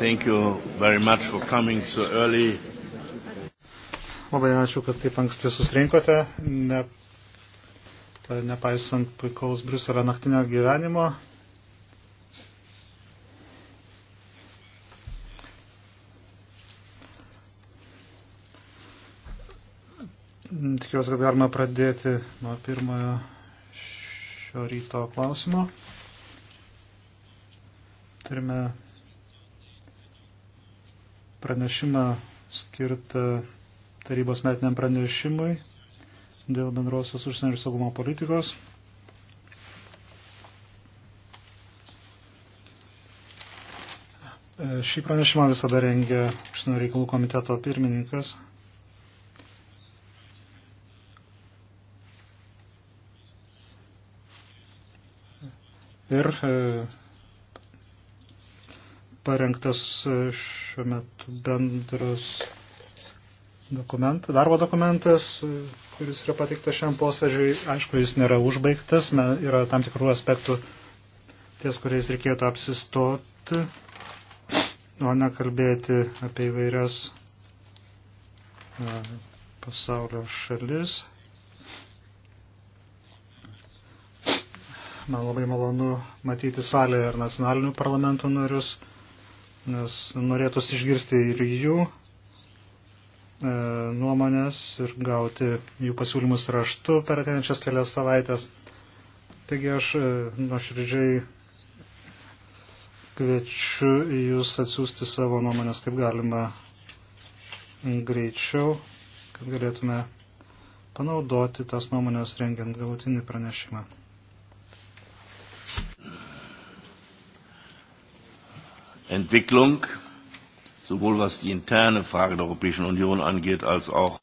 Thank you very much for coming so early. Labai ačiū, kad taip anksti susirinkote, ne, nepaisant puikaus Briuselio naktinio gyvenimo. Tikiuosi, kad galima pradėti nuo pirmojo šio ryto klausimo. Turime pranešimą skirtą tarybos metiniam pranešimui dėl bendrosios užsienio ir saugumo politikos. E, šį pranešimą visada rengia užsienio reikalų komiteto pirmininkas. Ir e, parengtas e, šiuo metu bendras dokument, darbo dokumentas, e, kuris yra pateiktas šiam posėdžiui. Aišku, jis nėra užbaigtas, yra tam tikrų aspektų, ties kuriais reikėtų apsistoti, o ne kalbėti apie įvairias e, pasaulio šalis. Man labai malonu matyti salėje ir nacionalinių parlamentų narius nes norėtųsi išgirsti ir jų e, nuomonės ir gauti jų pasiūlymus raštu per ateinančias kelias savaitės. Taigi aš e, nuoširdžiai kviečiu jūs atsiųsti savo nuomonės kaip galima greičiau, kad galėtume panaudoti tas nuomonės rengiant galutinį pranešimą. Entwicklung, sowohl was die interne Frage der Europäischen Union angeht, als auch.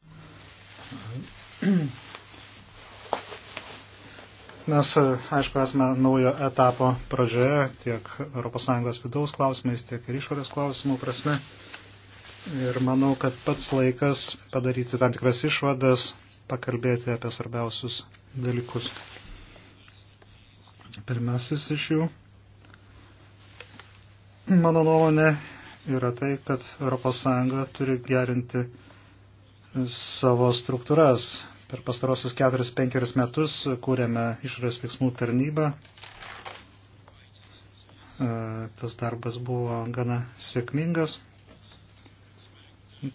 Mes, aišku, esame naujo etapo pradžioje tiek ES vidaus klausimais, tiek ir išorės klausimų prasme. Ir manau, kad pats laikas padaryti tam tikras išvadas, pakalbėti apie svarbiausius dalykus. Pirmasis iš jų Mano nuomonė yra tai, kad ES turi gerinti savo struktūras. Per pastarosius 4-5 metus kūrėme išorės veiksmų tarnybą. E, tas darbas buvo gana sėkmingas.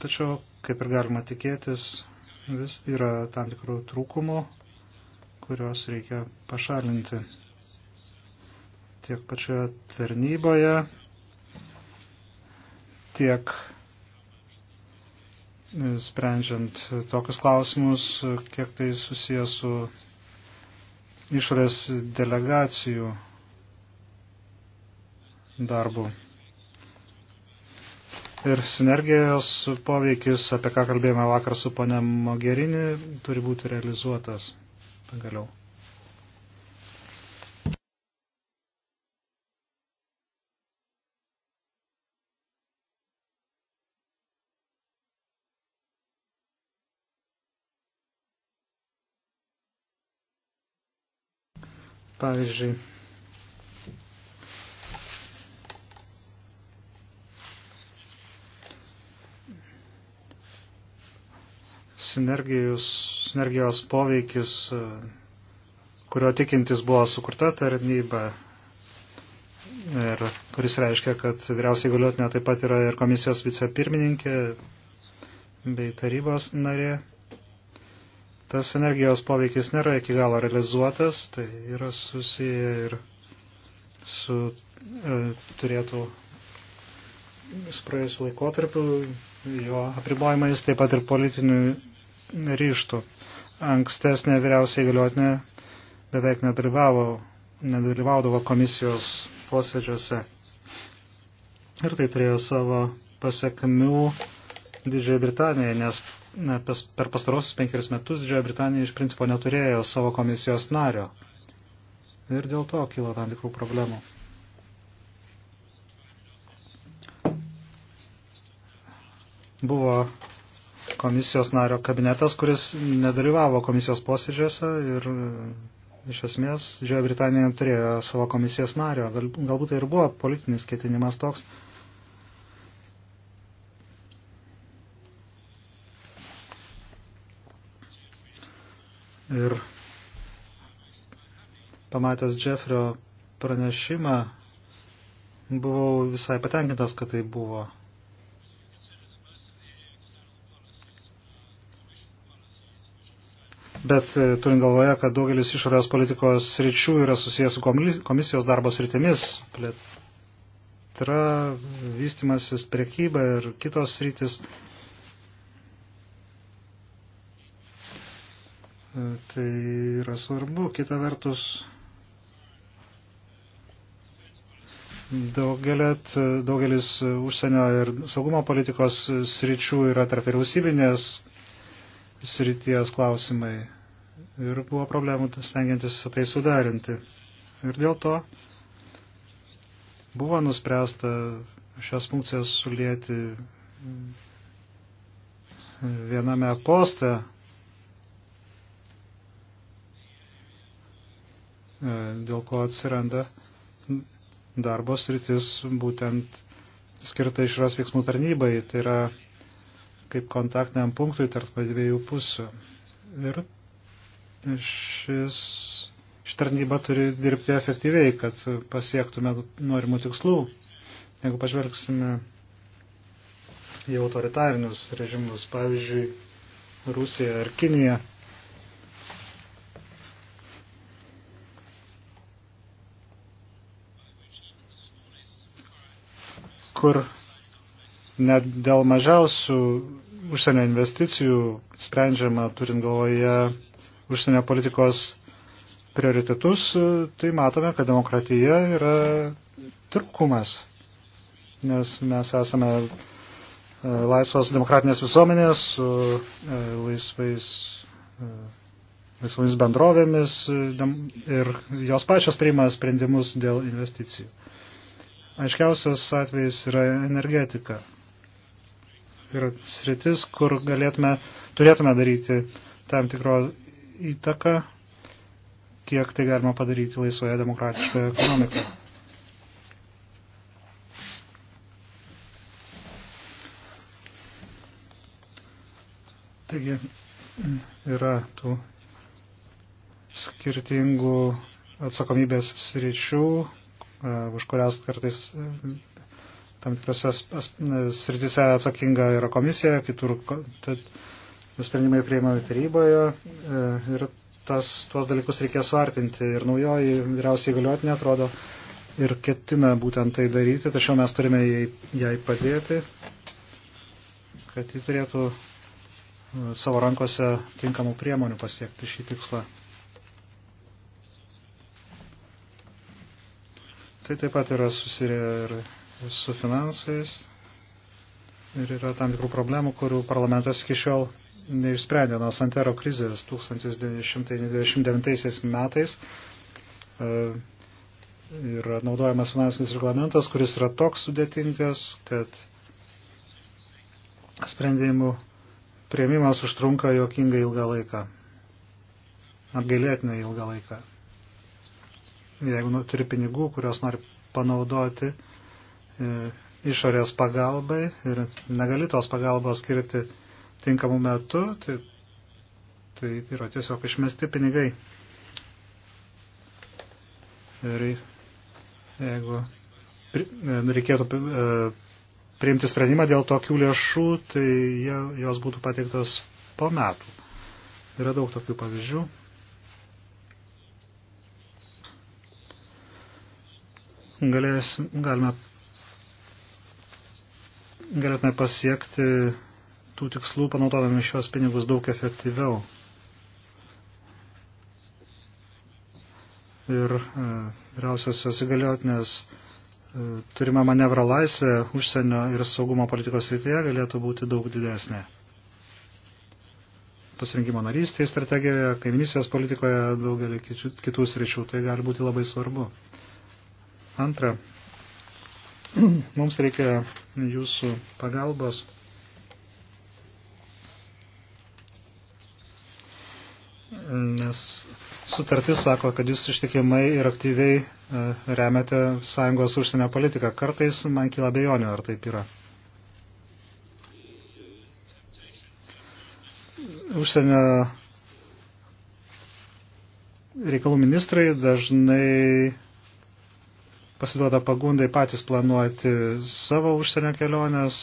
Tačiau, kaip ir galima tikėtis, vis yra tam tikrų trūkumų, kuriuos reikia pašalinti tiek pačioje tarnyboje, tiek sprendžiant tokius klausimus, kiek tai susijęs su išorės delegacijų darbu. Ir sinergijos poveikis, apie ką kalbėjome vakar su ponė Mogherini, turi būti realizuotas pagaliau. Pavyzdžiui, sinergijos, sinergijos poveikis, kurio tikintis buvo sukurta tarnyba ir kuris reiškia, kad vyriausiai galiotinė taip pat yra ir komisijos vicepirmininkė bei tarybos narė tas energijos poveikis nėra iki galo realizuotas, tai yra susiję ir su e, turėtų su praėjusiu laikotarpiu, jo apribojimais, taip pat ir politinių ryštų. Ankstesnė vyriausiai galiotinė beveik nedalyvavo, nedalyvaudavo komisijos posėdžiuose. Ir tai turėjo savo pasiekmių Didžiai Britanijai, nes per pastarosius penkerius metus Didžioji Britanija iš principo neturėjo savo komisijos nario. Ir dėl to kilo tam tikrų problemų. Buvo komisijos nario kabinetas, kuris nedalyvavo komisijos posėdžiuose ir e, iš esmės Didžioji Britanija neturėjo savo komisijos nario. Galbūt tai ir buvo politinis ketinimas toks. Ir pamatęs Jeffrio pranešimą, buvau visai patenkintas, kad tai buvo. Bet e, turint galvoje, kad daugelis išorės politikos sričių yra susijęs su komisijos darbo sritimis, plėtra, vystimasis, priekyba ir kitos sritis, Tai yra svarbu. Kita vertus, daugelėt, daugelis užsienio ir saugumo politikos sričių yra tarp vyriausybinės srities klausimai. Ir buvo problemų stengiantis visą tai sudarinti. Ir dėl to buvo nuspręsta šias funkcijas sulėti viename poste E, dėl ko atsiranda darbo sritis būtent skirta išras veiksmų tarnybai, tai yra kaip kontaktiniam punktui tarp dviejų pusių. Ir šis, ši tarnyba turi dirbti efektyviai, kad pasiektume norimų tikslų. Jeigu pažvelgsime į autoritarinius režimus, pavyzdžiui, Rusija ar Kinija, kur net dėl mažiausių užsienio investicijų sprendžiama, turint galvoje užsienio politikos prioritetus, tai matome, kad demokratija yra trūkumas, nes mes esame e, laisvos demokratinės visuomenės su e, laisvais, e, laisvomis bendrovėmis ir jos pačios priima sprendimus dėl investicijų. Aiškiausias atvejis yra energetika. Yra sritis, kur galėtume, turėtume daryti tam tikro įtaką, kiek tai galima padaryti laisvoje demokratiškoje ekonomikoje. Taigi yra tų skirtingų atsakomybės sričių, Uh, už kurias kartais uh, tam tikrose srityse atsakinga yra komisija, kitur sprendimai prieimami taryboje uh, ir tas, tuos dalykus reikės vartinti. Ir naujoji vyriausiai galiotinė atrodo ir ketina būtent tai daryti, tačiau mes turime jai, jai padėti, kad ji turėtų savo rankose tinkamų priemonių pasiekti šį tikslą. Tai taip pat yra susirė ir su finansais ir yra tam tikrų problemų, kurių parlamentas iki šiol neišsprendė nuo Santero krizės 1999 metais. E, yra naudojamas finansinis reglamentas, kuris yra toks sudėtingas, kad sprendimų prieimimas užtrunka jokingai ilgą laiką. Apgailėtinai ilgą laiką jeigu nu, turi pinigų, kuriuos nori panaudoti e, išorės pagalbai ir negali tos pagalbos skirti tinkamu metu, tai, tai yra tiesiog išmesti pinigai. Ir jeigu pri, e, reikėtų e, priimti sprendimą dėl tokių lėšų, tai jie, jos būtų pateiktos po metų. Yra daug tokių pavyzdžių. galės, galime, galėtume pasiekti tų tikslų, panaudodami šios pinigus daug efektyviau. Ir e, vyriausiosios įgaliotinės e, turima manevro laisvė užsienio ir saugumo politikos rytyje galėtų būti daug didesnė. Pasirinkimo narystėje, strategijoje, kaiminysės politikoje, daugelį kitų sričių tai gali būti labai svarbu. Antra, mums reikia jūsų pagalbos. Nes sutartis sako, kad jūs ištikimai ir aktyviai e, remiate sąjungos užsienio politiką. Kartais man kyla bejonių, ar taip yra. Užsienio reikalų ministrai dažnai pasiduoda pagundai patys planuoti savo užsienio keliones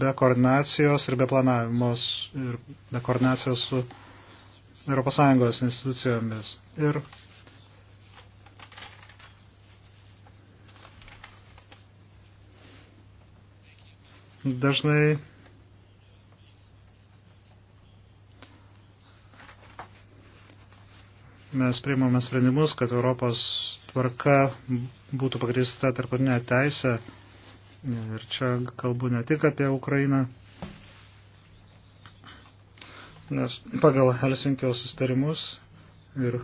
be koordinacijos ir be planavimos ir be koordinacijos su ES institucijomis. Ir dažnai mes priimame sprendimus, kad Europos tvarka būtų pagrįsta tarptautinė teisė. Ir čia kalbu ne tik apie Ukrainą, nes pagal Helsinkio sustarimus ir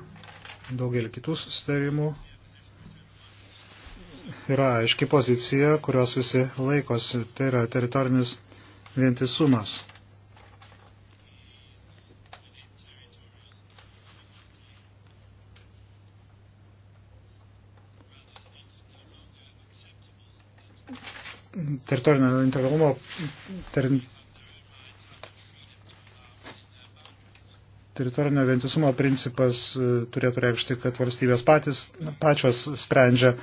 daugelį kitų sustarimų yra aiški pozicija, kurios visi laikosi. Tai yra teritorinis vientisumas. teritorinio integralumo ter, teritorinio vientisumo principas e, turėtų reikšti, kad valstybės patys, pačios sprendžia,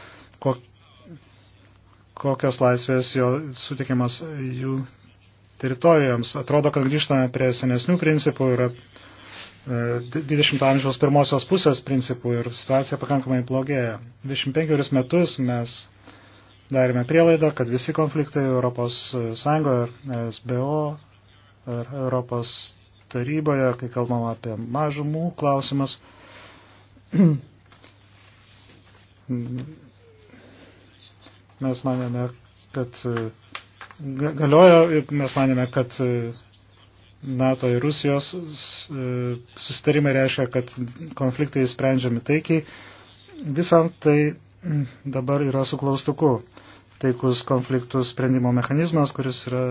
kok, kokios laisvės jo sutikimas jų teritorijoms. Atrodo, kad grįžtame prie senesnių principų ir 20 e, amžiaus pirmosios pusės principų ir situacija pakankamai blogėja. 25 metus mes darėme prielaidą, kad visi konfliktai Europos Sąjungoje ir SBO ir Europos taryboje, kai kalbam apie mažumų klausimus, mes manėme, kad galiojo, mes manėme, kad NATO ir Rusijos susitarimai reiškia, kad konfliktai sprendžiami taikiai. Visam tai dabar yra su klaustuku. Taikus konfliktų sprendimo mechanizmas, kuris yra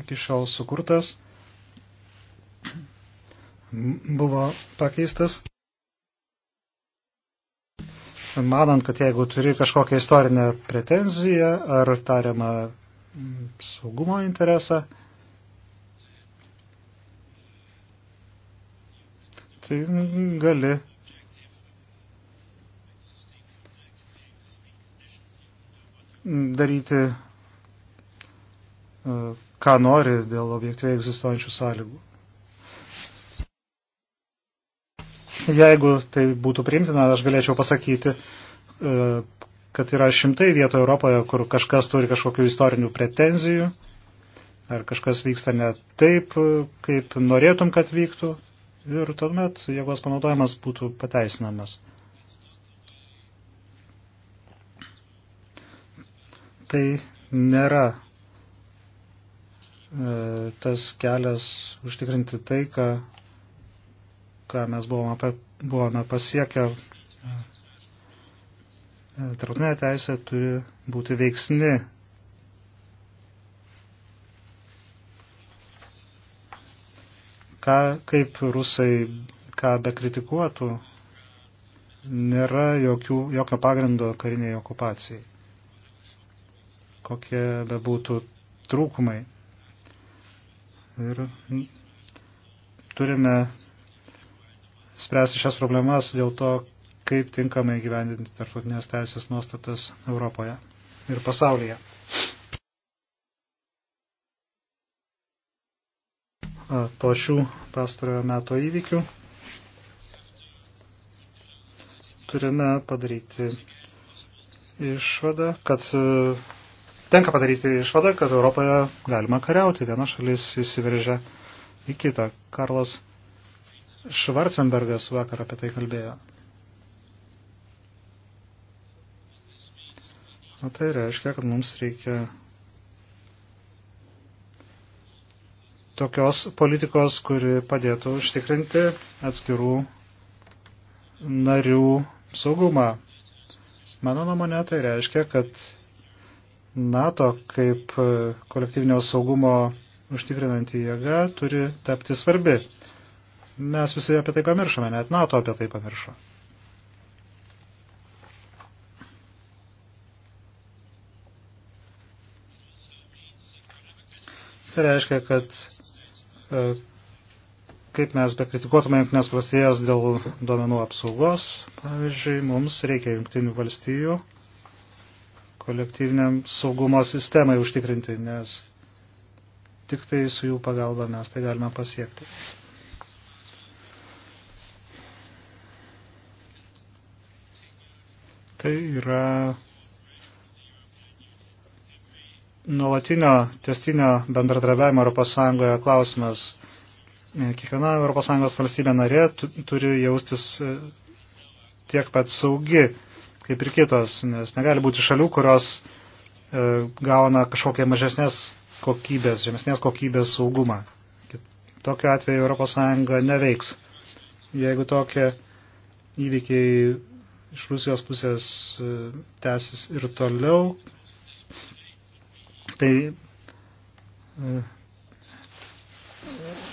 iki šiol sukurtas, buvo pakeistas. Manant, kad jeigu turi kažkokią istorinę pretenziją ar tariamą saugumo interesą, tai gali daryti, e, ką nori dėl objektyviai egzistuojančių sąlygų. Jeigu tai būtų priimtina, aš galėčiau pasakyti, e, kad yra šimtai vietų Europoje, kur kažkas turi kažkokių istorinių pretenzijų, ar kažkas vyksta ne taip, e, kaip norėtum, kad vyktų, ir tuomet jėgos panaudojimas būtų pateisinamas. tai nėra e, tas kelias užtikrinti tai, ką, ką mes buvome, buvome pasiekę. E, tarptautinė teisė turi būti veiksni. Ką, kaip rusai ką bekritikuotų, nėra jokių, jokio pagrindo kariniai okupacijai kokie bebūtų trūkumai. Ir turime spręsti šias problemas dėl to, kaip tinkamai gyvendinti tarptautinės teisės nuostatas Europoje ir pasaulyje. Po šių pastarojo meto įvykių turime padaryti išvadą, kad Tenka padaryti išvadą, kad Europoje galima kariauti. Viena šalis įsiveržia į kitą. Karlas Švarcenbergas vakar apie tai kalbėjo. O tai reiškia, kad mums reikia tokios politikos, kuri padėtų užtikrinti atskirų narių saugumą. Mano nuomonė tai reiškia, kad NATO kaip e, kolektyvinio saugumo užtikrinanti jėga turi tapti svarbi. Mes visi apie tai pamiršome, net NATO apie tai pamiršo. Tai reiškia, kad e, kaip mes bekritikuotume jungtinės valstijas dėl duomenų apsaugos, pavyzdžiui, mums reikia jungtinių valstijų kolektyviniam saugumo sistemai užtikrinti, nes tik tai su jų pagalba mes tai galime pasiekti. Tai yra nuolatinio testinio bendradarbiavimo ES klausimas. Kiekviena ES valstybė narė turi jaustis e, tiek pat saugi kaip ir kitos, nes negali būti šalių, kurios e, gauna kažkokią mažesnės kokybės, žemesnės kokybės saugumą. Tokiu atveju ES neveiks. Jeigu tokie įvykiai iš Rusijos pusės e, tęsis ir toliau, tai e,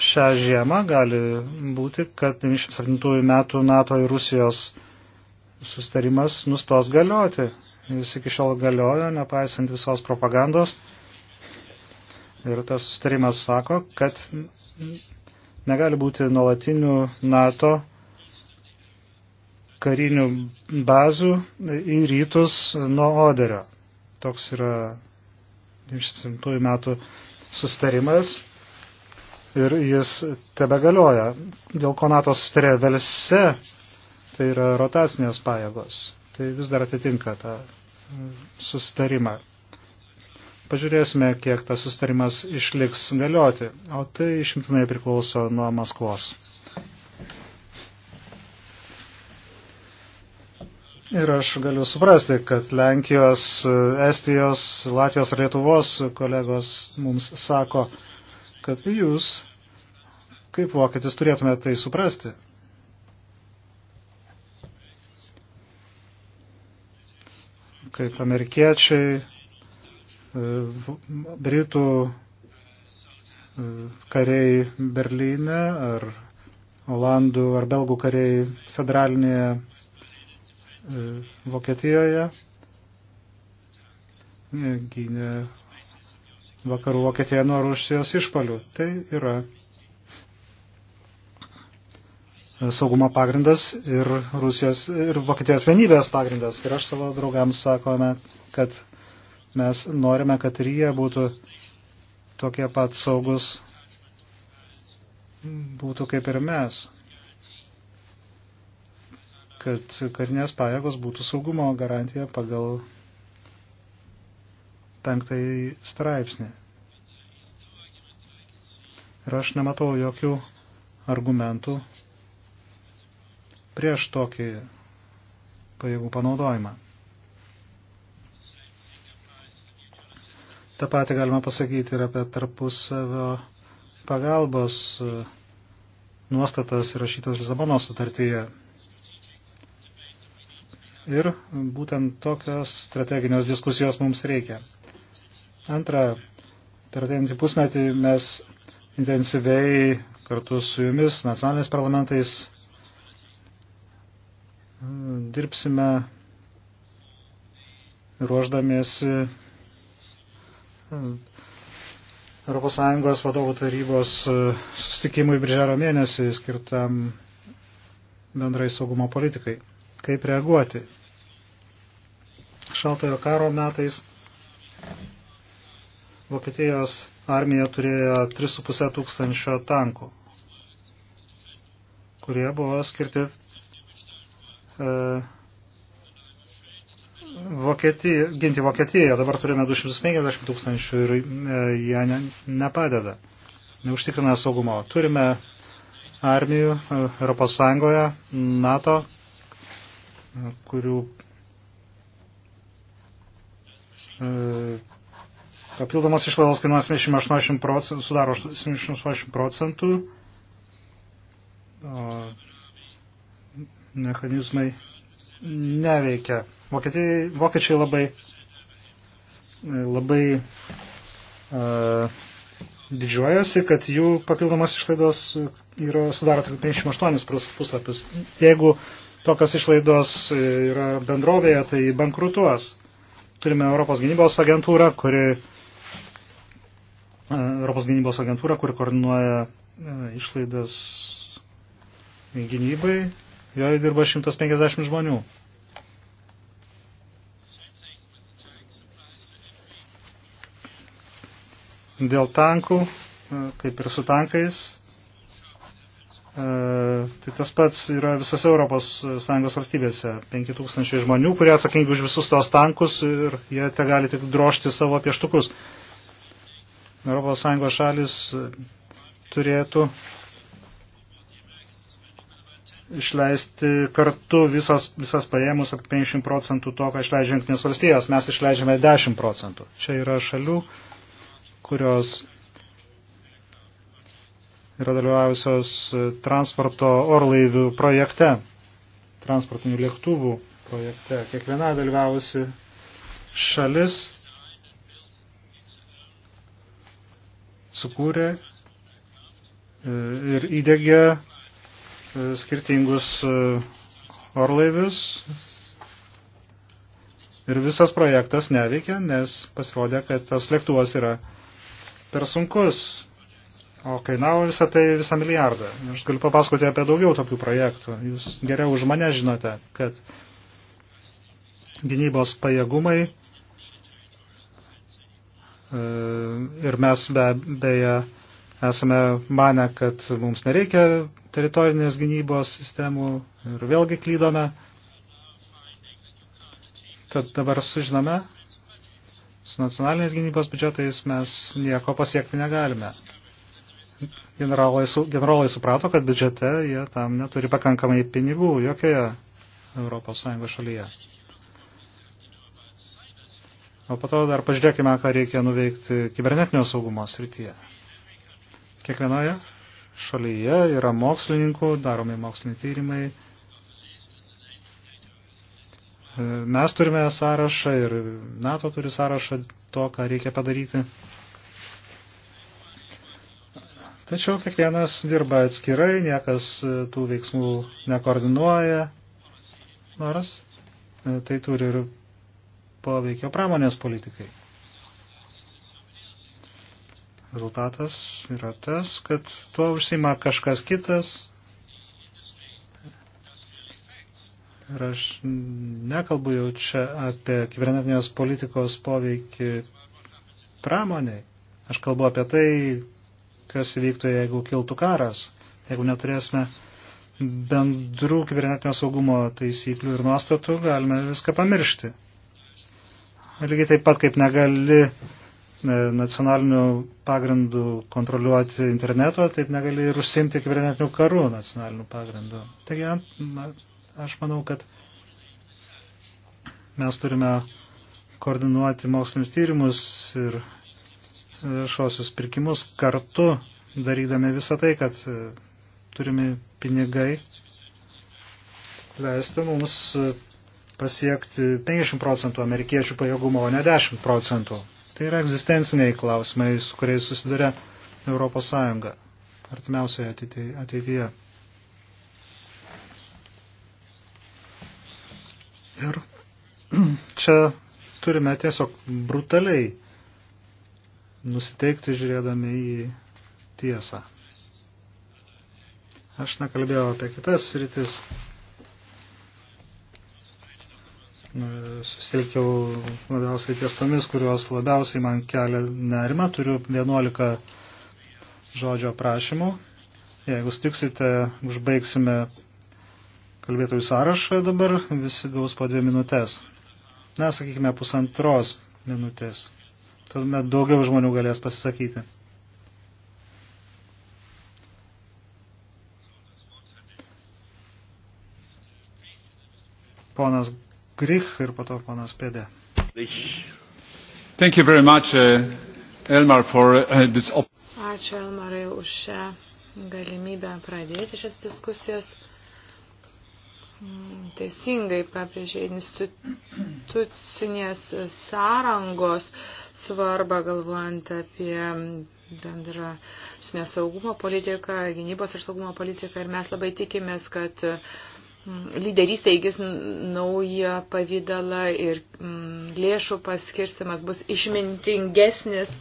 šią žiemą gali būti, kad 97 metų NATO ir Rusijos sustarimas nustos galioti. Jis iki šiol galiojo, nepaisant visos propagandos. Ir tas sustarimas sako, kad negali būti nuolatinių NATO karinių bazų į rytus nuo Oderio. Toks yra 1997 metų sustarimas ir jis tebegalioja. Dėl ko NATO sustarė Velse tai yra rotacinės pajėgos. Tai vis dar atitinka tą mm, sustarimą. Pažiūrėsime, kiek tas sustarimas išliks galioti, o tai išimtinai priklauso nuo Maskvos. Ir aš galiu suprasti, kad Lenkijos, Estijos, Latvijos ar Lietuvos kolegos mums sako, kad jūs, kaip vokietis, turėtumėte tai suprasti. kaip amerikiečiai, e, britų e, kariai Berlyne ar olandų ar belgų kariai federalinėje e, Vokietijoje gynė vakarų Vokietiją nuo Rusijos išpalių. Tai yra E, saugumo pagrindas ir Rusijos ir Vokietijos vienybės pagrindas. Ir aš savo draugams sakome, kad mes norime, kad ir jie būtų tokie pat saugus, būtų kaip ir mes, kad karinės pajėgos būtų saugumo garantija pagal penktąjį straipsnį. Ir aš nematau jokių argumentų prieš tokį pajėgų panaudojimą. Ta pati galima pasakyti ir apie tarpusavio pagalbos nuostatas įrašytas Lisabono sutartyje. Ir būtent tokios strateginės diskusijos mums reikia. Antra, per atėjantį pusmetį mes intensyviai kartu su jumis, nacionaliniais parlamentais, dirbsime ruoždamiesi ES vadovų tarybos e, sustikimui birželio mėnesį skirtam bendrai saugumo politikai. Kaip reaguoti? Šaltojo karo metais Vokietijos armija turėjo 3,5 tūkstančio tankų, kurie buvo skirti E, Vokietija, ginti Vokietiją. Dabar turime 250 tūkstančių ir e, jie ne, nepadeda, neužtikrina saugumo. Turime armijų e, Europos Sąjungoje, NATO, kurių papildomas išlaidos kainuos 78 procentų, sudaro 78 procentų. O mechanizmai neveikia. Vokietijai, vokiečiai labai, labai uh, didžiuojasi, kad jų papildomas išlaidos yra, sudaro tik 58 puslapis. Jeigu tokios išlaidos yra bendrovėje, tai bankrutuos. Turime Europos gynybos agentūrą, kuri e, Europos gynybos agentūra, kuri koordinuoja e, išlaidas gynybai Joje dirba 150 žmonių. Dėl tankų, e, kaip ir su tankais, e, tai tas pats yra visose Europos Sąjungos valstybėse. 5000 žmonių, kurie atsakingi už visus tos tankus ir jie te gali tik drošti savo pieštukus. Europos Sąjungos šalis turėtų išleisti kartu visas, visas paėmus apie 50 procentų to, ką išleidžia Junktinės valstijos. Mes išleidžiame 10 procentų. Čia yra šalių, kurios yra dalyvavusios transporto orlaivių projekte, transportinių lėktuvų projekte. Kiekviena dalyvavusi šalis sukūrė e, ir įdėgė E, skirtingus e, orlaivius. Ir visas projektas neveikia, nes pasirodė, kad tas lėktuvas yra per sunkus. O kainavo visą tai visą milijardą. Aš galiu papasakoti apie daugiau tokių projektų. Jūs geriau už mane žinote, kad gynybos pajėgumai e, ir mes be, beje esame mane, kad mums nereikia teritorinės gynybos sistemų ir vėlgi klydome. Tad dabar sužinome, su nacionalinės gynybos biudžetais mes nieko pasiekti negalime. Generolai, su, generolai suprato, kad biudžete jie tam neturi pakankamai pinigų jokioje ES šalyje. O po to dar pažiūrėkime, ką reikia nuveikti kibernetinio saugumo srityje. Kiekvienoje šalyje yra mokslininkų, daromi moksliniai tyrimai. Mes turime sąrašą ir NATO turi sąrašą to, ką reikia padaryti. Tačiau kiekvienas dirba atskirai, niekas tų veiksmų nekoordinuoja, nors tai turi ir poveikio pramonės politikai. Rezultatas yra tas, kad tuo užsima kažkas kitas. Ir aš nekalbu jau čia apie kibernetinės politikos poveikį pramoniai. Aš kalbu apie tai, kas įvyktų, jeigu kiltų karas, jeigu neturėsime bendrų kibernetinio saugumo taisyklių ir nuostatų, galime viską pamiršti. Lygiai taip pat, kaip negali E, nacionalinių pagrindų kontroliuoti interneto, taip negali ir užsimti kibernetinių karų nacionalinių pagrindų. Taigi, na, aš manau, kad mes turime koordinuoti mokslinius tyrimus ir viešosius pirkimus kartu, darydami visą tai, kad e, turimi pinigai leistų mums pasiekti 50 procentų amerikiečių pajėgumo, o ne 10 procentų. Tai yra egzistenciniai klausimai, su kuriais susiduria Europos Sąjunga artimiausioje ateityje. Ir čia turime tiesiog brutaliai nusiteikti žiūrėdami į tiesą. Aš nekalbėjau apie kitas rytis. susitelkiau labiausiai ties tomis, kurios labiausiai man kelia nerima. Turiu 11 žodžio prašymų. Jeigu stiksite, užbaigsime kalbėtojų sąrašą dabar, visi gaus po dvi minutės. Na, sakykime, pusantros minutės. Tuomet daugiau žmonių galės pasisakyti. Ponas Grich ir po to panas Pėdė. Thank you very much, uh, Elmar, for uh, this op Ačiū Elmarai už šią galimybę pradėti šias diskusijas. Mm, teisingai pabrėžė institucinės sąrangos svarbą galvojant apie bendrą saugumo politiką, gynybos ir saugumo politiką ir mes labai tikimės, kad uh, lyderystė įgis naują pavydalą ir mm, lėšų paskirstimas bus išmintingesnis,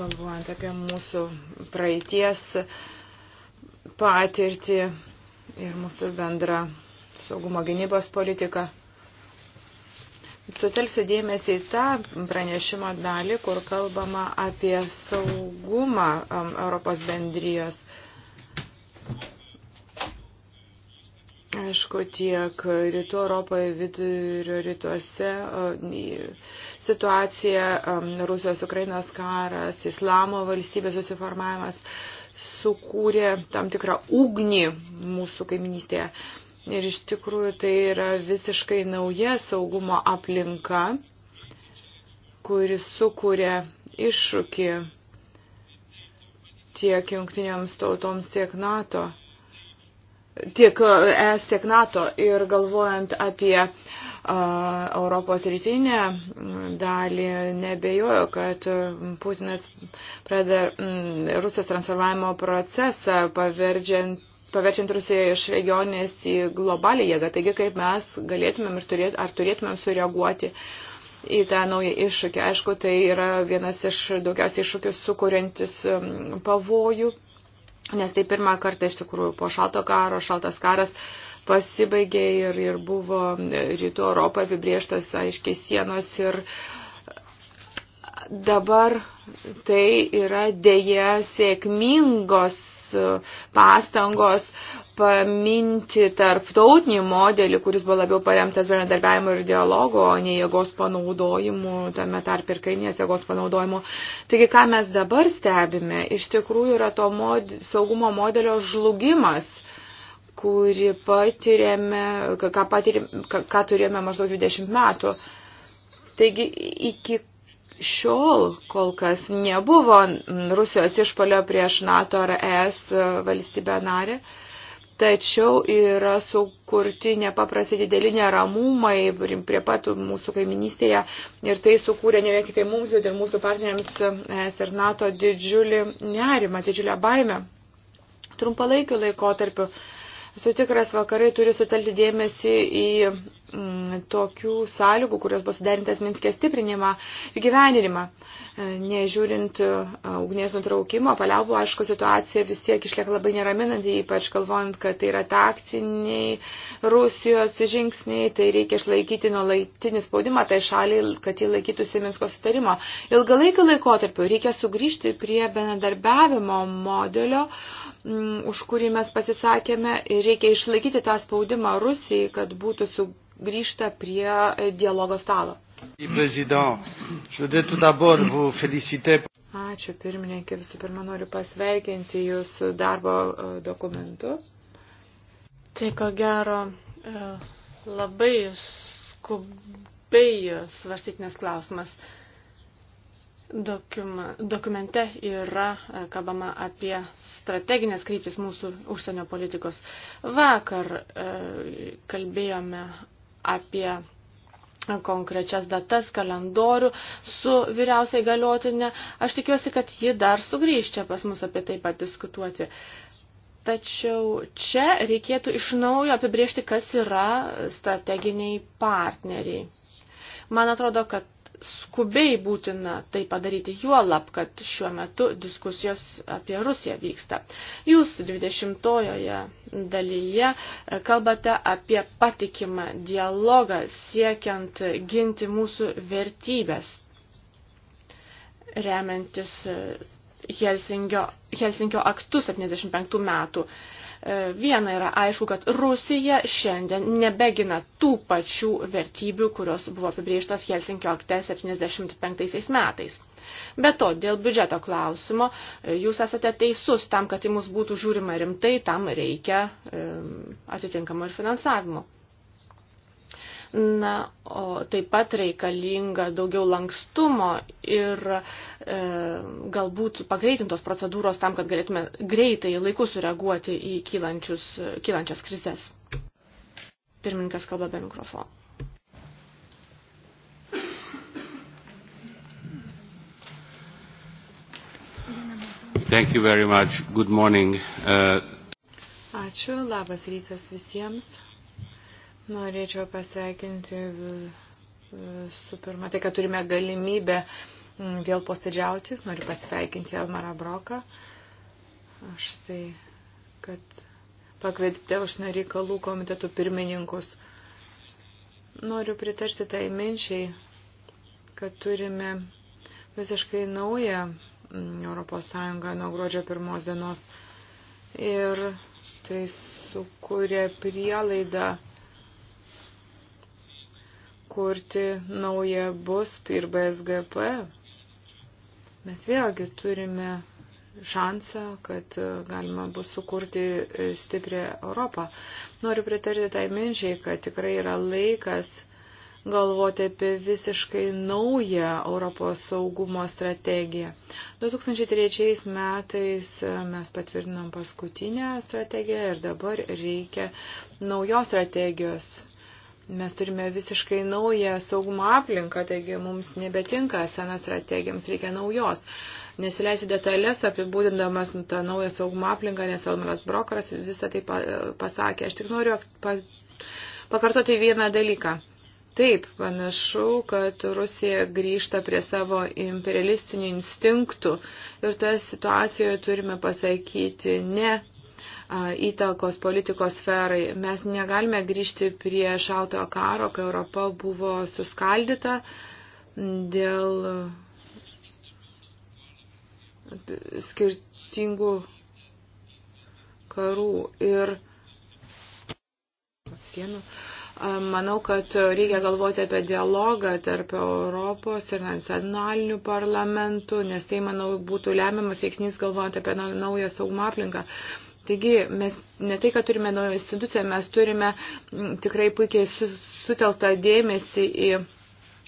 galvojant apie mūsų praeities patirtį ir mūsų bendrą saugumo gynybos politiką. Sutelksiu dėmesį į tą pranešimo dalį, kur kalbama apie saugumą Europos bendrijos Aišku, tiek rytų Europoje, vidurio rytuose situacija, um, Rusijos Ukrainos karas, islamo valstybės susiformavimas sukūrė tam tikrą ugnį mūsų kaiminystėje. Ir iš tikrųjų tai yra visiškai nauja saugumo aplinka, kuri sukūrė iššūkį tiek jungtinėms tautoms, tiek NATO tiek e, ES, tiek NATO ir galvojant apie e, Europos rytinę dalį nebejoju, kad e, Putinas pradeda Rusijos transformavimo procesą, pavergiant, paverčiant Rusiją iš regionės į globalį jėgą. Taigi, kaip mes galėtumėm ir turėt, ar turėtumėm sureaguoti į tą naują iššūkį. Aišku, tai yra vienas iš daugiausiai iššūkių sukuriantis pavojų nes tai pirmą kartą iš tikrųjų po šalto karo, šaltas karas pasibaigė ir, ir buvo rytų Europą apibrieštos aiškiai sienos ir dabar tai yra dėje sėkmingos pastangos paminti tarptautinį modelį, kuris buvo labiau paremtas bendradarbiavimu ir dialogu, o ne jėgos panaudojimu, tame tarp ir kainės jėgos panaudojimu. Taigi, ką mes dabar stebime, iš tikrųjų yra to mod, saugumo modelio žlugimas kurį patiriame, ką, patiriame, ką turėjome maždaug 20 metų. Taigi, iki šiol kol kas nebuvo Rusijos išpolio prieš NATO ar ES valstybę narį. Tačiau yra sukurti nepaprastai dideli neramumai prie pat mūsų kaiminystėje ir tai sukūrė ne vien tik tai mums, bet ir mūsų partneriams ES ir NATO didžiulį nerimą, didžiulę baimę. Trumpalaikiu laikotarpiu esu tikras, vakarai turi sutelti dėmesį į Mm, tokių sąlygų, kurios bus suderintas Minskės stiprinimą ir gyvenimą. E, nežiūrint e, ugnies nutraukimo, paliaubų, aišku, situacija vis tiek išlieka labai neraminanti, ypač galvojant, kad tai yra taktiniai Rusijos žingsniai, tai reikia išlaikyti nuolaitinį spaudimą tai šaliai, kad jį laikytųsi Minsko sutarimo. Ilgalaikio laikotarpiu reikia sugrįžti prie bendradarbiavimo modelio, mm, už kurį mes pasisakėme, ir reikia išlaikyti tą spaudimą Rusijai, kad būtų su grįžta prie e, dialogo stalo. Ačiū pirmininkė, visų pirma noriu pasveikinti Jūs darbo e, dokumentu. Tai ko gero e, labai skubiai svarstytinės klausimas. Dokuma, dokumente yra kalbama apie strateginės kryptis mūsų užsienio politikos. Vakar e, kalbėjome apie konkrečias datas, kalendorių su vyriausiai galiotinė. Aš tikiuosi, kad ji dar sugrįž čia pas mus apie tai padiskutuoti. Tačiau čia reikėtų iš naujo apibriežti, kas yra strateginiai partneriai. Man atrodo, kad skubiai būtina tai padaryti, juolab, kad šiuo metu diskusijos apie Rusiją vyksta. Jūs 20-ojoje dalyje e, kalbate apie patikimą dialogą siekiant ginti mūsų vertybės, remiantis e, Helsinkio, Helsinkio aktu 75 metų. E, viena yra aišku, kad Rusija šiandien nebegina tų pačių vertybių, kurios buvo apibrieštos Helsinkio akte 75 metais. Be to, dėl biudžeto klausimo, e, jūs esate teisus, tam, kad į mus būtų žiūrima rimtai, tam reikia e, atitinkamo ir finansavimo. Na, o taip pat reikalinga daugiau lankstumo ir e, galbūt pagreitintos procedūros tam, kad galėtume greitai laiku sureaguoti į kylančias krizės. Pirmininkas kalba be mikrofono. Thank you very much. Good morning. Uh... Ačiū, labas rytas visiems. Norėčiau pasveikinti su pirma tai, kad turime galimybę vėl postedžiauti. Noriu pasveikinti Elmarą Broką. Aš tai, kad pakvietėte užsienio reikalų komitetų pirmininkus. Noriu pritarti tai minčiai, kad turime visiškai naują Europos Sąjungą nuo gruodžio pirmos dienos. Ir tai sukuria prielaidą kurti naują BUSP ir BSGP. Mes vėlgi turime šansą, kad e, galima bus sukurti e, stiprią Europą. Noriu pritarti tai minčiai, kad tikrai yra laikas galvoti apie visiškai naują Europos saugumo strategiją. 2003 metais e, mes patvirtinom paskutinę strategiją ir dabar reikia naujos strategijos. Mes turime visiškai naują saugumo aplinką, taigi mums nebetinka senas strategijams, reikia naujos. Nesileisiu detalės apibūdindamas tą naują saugumo aplinką, nes Elmaras Brokaras visą tai pasakė. Aš tik noriu pakartoti vieną dalyką. Taip, panašu, kad Rusija grįžta prie savo imperialistinių instinktų ir toje situacijoje turime pasakyti ne įtakos politikos sferai. Mes negalime grįžti prie šaltojo karo, kai Europa buvo suskaldyta dėl skirtingų karų ir sienų. Manau, kad reikia galvoti apie dialogą tarp Europos ir nacionalinių parlamentų, nes tai, manau, būtų lemiamas veiksnys galvojant apie naują saugumą aplinką. Taigi mes ne tai, kad turime naują instituciją, mes turime mm, tikrai puikiai suteltą dėmesį į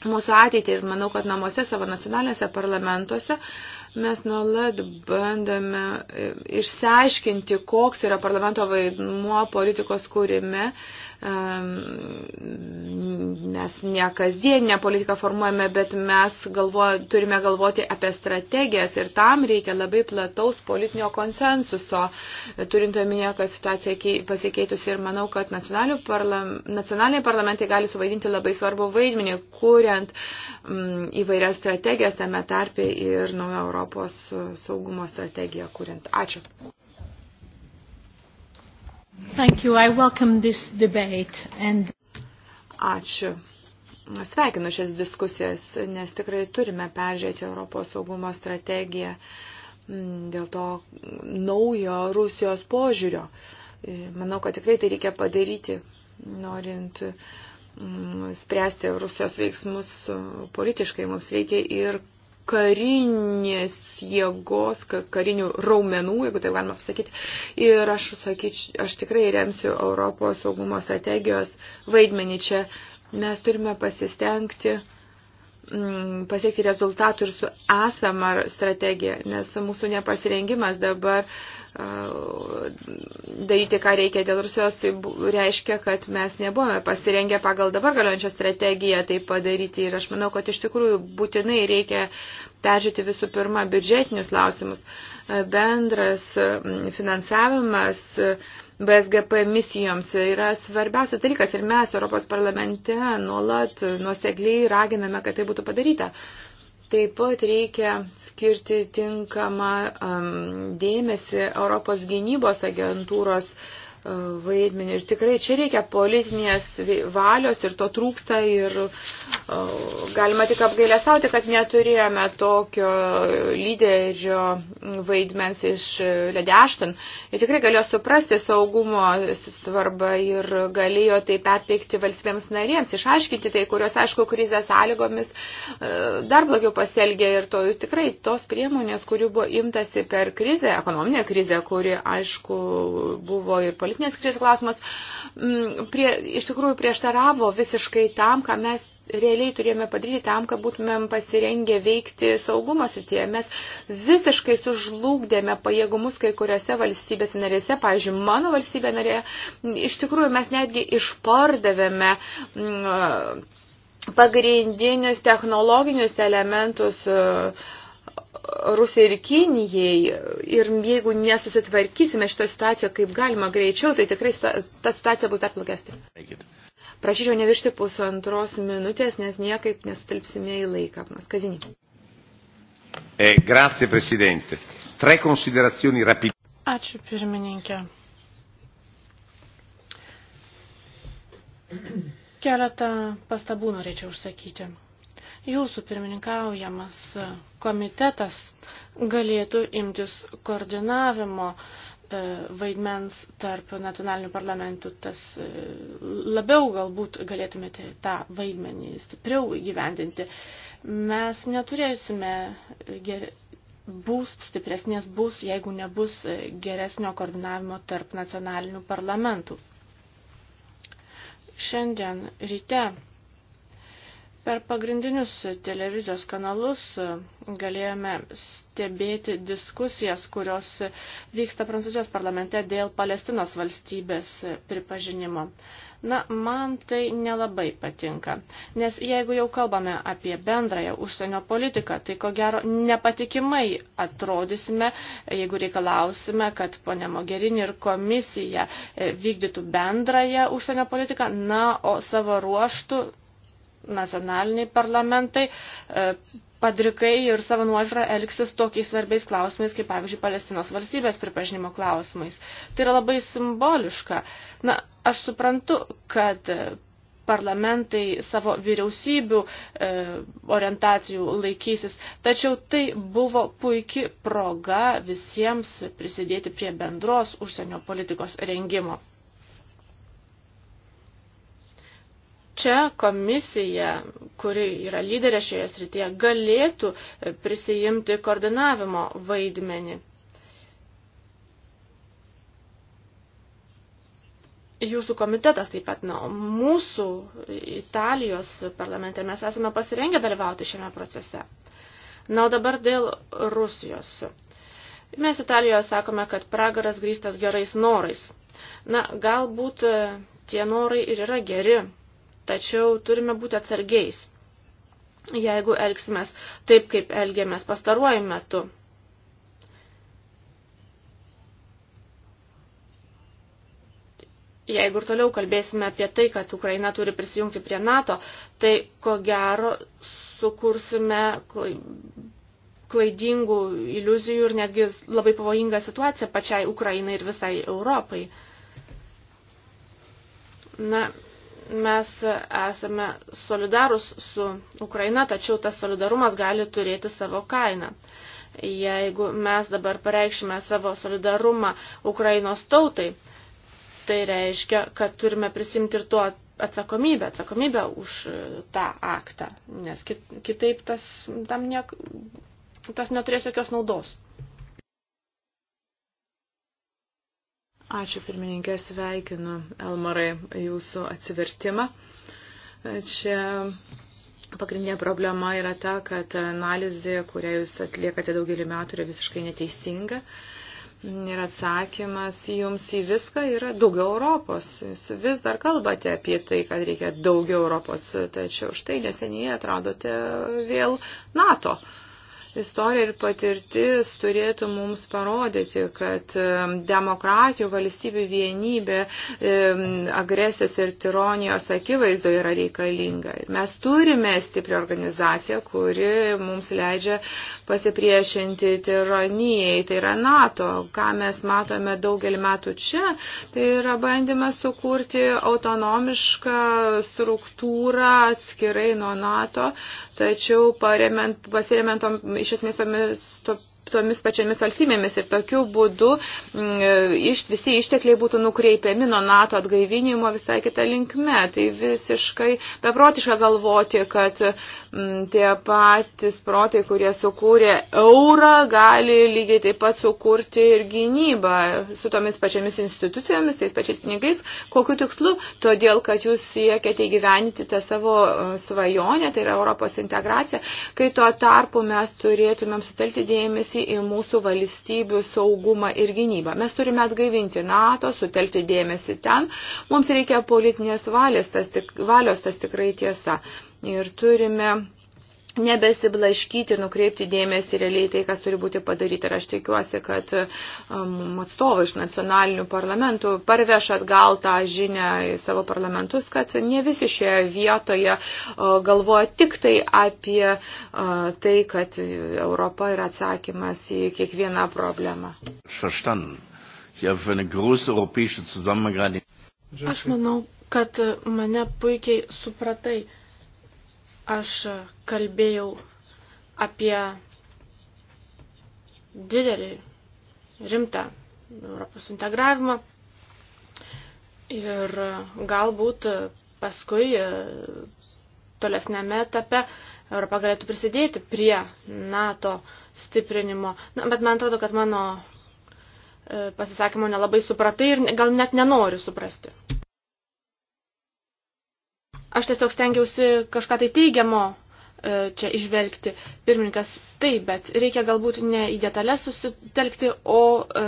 mūsų ateitį ir manau, kad namuose savo nacionaliniuose parlamentuose mes nuolat bandome e, išsiaiškinti, koks yra parlamento vaidmuo politikos kūrime, mes ne kasdieninę politiką formuojame, bet mes galvo, turime galvoti apie strategijas ir tam reikia labai plataus politinio konsensuso, turint omenyje, kad situacija pasikeitusi ir manau, kad parlam, nacionaliniai parlamentai gali suvaidinti labai svarbu vaidmenį, kuriant m, mm, įvairias strategijas tame tarpe ir naują Europos saugumo strategiją kuriant. Ačiū. Thank you. I welcome this debate and... Ačiū. Sveikinu šias diskusijas, nes tikrai turime peržiūrėti Europos saugumo strategiją mm, dėl to naujo Rusijos požiūrio. E, manau, kad tikrai tai reikia padaryti, norint mm, spręsti Rusijos veiksmus politiškai. Mums reikia ir karinės jėgos, karinių raumenų, jeigu taip galima pasakyti. Ir aš, sakyč, aš tikrai remsiu Europos saugumo strategijos vaidmenį čia. Mes turime pasistengti uh, Mm, pasiekti rezultatų ir su esama strategija, nes mūsų nepasirengimas dabar daryti, ką reikia dėl Rusijos, tai reiškia, kad mes nebuvome pasirengę pagal dabar galiojančią strategiją tai padaryti ir aš manau, kad iš tikrųjų būtinai reikia peržiūrėti visų pirma biudžetinius klausimus. Bendras mm, finansavimas BSGP misijoms yra svarbiausias dalykas ir mes Europos parlamente nuolat nuosegliai raginame, kad tai būtų padaryta. Taip pat reikia skirti tinkamą um, dėmesį Europos gynybos agentūros uh, vaidmenį. Ir tikrai čia reikia politinės valios ir to trūksta ir e, galima tik apgailę sauti, kad neturėjome tokio lyderio vaidmens iš Ledeštin. Ir tikrai galėjo suprasti saugumo svarbą ir galėjo tai perteikti valstybėms narėms, išaiškinti tai, kurios, aišku, krizės sąlygomis e, dar blogiau pasielgė ir to, tikrai tos priemonės, kurių buvo imtasi per krizę, ekonominę krizę, kuri, aišku, buvo ir politinė politinės krizės klausimas, mm, prie, iš tikrųjų prieštaravo visiškai tam, ką mes realiai turėjome padaryti tam, kad būtumėm pasirengę veikti saugumo srityje. Mes visiškai sužlugdėme pajėgumus kai kuriuose valstybės narėse, pavyzdžiui, mano valstybė narė, iš tikrųjų mes netgi išpardavėme. Mm, pagrindinius technologinius elementus uh, Rusijai ir Kinijai ir jeigu nesusitvarkysime šitą situaciją kaip galima greičiau, tai tikrai ta situacija bus dar blogesnė. Prašyčiau neviršti pusantros minutės, nes niekaip nesutilpsime į laiką. Kazinį. E, grazie, Presidente. Tre considerazioni rapide. Ačiū, pirmininkė. Keletą pastabų norėčiau užsakyti jūsų pirmininkaujamas komitetas galėtų imtis koordinavimo e, vaidmens tarp nacionalinių parlamentų, tas e, labiau galbūt galėtumėte tą vaidmenį stipriau įgyvendinti. Mes neturėsime bus stipresnės bus, jeigu nebus geresnio koordinavimo tarp nacionalinių parlamentų. Šiandien ryte Per pagrindinius televizijos kanalus e, galėjome stebėti diskusijas, kurios vyksta Prancūzijos parlamente dėl Palestinos valstybės pripažinimo. Na, man tai nelabai patinka, nes jeigu jau kalbame apie bendrąją užsienio politiką, tai ko gero nepatikimai atrodysime, jeigu reikalausime, kad ponė Mogerini ir komisija e, vykdytų bendrąją užsienio politiką, na, o savo ruoštų nacionaliniai parlamentai e, padrikai ir savo nuožiūrą elgsis tokiais svarbiais klausimais, kaip pavyzdžiui, Palestinos valstybės pripažinimo klausimais. Tai yra labai simboliška. Na, aš suprantu, kad parlamentai savo vyriausybių e, orientacijų laikysis. Tačiau tai buvo puikia proga visiems prisidėti prie bendros užsienio politikos rengimo. čia komisija, kuri yra lyderė šioje srityje, galėtų e, prisijimti koordinavimo vaidmenį. Jūsų komitetas taip pat, na, mūsų Italijos parlamente mes esame pasirengę dalyvauti šiame procese. Na, o dabar dėl Rusijos. Mes Italijoje sakome, kad pragaras grįstas gerais norais. Na, galbūt e, tie norai ir yra geri, Tačiau turime būti atsargiais, jeigu elgsimės taip, kaip elgėmės pastaruoju metu. Jeigu ir toliau kalbėsime apie tai, kad Ukraina turi prisijungti prie NATO, tai ko gero sukursime klaidingų iliuzijų ir netgi labai pavojingą situaciją pačiai Ukrainai ir visai Europai. Na, Mes esame solidarus su Ukraina, tačiau tas solidarumas gali turėti savo kainą. Jeigu mes dabar pareikšime savo solidarumą Ukrainos tautai, tai reiškia, kad turime prisimti ir tuo atsakomybę, atsakomybę už tą aktą, nes kitaip tas, tam niek, tas neturės jokios naudos. Ačiū pirmininkė, sveikinu Elmarai jūsų atsivertimą. Čia pagrindinė problema yra ta, kad analizė, kurią jūs atliekate daugelį metų, yra visiškai neteisinga. Ir atsakymas jums į viską yra daugiau Europos. Jūs vis dar kalbate apie tai, kad reikia daugiau Europos, tačiau štai neseniai atradote vėl NATO. Uh, Istorija ir patirtis turėtų mums parodyti, kad demokratijų valstybių vienybė agresijos ir tironijos akivaizdo yra reikalinga. Mes turime stiprią organizaciją, kuri mums leidžia pasipriešinti tironijai. Tai yra NATO. Ką mes matome daugelį metų čia, tai yra bandymas sukurti autonomišką struktūrą atskirai nuo NATO, tačiau pasiremiant iš esmės tomis to, tomis pačiamis valstybėmis ir tokiu būdu mm, iš, visi ištekliai būtų nukreipiami nuo NATO atgaivinimo visai kitą linkme. Tai visiškai beprotiška galvoti, kad m, mm, tie patys protai, kurie sukūrė eurą, gali lygiai taip pat sukurti ir gynybą su tomis pačiamis institucijomis, tais pačiais pinigais. Kokiu tikslu? Todėl, kad jūs siekiate įgyveninti tą savo e, svajonę, tai yra Europos integracija, kai tuo tarpu mes turėtumėm sutelkti dėmesį investuoti į mūsų valstybių saugumą ir gynybą. Mes turime atgaivinti NATO, sutelkti dėmesį ten. Mums reikia politinės valios, tas, tik, valios, tas tikrai tiesa. Ir turime nebesiblaškyti, nukreipti dėmesį realiai tai, kas turi būti padaryta. Ir aš tikiuosi, kad um, atstovai iš nacionalinių parlamentų parveš atgal tą žinę į savo parlamentus, kad ne visi šioje vietoje uh, galvoja tik tai apie uh, tai, kad Europa yra atsakymas į kiekvieną problemą. Aš manau, kad mane puikiai supratai. Aš kalbėjau apie didelį rimtą Europos integravimą ir galbūt paskui tolesnėme etape Europa galėtų prisidėti prie NATO stiprinimo. Na, bet man atrodo, kad mano e, pasisakymo nelabai supratai ir gal net nenori suprasti. Aš tiesiog stengiausi kažką tai teigiamo e, čia išvelgti. Pirmininkas, taip, bet reikia galbūt ne į detalę susitelkti, o e,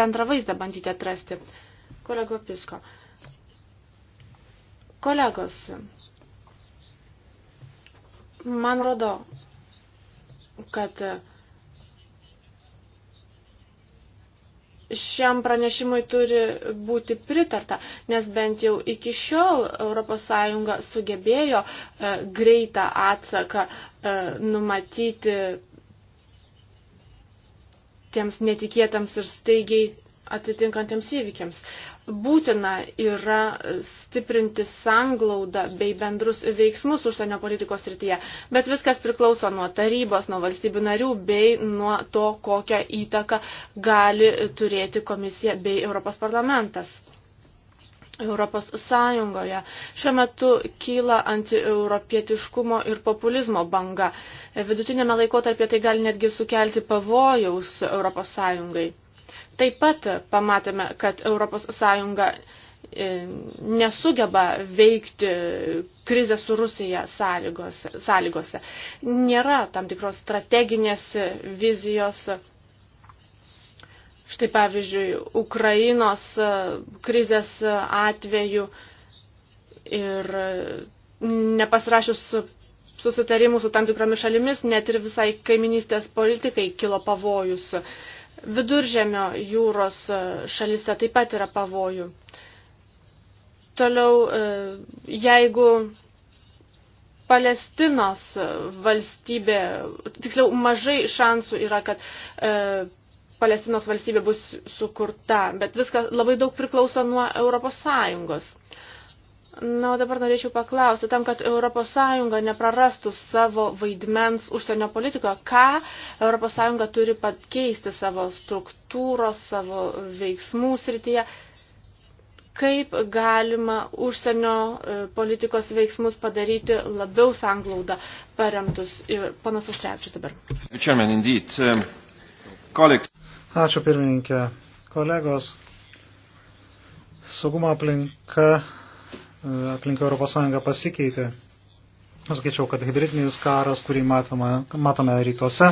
bendrą vaizdą bandyti atrasti. Kolego Pisko. Kolegos, man rodo, kad e, šiam pranešimui turi būti pritarta, nes bent jau iki šiol ES sugebėjo e, greitą atsaką e, numatyti tiems netikėtams ir staigiai atitinkantiems įvykiams būtina yra stiprinti sanglaudą bei bendrus veiksmus užsienio politikos srityje, bet viskas priklauso nuo tarybos, nuo valstybių narių bei nuo to, kokią įtaką gali turėti komisija bei Europos parlamentas. Europos Sąjungoje šiuo metu kyla antieuropietiškumo ir populizmo banga. Vidutinėme laikotarpyje tai gali netgi sukelti pavojaus Europos Sąjungai. Taip pat pamatėme, kad ES e, nesugeba veikti krizę su Rusija sąlygose, sąlygose. Nėra tam tikros strateginės vizijos. Štai pavyzdžiui, Ukrainos e, krizės atveju ir e, nepasirašius susitarimų su tam tikromis šalimis, net ir visai kaiminystės politikai kilo pavojus. Viduržemio jūros e, šalise taip pat yra pavojų. Toliau, e, jeigu Palestinos valstybė, tiksliau mažai šansų yra, kad e, Palestinos valstybė bus sukurta, bet viskas labai daug priklauso nuo Europos Sąjungos. E, Na, o dabar norėčiau paklausti, tam, kad ES neprarastų savo vaidmens užsienio politikoje, ką ES turi pakeisti savo struktūros, savo veiksmų srityje, kaip galima užsienio e, politikos veiksmus padaryti labiau sanglaudą paremtus. Ir panas Užtrevičius dabar. Um, Ačiū pirmininkė. Kolegos, saugumo aplinka E, aplink ES pasikeitė. Aš skaičiau, kad hybridinis karas, kurį matome, matome rytuose,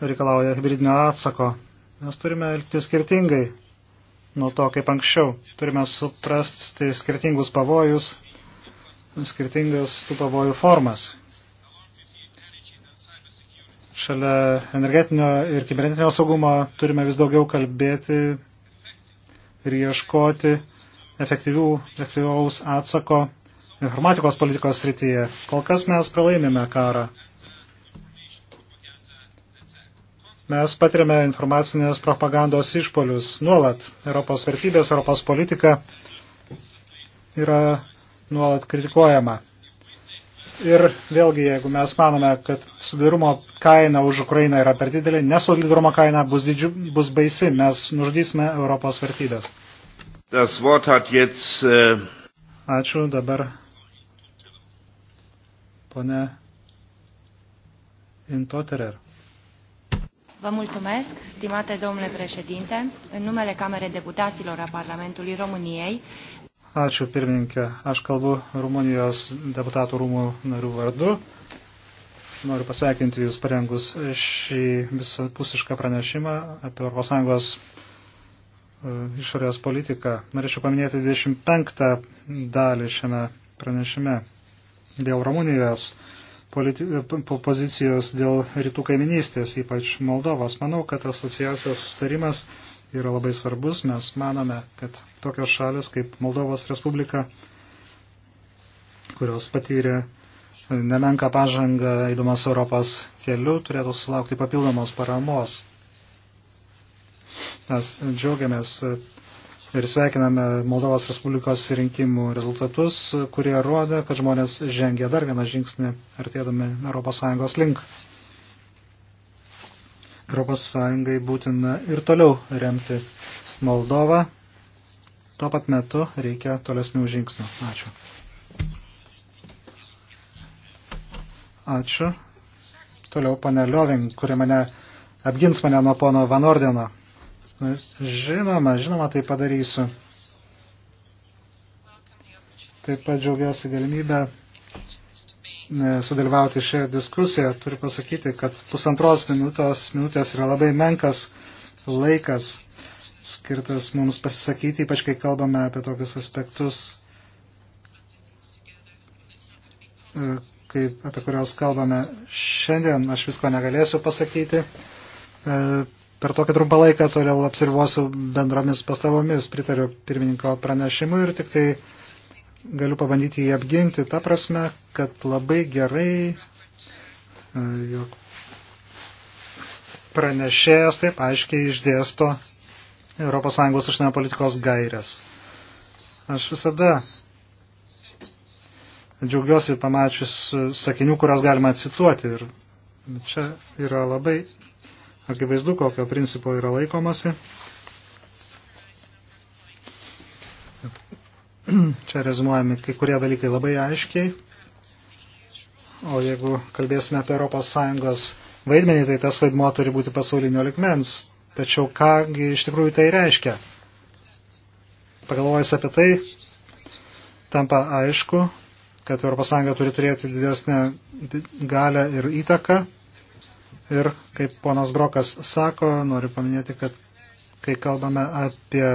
reikalauja hybridinio atsako. Mes turime elgtis skirtingai nuo to, kaip anksčiau. Turime suprasti skirtingus pavojus, skirtingas tų pavojų formas. Šalia energetinio ir kibernetinio saugumo turime vis daugiau kalbėti ir ieškoti efektyvaus atsako informatikos politikos srityje. Kol kas mes pralaimėme karą. Mes patiriame informacinės propagandos išpolius nuolat. Europos vertybės, Europos politika yra nuolat kritikuojama. Ir vėlgi, jeigu mes manome, kad solidarumo kaina už Ukrainą yra per didelė, nesolidarumo kaina bus, didžiu, bus baisi, mes nužudysime Europos vertybės. Das Wort hat jetzt. Äh Ačiū dabar. Pone Intoterer. Vă mulțumesc, stimate domnule președinte, în numele Camerei Deputaților a Parlamentului României. Ačiū pirmininkė, aš kalbu Rumunijos deputatų rūmų narių vardu. Noriu pasveikinti Jūs parengus šį visapusišką pranešimą apie ES E, išorės politiką. Norėčiau paminėti 25 dalį šiame pranešime dėl Rumunijos e, pozicijos dėl rytų kaiminystės, ypač Moldovos. Manau, kad asociacijos sustarimas yra labai svarbus. Mes manome, kad tokios šalis kaip Moldovos Respublika, kurios patyrė e, nemenka pažanga eidamas Europos keliu, turėtų sulaukti papildomos paramos Mes džiaugiamės ir sveikiname Moldovos Respublikos rinkimų rezultatus, kurie rodo, kad žmonės žengia dar vieną žingsnį, artėdami ES link. ES būtina ir toliau remti Moldovą. Tuo pat metu reikia tolesnių žingsnių. Ačiū. Ačiū. Toliau pane Liovin, kuri mane apgins mane nuo pono Van Ordeno. Žinoma, žinoma, tai padarysiu. Taip pat džiaugiuosi galimybę e, sudalyvauti šioje diskusijoje. Turiu pasakyti, kad pusantros minutos, minutės yra labai menkas laikas skirtas mums pasisakyti, ypač kai kalbame apie tokius aspektus, e, kaip, apie kurios kalbame šiandien. Aš visko negalėsiu pasakyti. E, per tokį trumpą laiką toliau apsirvosiu bendromis pastabomis, pritariu pirmininko pranešimui ir tik tai galiu pabandyti jį apginti, ta prasme, kad labai gerai, e, jog pranešėjas taip aiškiai išdėsto ES užsienio politikos gairias. Aš visada džiaugiuosi pamačius sakinių, kurios galima cituoti ir čia yra labai Akivaizdu, kokio principo yra laikomasi. Čia rezumuojami kai kurie dalykai labai aiškiai. O jeigu kalbėsime apie ES vaidmenį, tai tas vaidmuo turi būti pasaulinio likmens. Tačiau kągi iš tikrųjų tai reiškia? Pagalvojus apie tai, tampa aišku, kad ES turi turėti didesnę galę ir įtaką Ir kaip ponas Brokas sako, noriu paminėti, kad kai kalbame apie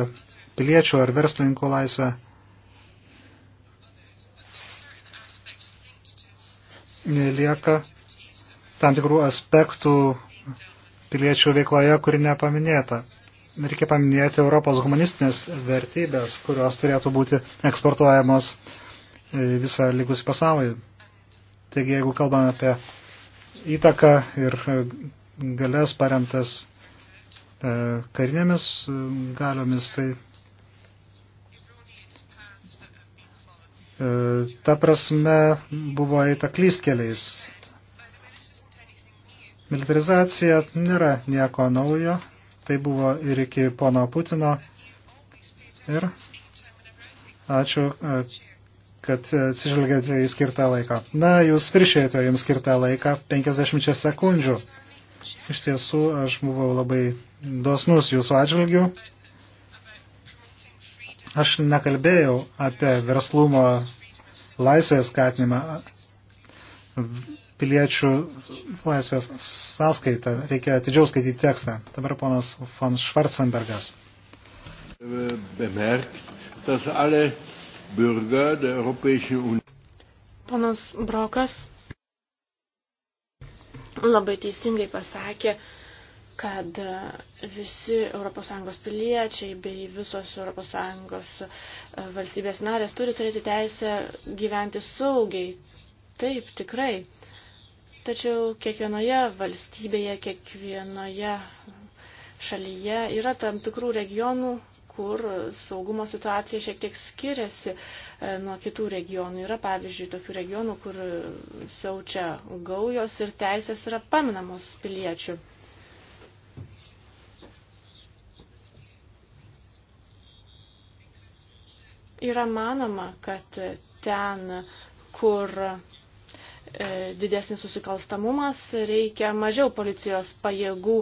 piliečių ar verslininkų laisvę, lieka tam tikrų aspektų piliečių veikloje, kuri nepaminėta. Reikia paminėti Europos humanistinės vertybės, kurios turėtų būti eksportuojamos visą likusį pasaulį. Taigi, jeigu kalbame apie įtaką ir e, galės paremtas e, karinėmis e, galiomis, tai ta prasme buvo eita klystkeliais. Militarizacija nėra nieko naujo, tai buvo ir iki pono Putino. Ir ačiū kad atsižvelgėte į skirtą laiką. Na, jūs viršėjote jums skirtą laiką 50 sekundžių. Iš tiesų, aš buvau labai dosnus jūsų atžvilgių. Aš nekalbėjau apie verslumo laisvės skatinimą piliečių laisvės sąskaitą. Reikia atidžiau skaityti tekstą. Dabar ponas von Schwarzenbergas. Bemerkt, dass alle Bürger der Europäischen Union. Ponas Brokas labai teisingai pasakė, kad e, visi ES piliečiai bei visos ES e, valstybės narės turi turėti teisę gyventi saugiai. Taip, tikrai. Tačiau kiekvienoje valstybėje, kiekvienoje šalyje yra tam tikrų regionų, kur saugumo situacija šiek tiek skiriasi e, nuo kitų regionų. Yra, pavyzdžiui, tokių regionų, kur siaučia gaujos ir teisės yra paminamos piliečių. Yra manoma, kad ten, kur e, didesnis susikalstamumas, reikia mažiau policijos pajėgų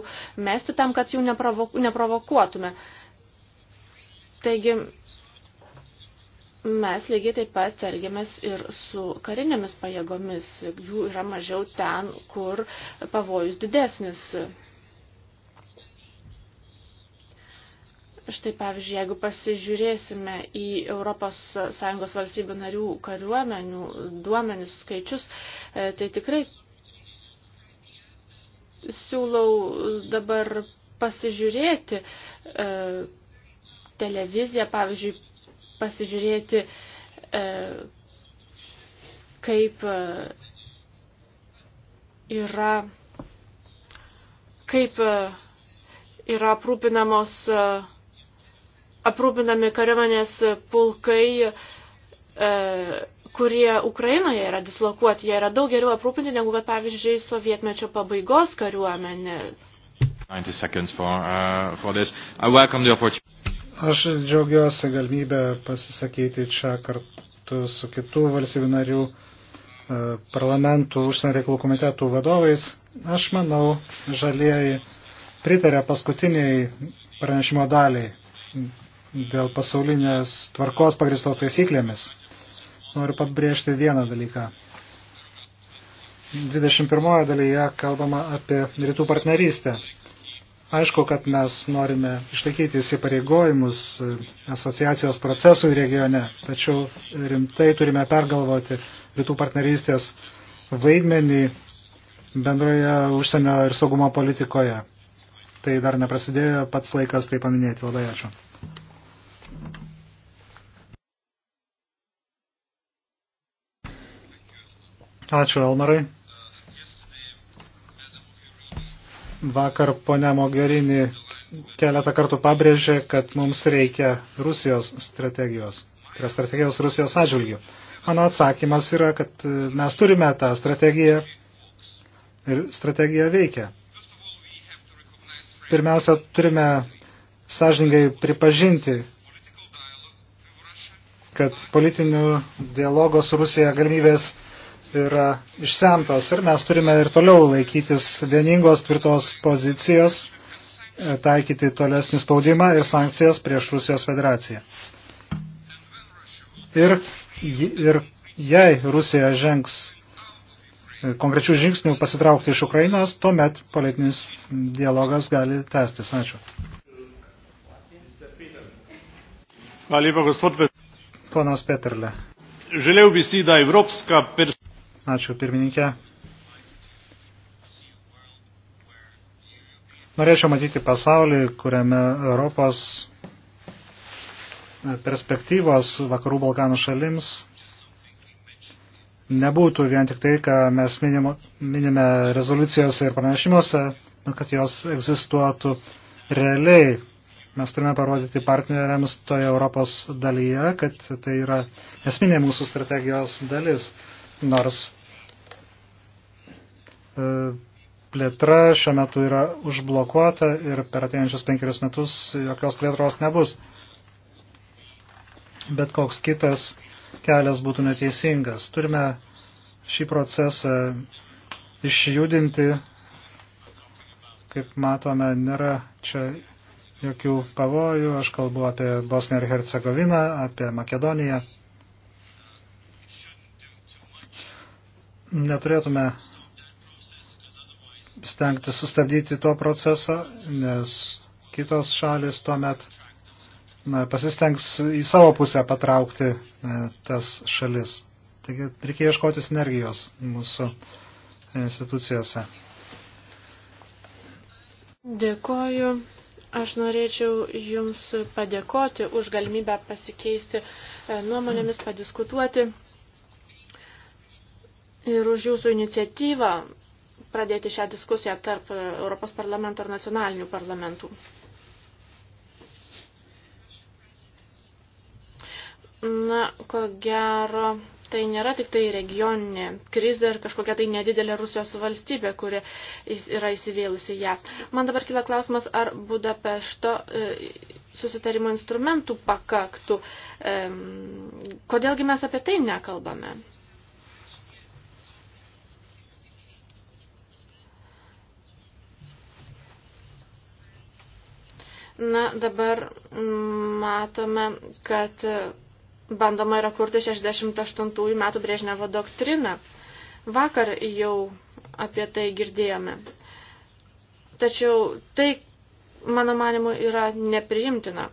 mesti tam, kad jų neprovokuotume. Taigi mes lygiai taip pat elgiamės ir su karinėmis pajėgomis. Jų yra mažiau ten, kur pavojus didesnis. Štai pavyzdžiui, jeigu pasižiūrėsime į ES valstybių narių kariuomenių duomenius skaičius, e, tai tikrai siūlau dabar pasižiūrėti, e, televiziją, pavyzdžiui, pasižiūrėti, e, kaip e, yra, kaip e, yra aprūpinamos, aprūpinami kariuomenės pulkai, kurie Ukrainoje yra dislokuoti, jie yra daug geriau aprūpinti negu, kad, pavyzdžiui, sovietmečio pabaigos kariuomenė. 90 seconds for, uh, for this. I welcome the opportunity. Aš džiaugiuosi galimybę pasisakyti čia kartu su kitų valstybių narių e, parlamentų užsienio reikalų komitetų vadovais. Aš manau, žalieji pritarė paskutiniai pranešimo daliai dėl pasaulinės tvarkos pagristos taisyklėmis. Noriu pabrėžti vieną dalyką. 21 dalyje kalbama apie rytų partnerystę. Aišku, kad mes norime išlaikyti įsipareigojimus asociacijos procesui regione, tačiau rimtai turime pergalvoti rytų partnerystės vaidmenį bendroje užsienio ir saugumo politikoje. Tai dar neprasidėjo, pats laikas tai paminėti. Labai ačiū. Ačiū, Elmarai. Vakar ponia Mogherini keletą kartų pabrėžė, kad mums reikia Rusijos strategijos, tai yra strategijos Rusijos atžvilgių. Mano atsakymas yra, kad e, mes turime tą strategiją ir strategija veikia. Pirmiausia, turime sąžiningai pripažinti, kad politinių dialogo su Rusija galimybės yra išsemtos ir mes turime ir toliau laikytis vieningos tvirtos pozicijos, e, taikyti tolesnį spaudimą ir sankcijas prieš Rusijos federaciją. Ir, ir jei Rusija žengs e, konkrečių žingsnių pasitraukti iš Ukrainos, tuomet politinis dialogas gali tęstis. Ačiū. Hvala lepa, gospod Petrle. Ponas Petrle. Želel bi si, da evropska perspektyva Ačiū pirmininkė. Norėčiau matyti pasaulį, kuriame Europos perspektyvos vakarų Balkanų šalims nebūtų vien tik tai, ką mes minimo, minime rezoliucijose ir pranešimuose, bet kad jos egzistuotų realiai. Mes turime parodyti partneriams toje Europos dalyje, kad tai yra esminė mūsų strategijos dalis nors e, plėtra šiuo metu yra užblokuota ir per ateinančius penkerius metus jokios plėtros nebus. Bet koks kitas kelias būtų neteisingas. Turime šį procesą išjudinti, kaip matome, nėra čia jokių pavojų. Aš kalbu apie Bosniją ir Hercegoviną, apie Makedoniją. neturėtume stengti sustabdyti to proceso, nes kitos šalis tuomet na, pasistengs į savo pusę patraukti na, tas šalis. Taigi reikia ieškoti sinergijos mūsų institucijose. Dėkoju. Aš norėčiau Jums padėkoti už galimybę pasikeisti e, nuomonėmis, padiskutuoti ir už jūsų iniciatyvą pradėti šią diskusiją tarp Europos parlamento ir nacionalinių parlamentų. Na, ko gero, tai nėra tik tai regioninė krizė ir kažkokia tai nedidelė Rusijos valstybė, kuri yra įsivėlusi ją. Man dabar kila klausimas, ar Budapešto e, susitarimo instrumentų pakaktų. Kodėlgi mes apie tai nekalbame? Na, dabar mm, matome, kad bandoma yra kurti 68 metų Brėžnevo doktriną. Vakar jau apie tai girdėjome. Tačiau tai, mano manimu, yra nepriimtina.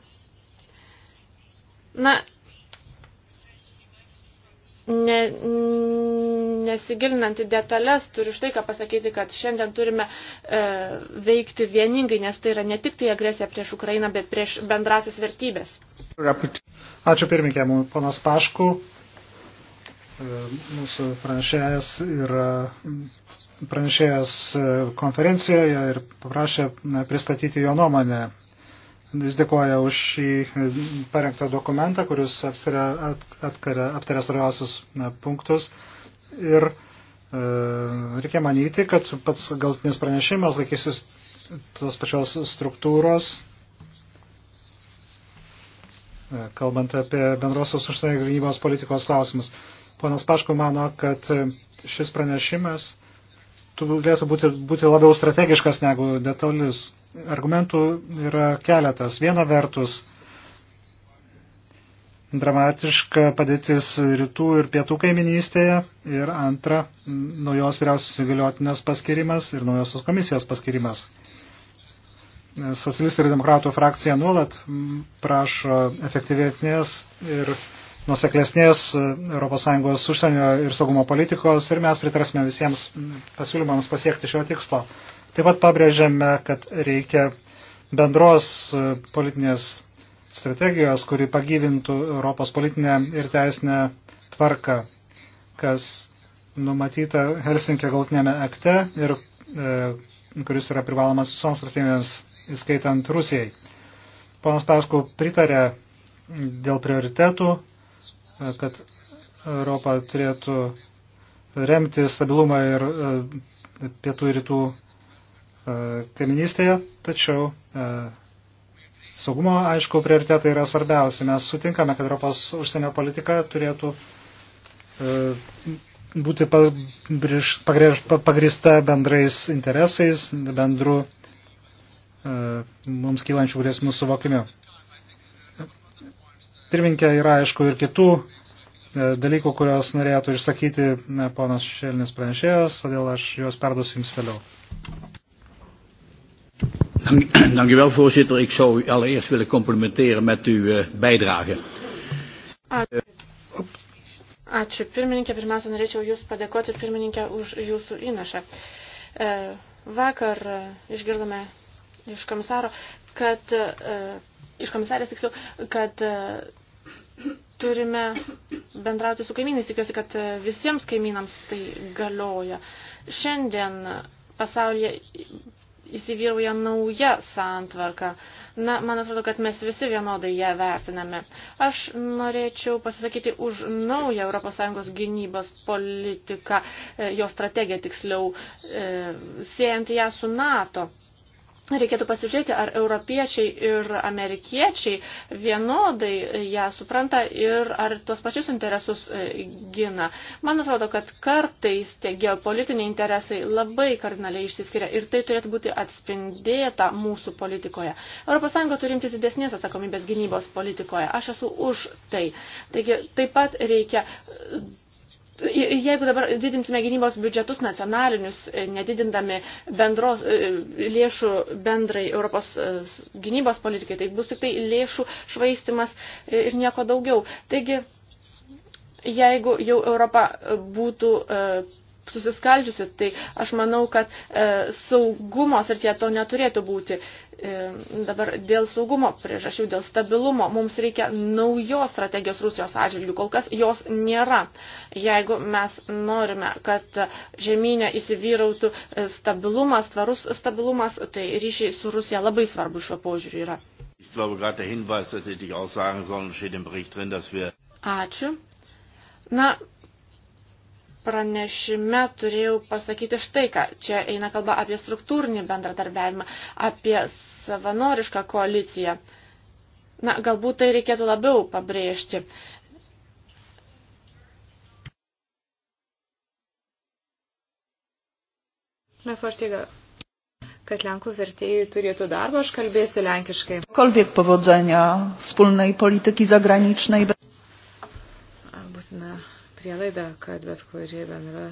Na, ne, nesigilinant į detalės, turiu štai ką pasakyti, kad šiandien turime e, veikti vieningai, nes tai yra ne tik tai agresija prieš Ukrainą, bet prieš bendrasis vertybės. Ačiū pirmininkė, ponas Pašku. E, mūsų pranešėjas yra pranešėjas e, konferencijoje ir paprašė pristatyti jo nuomonę vis dėkoja už šį e, parengtą dokumentą, kuris aptaria svarbiausius punktus. Ir e, reikia manyti, kad pats galtinis pranešimas laikysis tos pačios struktūros, e, kalbant apie bendrosios užsienio gynybos politikos klausimus. Ponas Paško mano, kad šis pranešimas turėtų būti, būti labiau strategiškas negu detalius argumentų yra keletas. Viena vertus, dramatiška padėtis rytų ir pietų kaiminystėje ir antra, naujos vyriausios įgaliotinės paskirimas ir naujosios komisijos paskirimas. Socialistų ir demokratų frakcija nuolat prašo efektyvesnės ir nuseklesnės ES užsienio ir saugumo politikos ir mes pritarsime visiems pasiūlymams pasiekti šio tikslo. Taip pat pabrėžiame, kad reikia bendros e, politinės strategijos, kuri pagyvintų Europos politinę ir teisinę tvarką, kas numatyta Helsinkė galtinėme akte ir e, kuris yra privalomas visoms valstybėms, įskaitant Rusijai. Ponas Pasku pritarė dėl prioritetų, e, kad Europa turėtų remti stabilumą ir e, pietų ir rytų E, kaiminystėje, tačiau e, saugumo, aišku, prioritetai yra svarbiausi. Mes sutinkame, kad Europos užsienio politika turėtų e, būti pagrįsta bendrais interesais, bendru mums kylančių grėsmų suvokimu. Pirminkė yra, aišku, ir kitų dalykų, kurios norėtų išsakyti ponas Šelnis pranešėjas, todėl aš juos perduosiu jums vėliau. Dank u wel, voorzitter. Ik zou u allereerst willen complimenteren met uw uh, bijdrage. Ačiū. Ačiū pirmininkė, pirmiausia, norėčiau Jūs padėkoti pirmininkė už Jūsų įnašą. E, vakar e, išgirdome iš komisaro, kad, e, iš komisarės tiksliau, kad turime bendrauti su kaimynais, tikiuosi, kad visiems kaimynams tai galioja. Šiandien pasaulyje įsivyrauja nauja santvarka. Na, man atrodo, kad mes visi vienodai ją vertiname. Aš norėčiau pasisakyti už naują ES gynybos politiką, e, jo strategiją tiksliau, e, siejant ją su NATO. Reikėtų pasižiūrėti, ar europiečiai ir amerikiečiai vienodai ją supranta ir ar tuos pačius interesus e, gina. Man atrodo, kad kartais tie geopolitiniai interesai labai kardinaliai išsiskiria ir tai turėtų būti atspindėta mūsų politikoje. ES turi imtis didesnės atsakomybės gynybos politikoje. Aš esu už tai. Taigi taip pat reikia Jeigu dabar didinsime gynybos biudžetus nacionalinius, e, nedidindami bendros e, lėšų bendrai Europos e, gynybos politikai, tai bus tik tai lėšų švaistimas ir nieko daugiau. Taigi, jeigu jau Europa būtų susiskaldžiusi, tai aš manau, kad e, saugumos ir tie to neturėtų būti. E, dabar dėl saugumo priežasčių, dėl stabilumo mums reikia naujos strategijos Rusijos atžvilgių, kol kas jos nėra. Jeigu mes norime, kad žemynė įsivyrautų e, stabilumas, tvarus stabilumas, tai ryšiai su Rusija labai svarbu šiuo požiūriu yra. Ich glaube, gerade der Hinweis, dass hätte ich auch sagen sollen, steht im Bericht drin, dass wir Ačiū. Na, pranešime turėjau pasakyti štai ką. Čia eina kalba apie struktūrinį bendradarbiavimą, apie savanorišką koaliciją. Na, galbūt tai reikėtų labiau pabrėžti. Na, Fortiga, kad Lenkų vertėjai turėtų darbą, aš kalbėsiu lenkiškai. Kolwiek powodzenia wspólnej polityki zagranicznej prielaidą, kad bet kuri bendra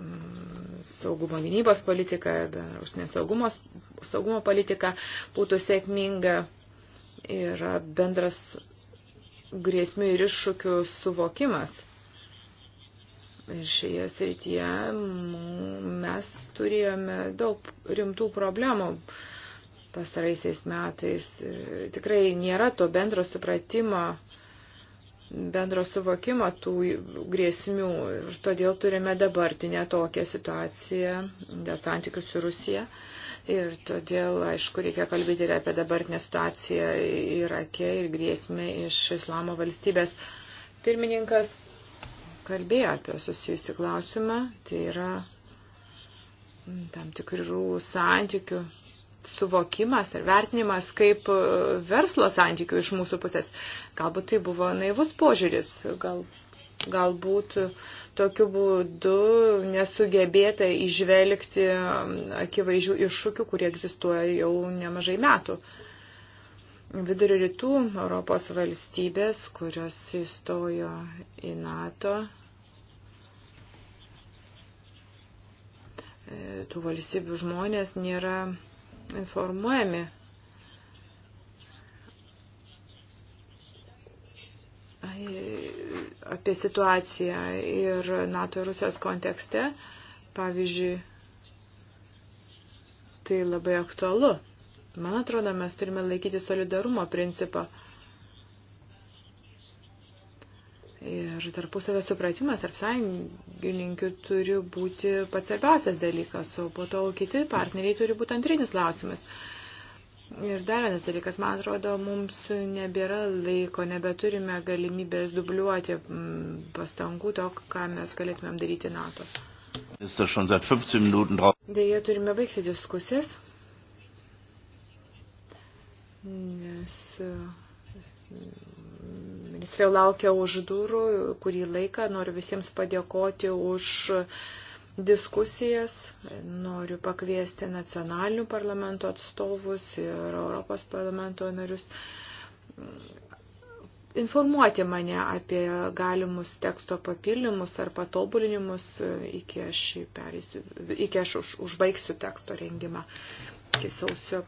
mm, saugumo gynybos politika, bendra užsienio saugumo, saugumo politika būtų sėkminga ir bendras grėsmių ir iššūkių suvokimas. Ir šioje srityje mes turėjome daug rimtų problemų pastaraisiais metais. Tikrai nėra to bendro supratimo, bendro suvokimo tų grėsmių ir todėl turime dabartinę tokią situaciją dėl santykių su Rusija. Ir todėl, aišku, reikia kalbėti ir apie dabartinę situaciją Irake ir grėsmę iš Islamo valstybės. Pirmininkas kalbėjo apie susijusi klausimą, tai yra tam tikrų santykių suvokimas ir vertinimas kaip e, verslo santykių iš mūsų pusės. Galbūt tai buvo naivus požiūris, gal, galbūt tokiu būdu nesugebėta išvelgti akivaizdžių iššūkių, kurie egzistuoja jau nemažai metų. Vidurio rytų Europos valstybės, kurios įstojo į NATO, e, tų valstybių žmonės nėra informuojami. apie situaciją ir NATO ir Rusijos kontekste, pavyzdžiui, tai labai aktualu. Man atrodo, mes turime laikyti solidarumo principą. Ir tarpusavės supratimas tarp sąjungininkių turi būti pats svarbiausias dalykas, o po to kiti partneriai turi būti antrinis klausimas. Ir dar vienas dalykas, man atrodo, mums nebėra laiko, nebeturime galimybės dubliuoti mm, pastangų to, ką mes galėtumėm daryti NATO. Deja, turime baigti diskusijas, nes Jis vėl laukia už durų kurį laiką. Noriu visiems padėkoti už diskusijas. Noriu pakviesti nacionalinių parlamento atstovus ir Europos parlamento narius informuoti mane apie galimus teksto papildymus ar patobulinimus, iki aš, perėsiu, iki aš už, užbaigsiu teksto rengimą iki sausio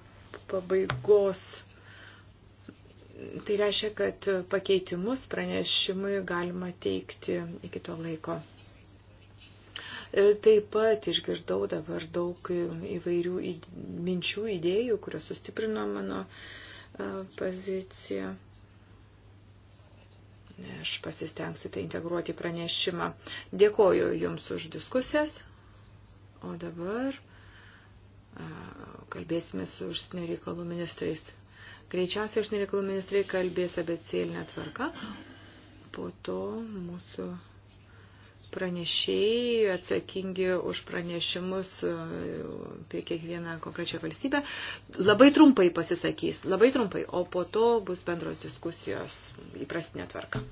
pabaigos. Tai reiškia, kad pakeitimus pranešimui galima teikti iki to laiko. E, Taip pat išgirdau dabar daug įvairių minčių, idėjų, kurios sustiprino mano e, poziciją. Aš pasistengsiu tai integruoti pranešimą. Dėkoju Jums už diskusijas. O dabar e, kalbėsime su užsienio reikalų ministrais. Greičiausiai aš nereikalų ministrai kalbės apie cėlinę tvarką, po to mūsų pranešėjai atsakingi už pranešimus e, apie kiekvieną konkrečią valstybę. Labai trumpai pasisakys, labai trumpai, o po to bus bendros diskusijos įprastinė tvarka.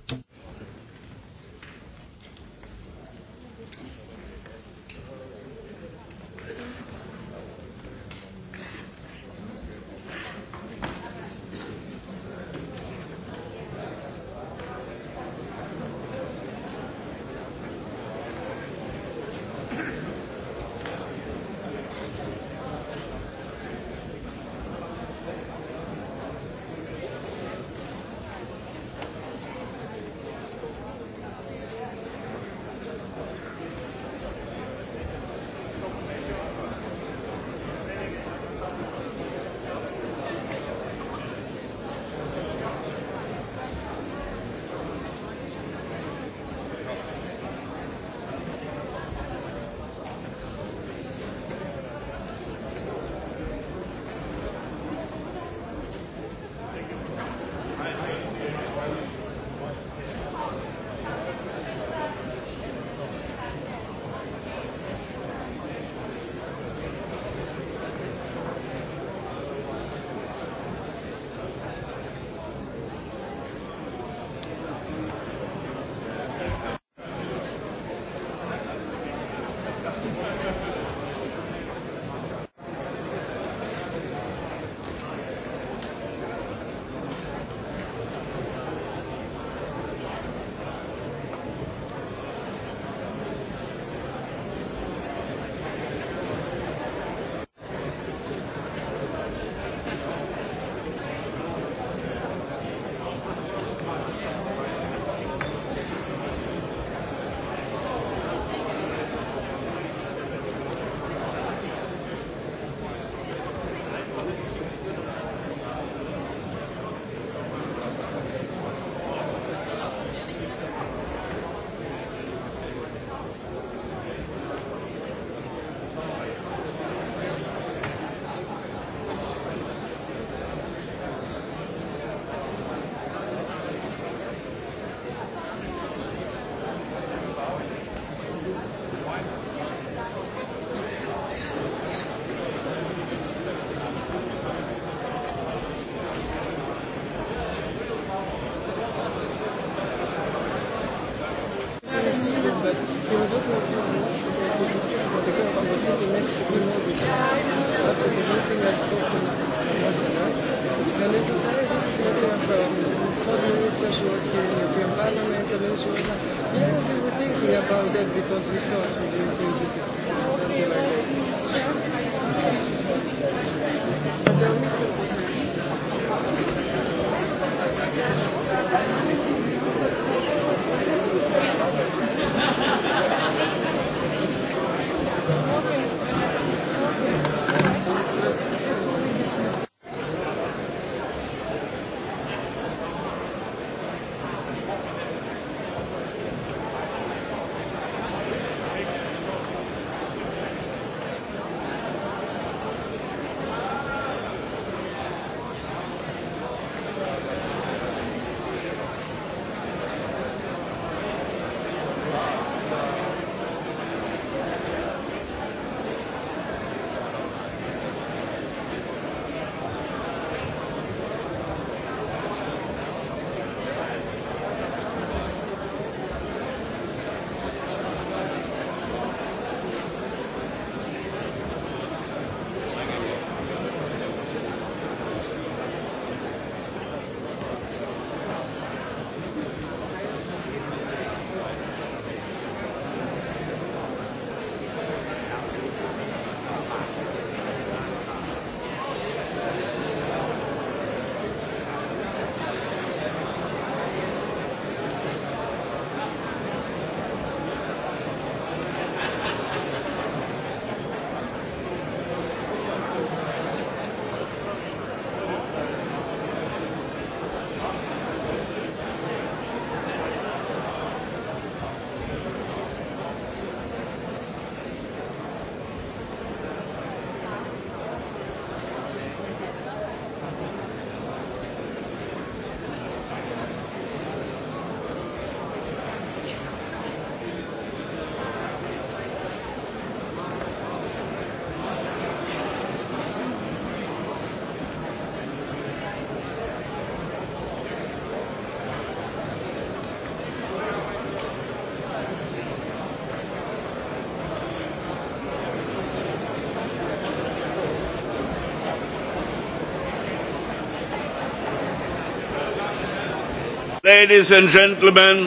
Ladies and gentlemen,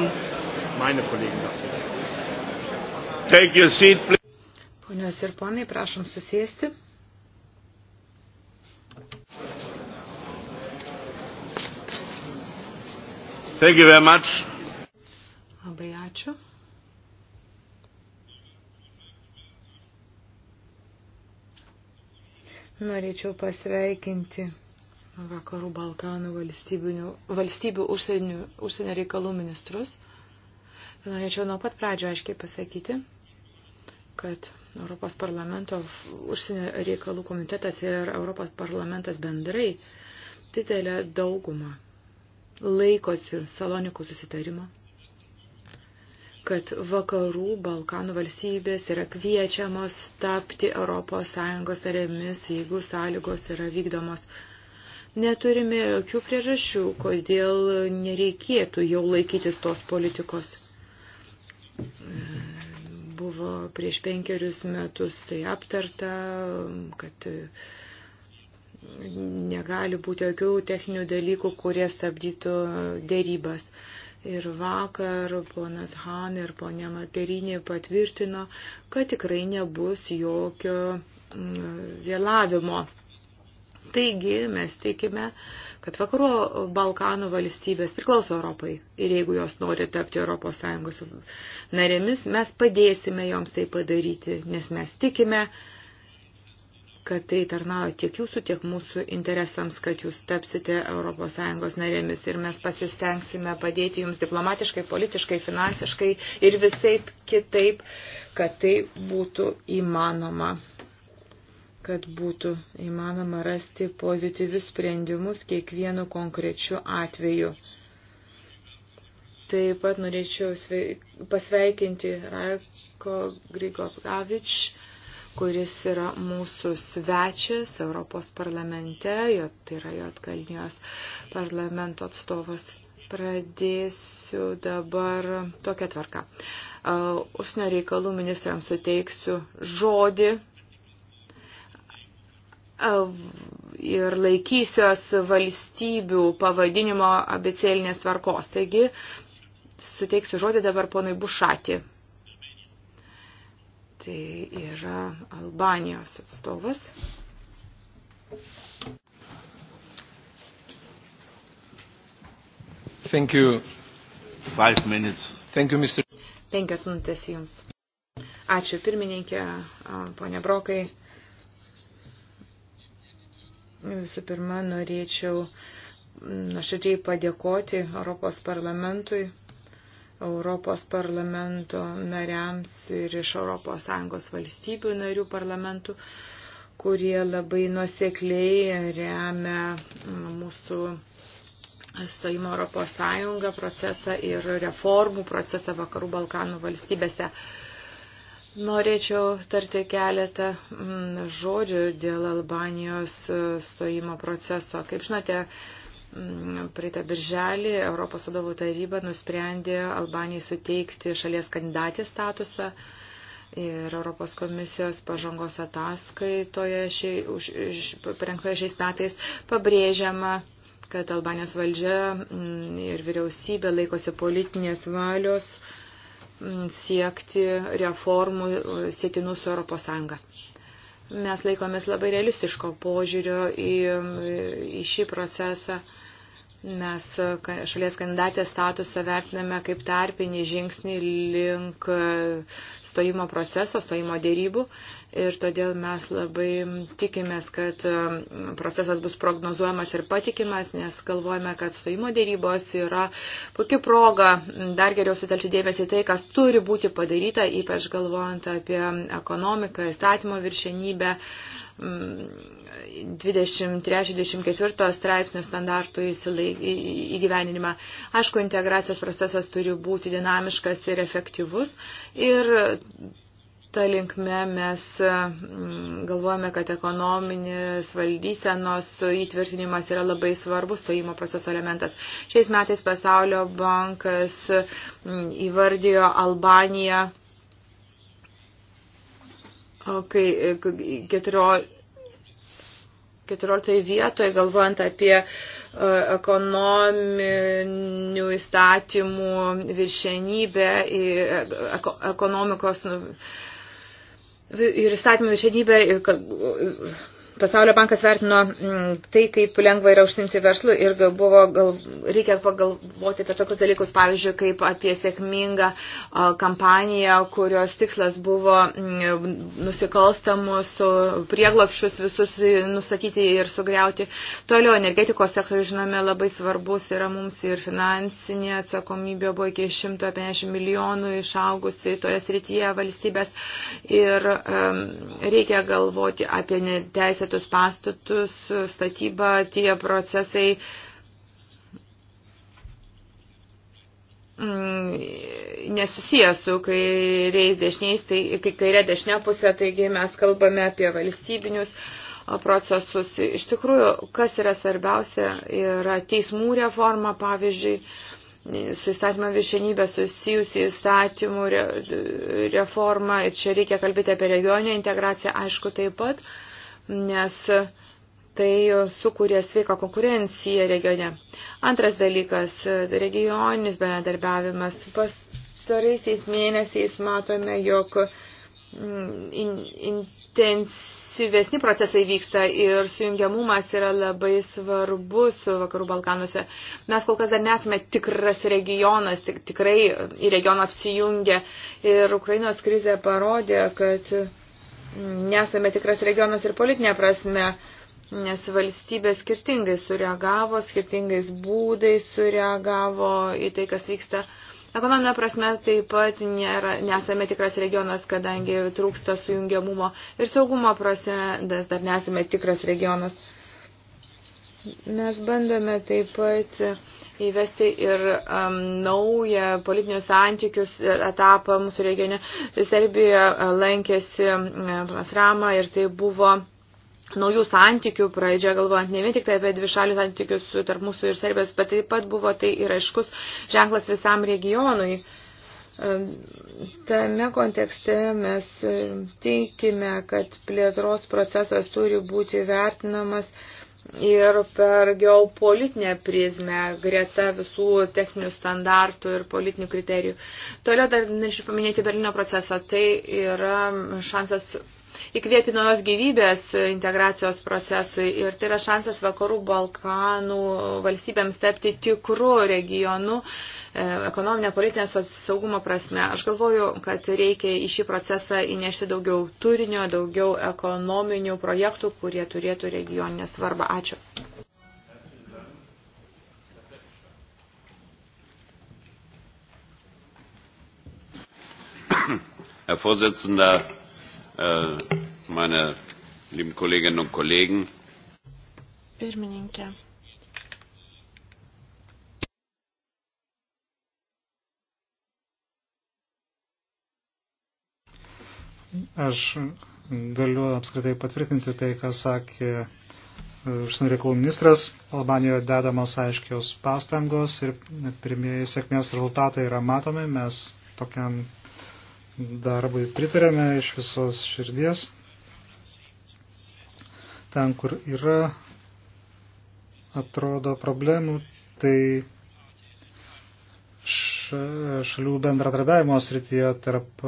meine Kollegen, take your seat, please. Ponios ir ponai, prašom susėsti. Thank you very much. Labai ačiū. Norėčiau pasveikinti vakarų Balkanų valstybių užsienio, užsienio reikalų ministrus. Norėčiau nuo pat pradžio aiškiai pasakyti, kad Europos parlamento užsienio reikalų komitetas ir Europos parlamentas bendrai didelę daugumą laikosi Salonikų susitarimo, kad vakarų Balkanų valstybės yra kviečiamos tapti ES narėmis, jeigu sąlygos yra vykdomos neturime jokių priežasčių, kodėl nereikėtų jau laikytis tos politikos. Buvo prieš penkerius metus tai aptarta, kad negali būti jokių techninių dalykų, kurie stabdytų dėrybas. Ir vakar ponas Han ir ponė Margerinė patvirtino, kad tikrai nebus jokio mm, vėlavimo. Mm, Taigi mes tikime, kad vakarų Balkanų valstybės priklauso Europai ir jeigu jos nori tapti ES narėmis, mes padėsime joms tai padaryti, nes mes tikime, kad tai tarnauja tiek jūsų, tiek mūsų interesams, kad jūs tapsite ES narėmis ir mes pasistengsime padėti jums diplomatiškai, politiškai, finansiškai ir visaip kitaip, kad tai būtų įmanoma kad būtų įmanoma rasti pozityvius sprendimus kiekvienu konkrečiu atveju. Taip pat norėčiau pasveikinti Raiko Grigovavič, kuris yra mūsų svečias Europos parlamente, jo, tai yra Jotkalnijos parlamento atstovas. Pradėsiu dabar tokią tvarką. Užsienio reikalų ministrams suteiksiu žodį ir laikysiuos valstybių pavadinimo abicėlinės tvarkos. Taigi, suteiksiu žodį dabar ponui Bušati. Tai yra Albanijos atstovas. Thank you. Five minutes. Thank you, Mr. Penkios minutės jums. Ačiū pirmininkė, ponia Brokai. Visų pirma, norėčiau nuoširdžiai padėkoti Europos parlamentui, Europos parlamento nariams ir iš ES valstybių narių parlamentų, kurie labai nuosekliai remia mūsų stojimo Europos Sąjungą procesą ir reformų procesą Vakarų Balkanų valstybėse. Norėčiau tarti keletą mm, žodžių dėl Albanijos e, stojimo proceso. Kaip žinote, mm, praeitą birželį Europos vadovų taryba nusprendė Albanijai suteikti šalies kandidatės statusą ir Europos komisijos pažangos ataskaitoje parengtoje šiais metais pabrėžiama kad Albanijos valdžia mm, ir vyriausybė laikosi politinės valios uh, siekti reformų sėtinų su ES. Mes laikomės labai realistiško požiūrio į, į šį procesą. Mes e, šalies kandidatės statusą vertiname kaip tarpinį žingsnį link e, stojimo proceso, stojimo dėrybų ir todėl mes labai tikimės, kad e, procesas bus prognozuojamas ir patikimas, nes galvojame, kad stojimo dėrybos yra puikia proga dar geriau sutelkti dėmesį tai, kas turi būti padaryta, ypač galvojant apie ekonomiką, įstatymo viršenybę 23-24 straipsnio standartų įgyveninimą. Aišku, integracijos procesas turi būti dinamiškas ir efektyvus ir ta linkme mes mm, galvojame, kad ekonominis valdysenos įtvirtinimas yra labai svarbus stojimo proceso elementas. Šiais metais pasaulio bankas mm, įvardijo Albaniją kai 14 14 vietoje, galvojant apie e, ekonominių įstatymų viršenybę, e, ekonomikos nu, ir įstatymų viršenybę, Pasaulio bankas vertino mm, tai, kaip lengva yra užsimti verslu ir buvo, gal, reikia pagalvoti apie tokius dalykus, pavyzdžiui, kaip apie sėkmingą kampaniją, kurios tikslas buvo mm, nusikalstamus prieglapšius visus e, nustatyti ir sugriauti. Toliau energetikos sektorius, žinome, labai svarbus yra mums ir finansinė atsakomybė buvo iki 150 milijonų išaugusi toje srityje valstybės ir um, reikia galvoti apie teisę pastatus, pastatus, statyba, tie procesai mm, nesusijęs su kairiais dešiniais, tai kai kairė dešinė pusė, taigi mes kalbame apie valstybinius procesus. Iš tikrųjų, kas yra svarbiausia, yra teismų reforma, pavyzdžiui, su įstatymą viršenybę susijusi įstatymų reforma ir čia reikia kalbėti apie regioninę integraciją, aišku, taip pat. Uh, nes tai sukuria sveiką konkurenciją regione. Antras dalykas - regioninis bendradarbiavimas. Pasaraisiais mėnesiais matome, jog mm, in, intensyvesni procesai vyksta ir sujungiamumas yra labai svarbus vakarų Balkanuose. Mes kol kas dar nesame tikras regionas, tik, tikrai į regioną apsijungę ir Ukrainos krizė parodė, kad nesame tikras regionas ir politinė prasme, nes valstybė skirtingai sureagavo, skirtingais būdais sureagavo į tai, kas vyksta. Ekonominė prasme taip pat nėra, nesame tikras regionas, kadangi trūksta sujungiamumo ir saugumo prasme, nes dar nesame tikras regionas. Mes bandome taip pat įvesti ir um, naują politinius santykius e, etapą mūsų regione. Serbijoje lankėsi e, panas Rama ir tai buvo naujų santykių pradžia, galvojant ne vien tik tai apie dvišalių santykius tarp mūsų ir Serbijos, bet taip pat buvo tai ir aiškus ženklas visam regionui. Tame kontekste mes e, teikime, kad plėtros procesas turi būti vertinamas uh, ir per geopolitinę prizmę greta visų techninių standartų ir politinių kriterijų. Toliau dar norėčiau paminėti Berlyno procesą. Tai yra šansas įkvėpti naujos gyvybės integracijos procesui ir tai yra šansas vakarų Balkanų valstybėms tapti tikrų regionų E, ekonominė, politinė saugumo prasme. Aš galvoju, kad reikia į šį procesą įnešti daugiau turinio, daugiau ekonominių projektų, kurie turėtų regioninę svarbą. Ačiū. Herr Vorsitzender, äh, meine lieben Kolleginnen und Kollegen. Pirmininkė, Aš galiu apskritai patvirtinti tai, ką sakė užsienio reikalų ministras. Albanijoje dedamos aiškios pastangos ir pirmieji sėkmės rezultatai yra matomi. Mes tokiam darbui pritarėme iš visos širdies. Ten, kur yra, atrodo, problemų, tai šalių bendradarbiavimo srityje tarp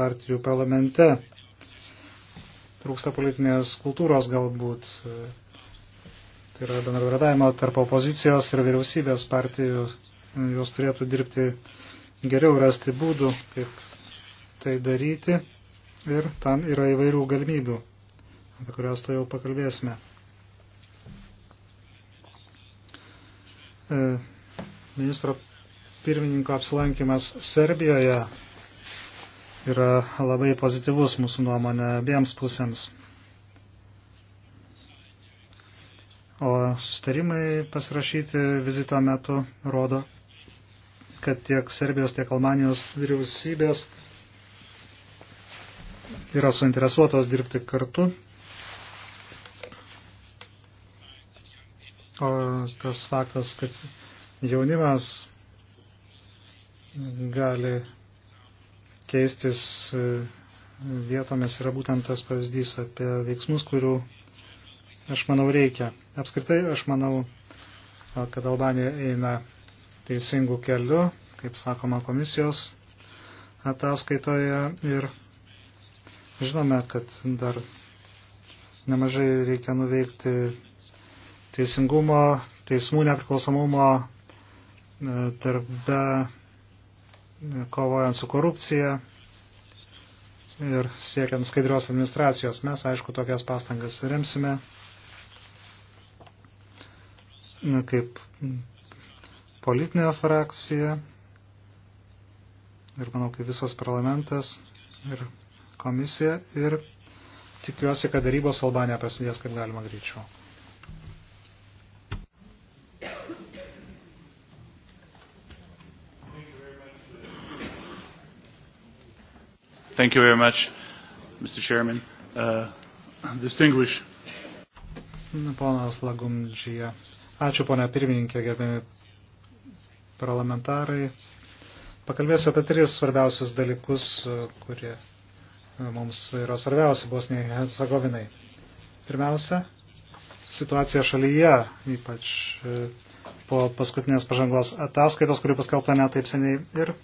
partijų parlamente. Trūksta politinės kultūros galbūt. Tai yra bendradarbiavimo tarp opozicijos ir vyriausybės partijų. Jos turėtų dirbti geriau, rasti būdų, kaip tai daryti. Ir tam yra įvairių galimybių, apie kurias to jau pakalbėsime. E, ministro pirmininko apsilankimas Serbijoje yra labai pozityvus mūsų nuomonė abiems pusėms. O sustarimai pasirašyti vizito metu rodo, kad tiek Serbijos, tiek Almanijos vyriausybės yra suinteresuotos dirbti kartu. O tas faktas, kad jaunimas gali keistis e, vietomis yra būtent tas pavyzdys apie veiksmus, kurių, aš manau, reikia. Apskritai, aš manau, kad Albanija eina teisingų kelių, kaip sakoma, komisijos ataskaitoje ir žinome, kad dar nemažai reikia nuveikti teisingumo, teismų nepriklausomumo e, darbe kovojant su korupcija ir siekiant skaidrios administracijos. Mes, aišku, tokias pastangas remsime kaip politinė frakcija ir, manau, kaip visas parlamentas ir komisija ir tikiuosi, kad darybos Albanija prasidės kaip galima greičiau. Thank you very much, Mr. Chairman. Uh, distinguished. Ponas Lagumdžyje. Ačiū, ponia pirmininkė, gerbiami parlamentarai. Pakalbėsiu apie tris svarbiausius dalykus, kurie e, mums yra svarbiausi Bosniai Hercegovinai. Pirmiausia, situacija šalyje, ypač e, po paskutinės pažangos ataskaitos, kuri paskelbta netaip seniai ir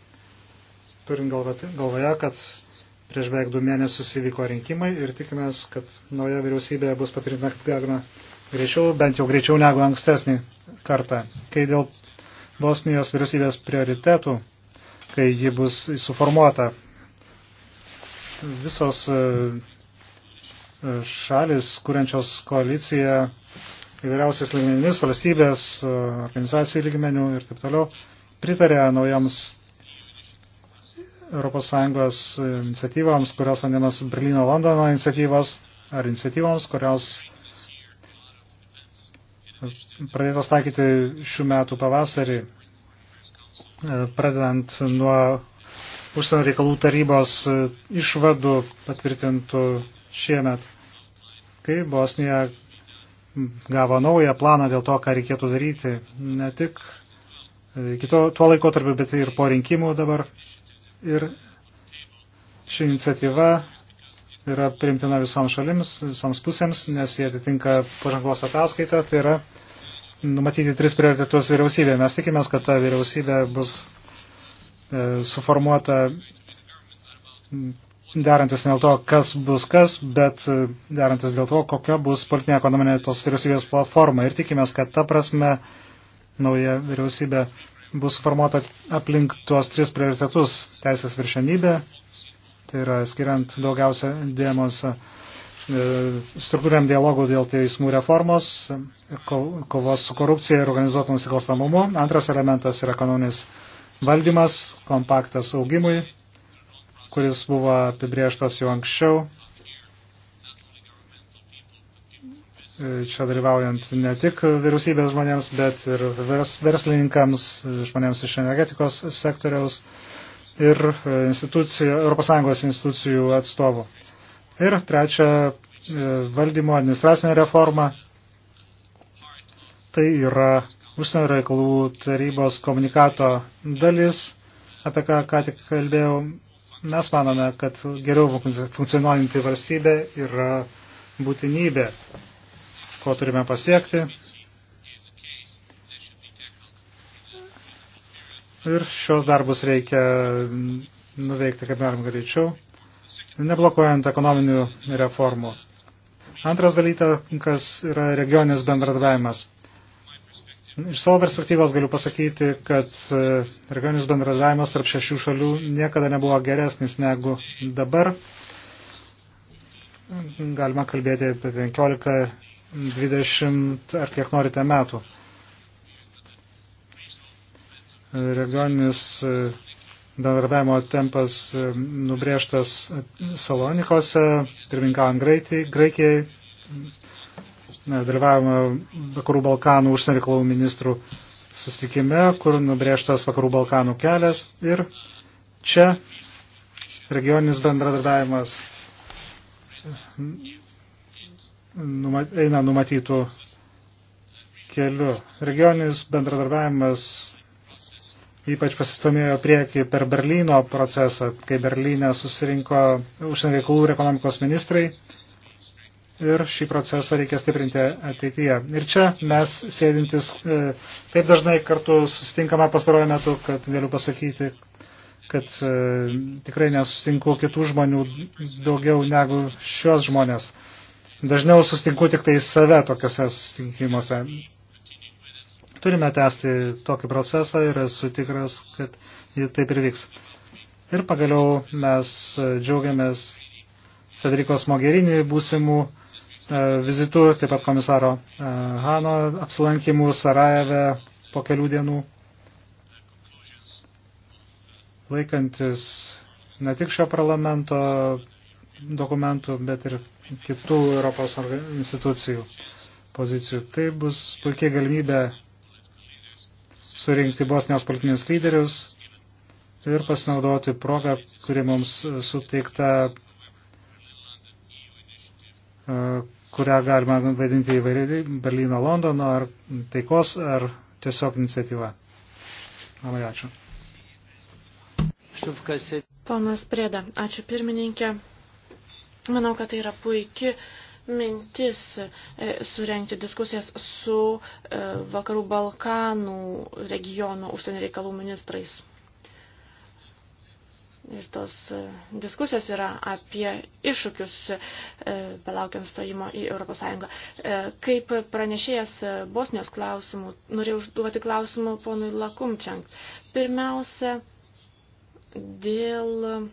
turint galvoje, kad Prieš beveik du mėnesius įvyko rinkimai ir tikimės, kad nauja vyriausybė bus patvirtinta, kad galima greičiau, bent jau greičiau negu ankstesnį kartą. Kai dėl Bosnijos vyriausybės prioritetų, kai ji bus suformuota, visos e, e, šalis, kuriančios koaliciją įvairiausiais lygmenimis, valstybės, e, organizacijų lygmenių ir taip toliau, pritarė naujoms ES iniciatyvams, kurios vadinamas Berlyno Londono iniciatyvos, ar iniciatyvams, kurios pradėtos taikyti šių metų pavasarį, pradedant nuo užsienio reikalų tarybos išvadų patvirtintų šiemet, kai Bosnija gavo naują planą dėl to, ką reikėtų daryti, ne tik kito, tuo laikotarpiu, bet ir po rinkimų dabar ir ši iniciatyva yra priimtina visoms šalims, visoms pusėms, nes jie atitinka pažangos ataskaitą, tai yra numatyti tris prioritetus vyriausybė. Mes tikimės, kad ta vyriausybė bus e, suformuota derantis dėl to, kas bus kas, bet e, derantis dėl to, kokia bus politinė ekonominė tos vyriausybės platforma. Ir tikimės, kad ta prasme nauja vyriausybė bus formuota aplink tuos tris prioritetus - teisės viršenybė, tai yra skiriant daugiausia dėmesio struktūriam dialogų dėl teismų reformos, kovos su korupcija ir organizuotų nusikalstamumu. Antras elementas yra ekonominis valdymas, kompaktas augimui, kuris buvo apibrieštas jau anksčiau E, čia dalyvaujant ne tik vyriausybės žmonėms, bet ir vers, verslininkams, žmonėms iš energetikos sektoriaus ir e, institucijų, ES institucijų atstovų. Ir trečia, e, valdymo administracinė reforma. Tai yra užsienio reikalų tarybos komunikato dalis, apie ką ką tik kalbėjau. Mes manome, kad geriau funkcionuojanti valstybė yra būtinybė ko turime pasiekti. Ir šios darbus reikia nuveikti kaip galim greičiau, neblokuojant ekonominių reformų. Antras dalykas yra regioninis bendradarbiavimas. Iš savo perspektyvos galiu pasakyti, kad e, regioninis bendradarbiavimas tarp šešių šalių niekada nebuvo geresnis negu dabar. Galima kalbėti apie 15 20 ar kiek norite metų. Regioninis e, bendarbiavimo tempas e, nubrėžtas Salonikose, pirmininkaujant Graikijai, dalyvavimo Vakarų Balkanų užsienio reikalų ministrų susitikime, kur nubrėžtas Vakarų Balkanų kelias ir čia regioninis bendradarbiavimas numat, eina numatytų keliu. Regioninis bendradarbiavimas ypač pasistumėjo prieki per Berlyno procesą, kai Berlyne susirinko užsienio reikalų ir ekonomikos ministrai. Ir šį procesą reikia stiprinti ateityje. Ir čia mes sėdintis e, taip dažnai kartu susitinkame pastaruoju metu, kad galiu pasakyti, kad e, tikrai nesustinku kitų žmonių daugiau negu šios žmonės. E, Dažniau sustinku tik tai save tokiuose sustinkimuose. Turime tęsti tokį procesą ir esu tikras, kad ji taip ir vyks. Ir pagaliau mes džiaugiamės Federikos Mogherini būsimų e, vizitų, taip pat komisaro e, Hano apsilankimų Sarajeve po kelių dienų. Laikantis ne tik šio parlamento dokumentų, bet ir kitų Europos institucijų pozicijų. Tai bus puikiai galimybė surinkti Bosnijos politinius lyderius ir pasinaudoti progą, kuri mums suteikta, e, kurią galima vadinti įvairiai Berlyno, Londono ar taikos ar tiesiog iniciatyva. Labai ačiū. Ponas Prėda, ačiū pirmininkė. Manau, kad tai yra puikia mintis e, surenkti diskusijas su e, Vakarų Balkanų regiono užsienio reikalų ministrais. Ir tos e, diskusijos yra apie iššūkius belaukiant stojimo į ES. Kaip pranešėjas Bosnijos klausimų, norėjau užduoti klausimą ponui Lakumčiank. Pirmiausia, dėl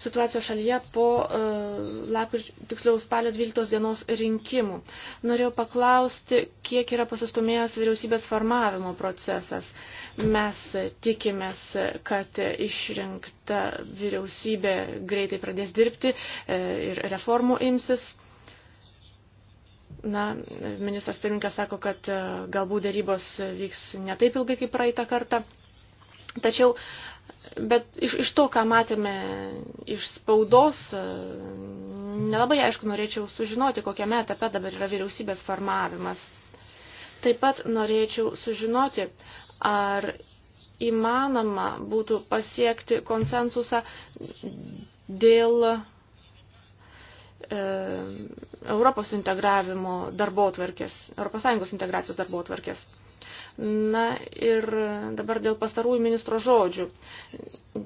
situacijos šalyje po uh, lapkričio, tiksliau spalio 12 dienos rinkimų. Norėjau paklausti, kiek yra pasistumėjęs vyriausybės formavimo procesas. Mes tikimės, kad išrinkta vyriausybė greitai pradės dirbti uh, ir reformų imsis. Na, ministras pirmininkas sako, kad uh, galbūt dėrybos vyks ne taip ilgai kaip praeitą kartą. Tačiau uh, Bet iš, iš to, ką matėme iš spaudos, e, nelabai aišku norėčiau sužinoti, kokiame etape dabar yra vyriausybės formavimas. Taip pat norėčiau sužinoti, ar įmanoma būtų pasiekti konsensusą dėl e, Europos integravimo darbo tvarkės, ES integracijos darbo tvarkės. Na ir dabar dėl pastarųjų ministro žodžių,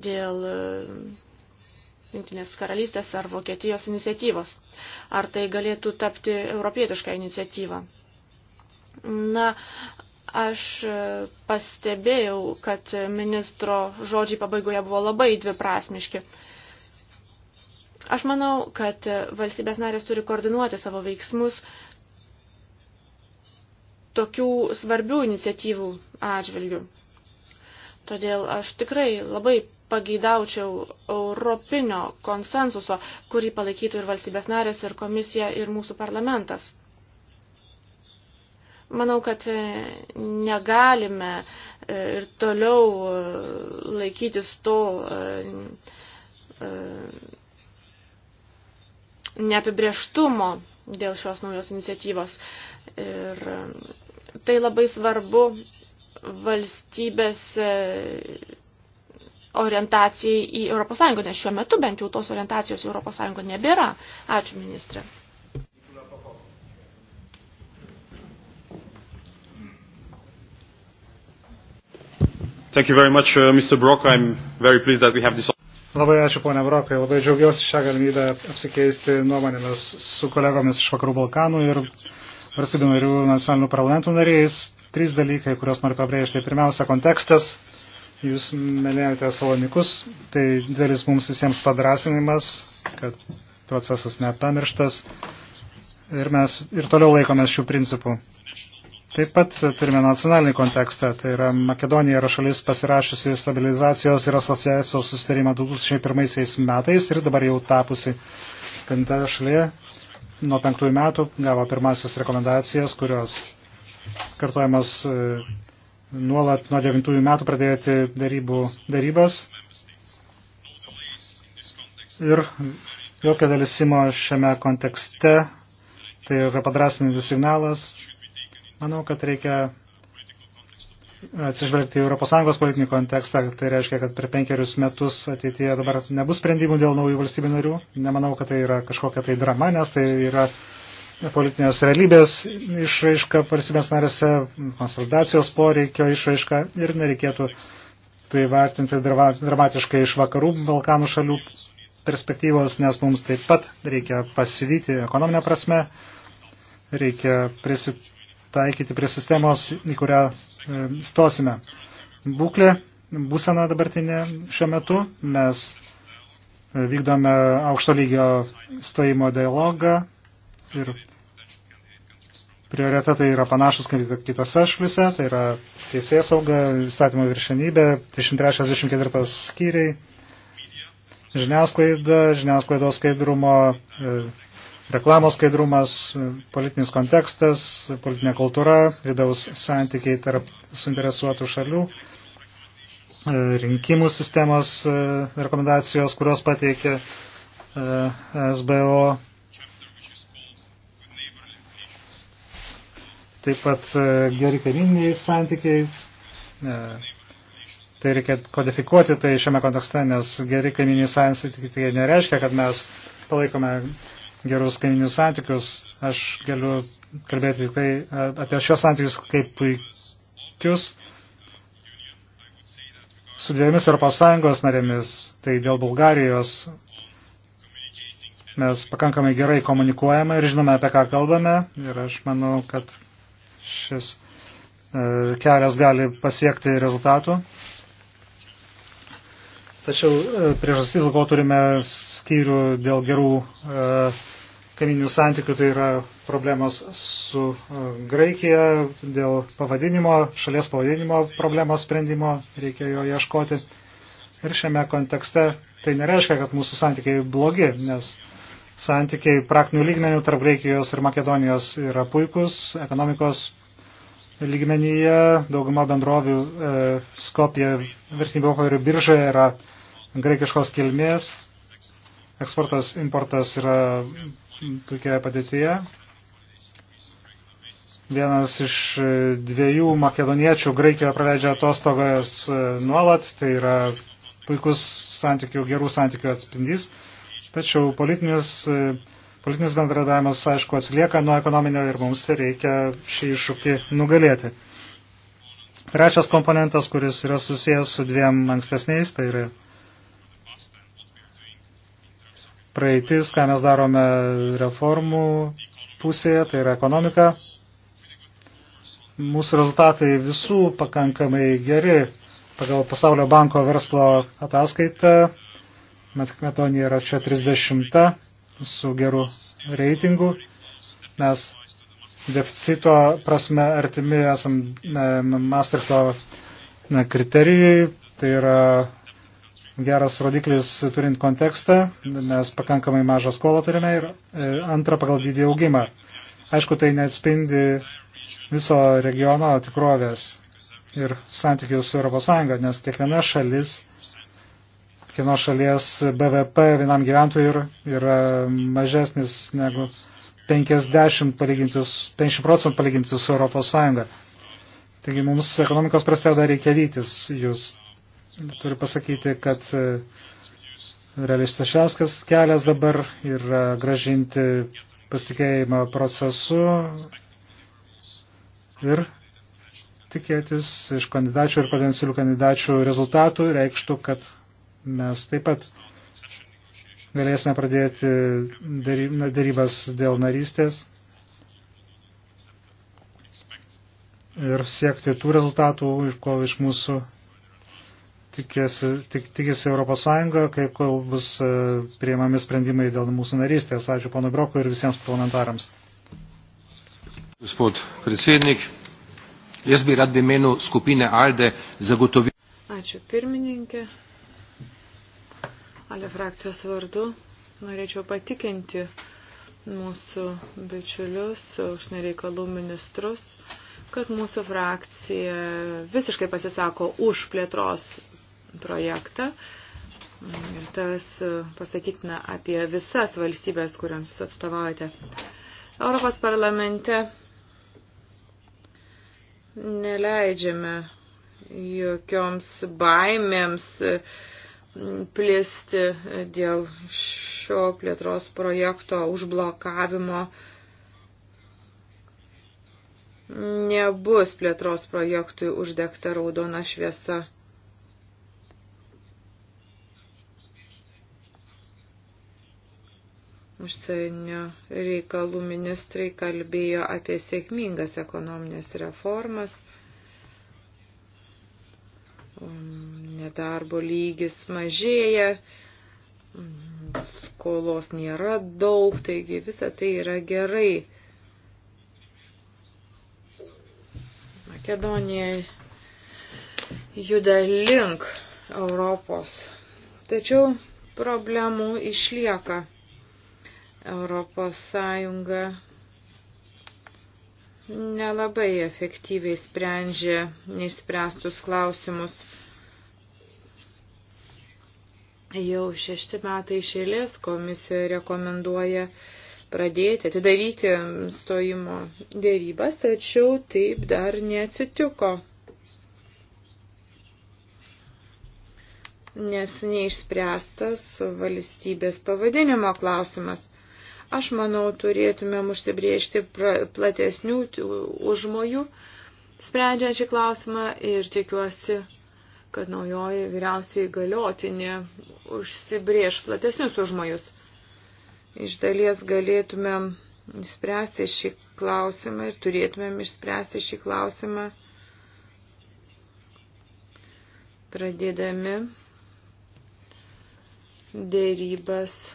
dėl e, Junktinės karalystės ar Vokietijos iniciatyvos. Ar tai galėtų tapti europietišką iniciatyvą? Na, aš e, pastebėjau, kad ministro žodžiai pabaigoje buvo labai dviprasmiški. Aš manau, kad valstybės narės turi koordinuoti savo veiksmus, tokių svarbių iniciatyvų atžvilgių. Todėl aš tikrai labai pageidaučiau europinio konsensuso, kurį palaikytų ir valstybės narės, ir komisija, ir mūsų parlamentas. Manau, kad e, negalime e, ir toliau e, laikytis to neapibrieštumo dėl šios naujos iniciatyvos. Ir Tai labai svarbu valstybės e, orientacijai į ES, nes šiuo metu bent jau tos orientacijos į ES nebėra. Ačiū, ministrė. Thank you very much, uh, Mr. Brock. I'm very pleased that we have this. Labai ačiū, ponia Brokai. Labai džiaugiuosi šią galimybę apsikeisti nuomonėmis su kolegomis iš Vakarų Balkanų ir valstybių narių nacionalinių parlamentų nariais. Trys dalykai, kuriuos noriu pabrėžti. Pirmiausia, kontekstas. Jūs minėjote salonikus. Tai didelis mums visiems padrasinimas, kad procesas nepamirštas. Ir mes ir toliau laikomės šių principų. Taip pat turime nacionalinį kontekstą, tai yra Makedonija yra šalis pasirašusi stabilizacijos ir asociacijos susitarimą 2001 metais ir dabar jau tapusi kandidata šalyje nuo penktųjų metų gavo pirmasis rekomendacijas, kurios kartuojamas e, nuolat nuo devintųjų metų pradėti darybų, darybas. Ir jokio dalisimo šiame kontekste, tai yra padrasinantis signalas. Manau, kad reikia atsižvelgti į ES politinį kontekstą. Tai reiškia, kad per penkerius metus ateityje dabar nebus sprendimų dėl naujų valstybių narių. Nemanau, kad tai yra kažkokia tai drama, nes tai yra politinės realybės išraiška valstybės narėse, konsolidacijos poreikio išraiška ir nereikėtų tai vertinti dramatiškai iš vakarų Balkanų šalių perspektyvos, nes mums taip pat reikia pasivyti ekonominę prasme, reikia prisitaikyti prie sistemos, į kurią E, stosime. Būklė, būsena dabartinė šiuo metu, mes e, vykdome aukšto lygio stojimo dialogą ir prioritetai yra panašus kaip kitose šalise, tai yra teisės sauga, įstatymo viršenybė, 23-24 skyriai, žiniasklaida, žiniasklaidos skaidrumo e, Reklamos skaidrumas, politinis kontekstas, politinė kultūra, vidaus santykiai tarp suinteresuotų šalių, e, rinkimų sistemos e, rekomendacijos, kurios pateikė e, SBO. Taip pat geri kaiminiais santykiais. Tai reikia kodifikuoti tai šiame kontekste, nes geri kaiminiai santykiai tai nereiškia, kad mes palaikome gerus kaiminius santykius. Aš galiu kalbėti tik tai apie šios santykius kaip puikius su dviemis Europos Sąjungos narėmis. Tai dėl Bulgarijos mes pakankamai gerai komunikuojame ir žinome, apie ką kalbame. Ir aš manau, kad šis e, kelias gali pasiekti rezultatų. Tačiau e, priežastis, dėl ko turime skyrių dėl gerų e, kaiminių santykių, tai yra problemos su e, Graikija, dėl pavadinimo, šalies pavadinimo problemos sprendimo reikia jo ieškoti. Ir šiame kontekste tai nereiškia, kad mūsų santykiai blogi, nes santykiai praktinių lygmenių tarp Graikijos ir Makedonijos yra puikus, ekonomikos lygmenyje dauguma bendrovių e, Skopje vertybų popierių biržoje yra graikiškos kilmės, eksportas, importas yra puikioje padėtyje. Vienas iš e, dviejų makedoniečių Graikijoje praleidžia atostogas e, nuolat, tai yra puikus santykių, gerų santykių atspindys, tačiau politinis e, Politinis bendradavimas, aišku, atsilieka nuo ekonominio ir mums reikia šį iššūkį nugalėti. Trečias komponentas, kuris yra susijęs su dviem ankstesniais, tai yra praeitis, ką mes darome reformų pusėje, tai yra ekonomika. Mūsų rezultatai visų pakankamai geri. Pagal Pasaulio banko verslo ataskaitą, Makedonija yra čia 30 su geru reitingu. Mes deficito prasme artimi esam e, Maastrichto e, kriterijai, tai yra geras rodiklis turint kontekstą, mes pakankamai mažą skolą turime ir e, antrą pagal dydį augimą. Aišku, tai neatspindi viso regiono tikrovės ir santykių su ES, nes kiekviena šalis kieno šalies BVP vienam gyventojui yra mažesnis negu 50, 50 procentų palyginti su Europos Sąjunga. Taigi mums ekonomikos prasė dar reikia vytis. Jūs turiu pasakyti, kad e, realiai šeškias kelias dabar yra gražinti pasitikėjimą procesu ir tikėtis iš kandidačių ir potencialių kandidačių rezultatų reikštų, kad mes taip pat galėsime pradėti darybas dėl narystės ir siekti tų rezultatų, ko iš mūsų tikėsi, tik, tikėsi Europos Sąjunga, kai kol bus e, prieimami sprendimai dėl mūsų narystės. Ačiū ponui Brokui ir visiems parlamentarams. Gospod predsednik, jaz bi rad v imenu skupine ALDE zagotovil. Ačiū pirmininkė. Ale frakcijos vardu norėčiau patikinti mūsų bičiulius, užsienio reikalų ministrus, kad mūsų frakcija visiškai pasisako už plėtros projektą. Ir tas pasakytina apie visas valstybės, kuriams jūs atstovaujate. Europos parlamente neleidžiame jokioms baimėms uh, plisti dėl šio plėtros projekto užblokavimo. Nebus plėtros projektui uždegta raudona šviesa. Užsienio reikalų ministrai kalbėjo apie sėkmingas ekonominės reformas. Um, nedarbo lygis mažėja, skolos nėra daug, taigi visa tai yra gerai. Makedonija juda link Europos, tačiau problemų išlieka. Europos Sąjunga nelabai efektyviai sprendžia neišspręstus klausimus. Jau šešti metai išėlės komisija rekomenduoja pradėti, atidaryti stojimo dėrybas, tačiau taip dar neatsitiko. Nes neišspręstas valstybės pavadinimo klausimas. Aš manau, turėtumėm užsibriežti platesnių užmojų, sprendžiant šį klausimą ir tikiuosi kad naujoji vyriausiai galiotinė užsibrieš platesnius užmojus. Iš dalies galėtumėm išspręsti šį klausimą ir turėtumėm išspręsti šį klausimą pradėdami dėrybas e,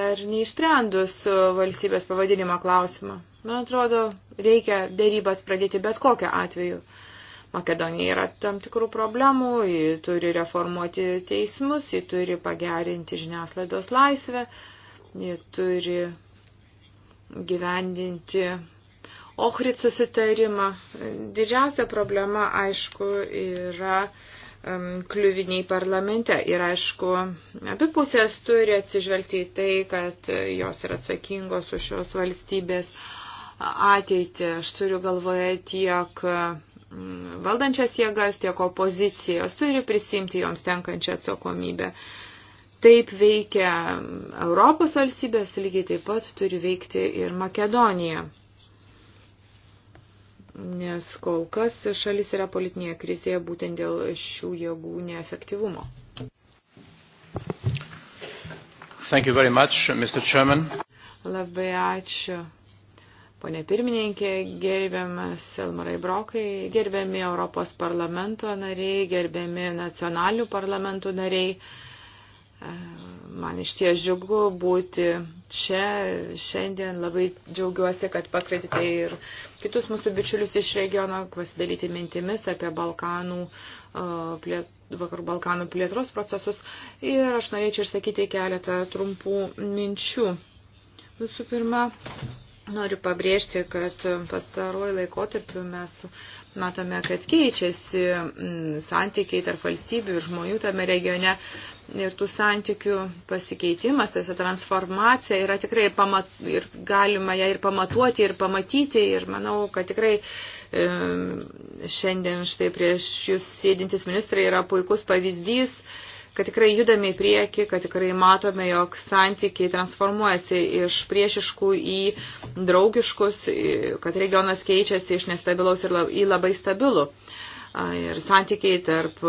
dar neišsprendus valstybės pavadinimo klausimą. Man atrodo, reikia dėrybas pradėti bet kokią atveju. Makedonija yra tam tikrų problemų, ji turi reformuoti teismus, ji turi pagerinti žiniaslaidos laisvę, ji turi gyvendinti Ohrid susitarimą. Didžiausia problema, aišku, yra kliuviniai parlamente. Ir aišku, abi pusės turi atsižvelgti į tai, kad jos yra atsakingos už šios valstybės ateitį. Aš turiu galvoje tiek Mm, valdančias jėgas, tiek opozicijos turi prisimti joms tenkančią atsakomybę. Taip veikia Europos valstybės, lygiai taip pat turi veikti ir Makedonija. Nes kol kas šalis yra politinėje krizėje būtent dėl šių jėgų neefektyvumo. Thank you very much, Mr. Chairman. Labai ačiū, Pone pirmininkė, gerbiamas Elmarai Brokai, gerbiami Europos parlamento nariai, gerbiami nacionalinių parlamentų nariai. E, Man iš ties džiugu būti čia. Šiandien labai džiaugiuosi, kad pakvietėte ir kitus mūsų bičiulius iš regiono pasidalyti mintimis apie Balkanų, e, plėt, vakarų Balkanų plėtros procesus. Ir aš norėčiau išsakyti keletą trumpų minčių. Visų pirma, Noriu pabrėžti, kad pastaruoju laikotarpiu mes matome, kad keičiasi mm, santykiai tarp valstybių ir žmonių tame regione ir tų santykių pasikeitimas, tas transformacija yra tikrai pamat, ir galima ją ir pamatuoti, ir pamatyti ir manau, kad tikrai šiandien štai prieš jūs sėdintis ministrai yra puikus pavyzdys kad tikrai judame į priekį, kad tikrai matome, jog santykiai transformuojasi iš priešiškų į draugiškus, kad regionas keičiasi iš nestabilaus ir lab, į labai stabilų. Ir santykiai tarp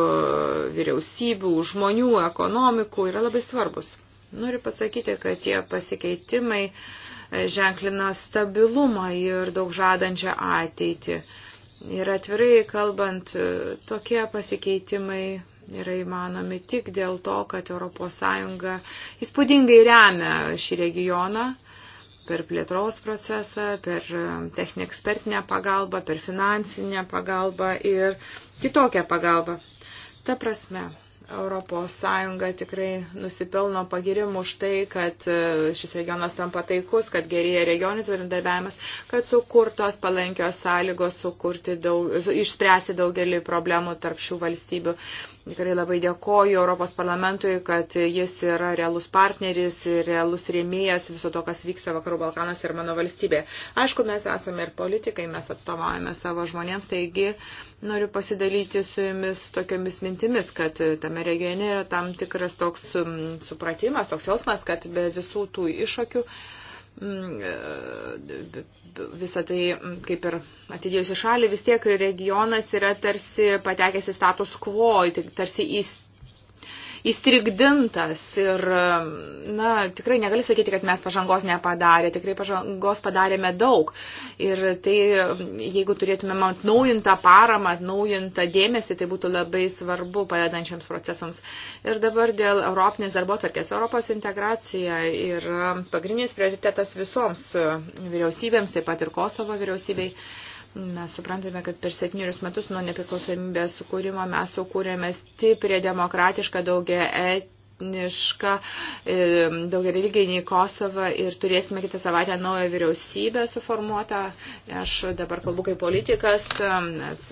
vyriausybių, žmonių, ekonomikų yra labai svarbus. Noriu pasakyti, kad tie pasikeitimai e, ženklina stabilumą ir daug žadančią ateitį. Ir atvirai kalbant, e, tokie pasikeitimai yra įmanomi tik dėl to, kad ES įspūdingai remia šį regioną per plėtros procesą, per um, techninę ekspertinę pagalbą, per finansinę pagalbą ir kitokią pagalbą. Ta prasme, ES tikrai nusipelno pagirimų už tai, kad uh, šis regionas tampa taikus, kad gerėja regionis bendradarbiavimas, kad sukurtos palankios sąlygos sukurti daug, išspręsti daugelį problemų tarp šių valstybių. Tikrai labai dėkoju Europos parlamentui, kad jis yra realus partneris, realus rėmėjas viso to, kas vyksta Vakarų Balkanose ir mano valstybė. Aišku, mes esame ir politikai, mes atstovaujame savo žmonėms, taigi noriu pasidalyti su jumis tokiomis mintimis, kad tame regione yra tam tikras toks mm, supratimas, toks jausmas, kad be visų tų iššūkių. Uh, Mm, e, visą tai mm, kaip ir atidėjus į šalį, vis tiek regionas yra tarsi patekęs į status quo, tarsi į įstrigdintas ir, na, tikrai negali sakyti, kad mes pažangos nepadarė, tikrai pažangos padarėme daug. Ir tai, jeigu turėtumėm atnaujintą paramą, atnaujintą dėmesį, tai būtų labai svarbu padedančiams procesams. Ir dabar dėl Europinės darbo tarkės. Europos integracija yra pagrindinis prioritetas visoms vyriausybėms, taip pat ir Kosovo vyriausybei. Mm Mes suprantame, kad per septynerius metus nuo nepriklausomybės sukūrimo mes sukūrėme stiprią demokratišką daugia etį niška, e, daugia religinį Kosovą ir turėsime kitą savaitę naują vyriausybę suformuotą. Aš dabar kalbu kaip politikas,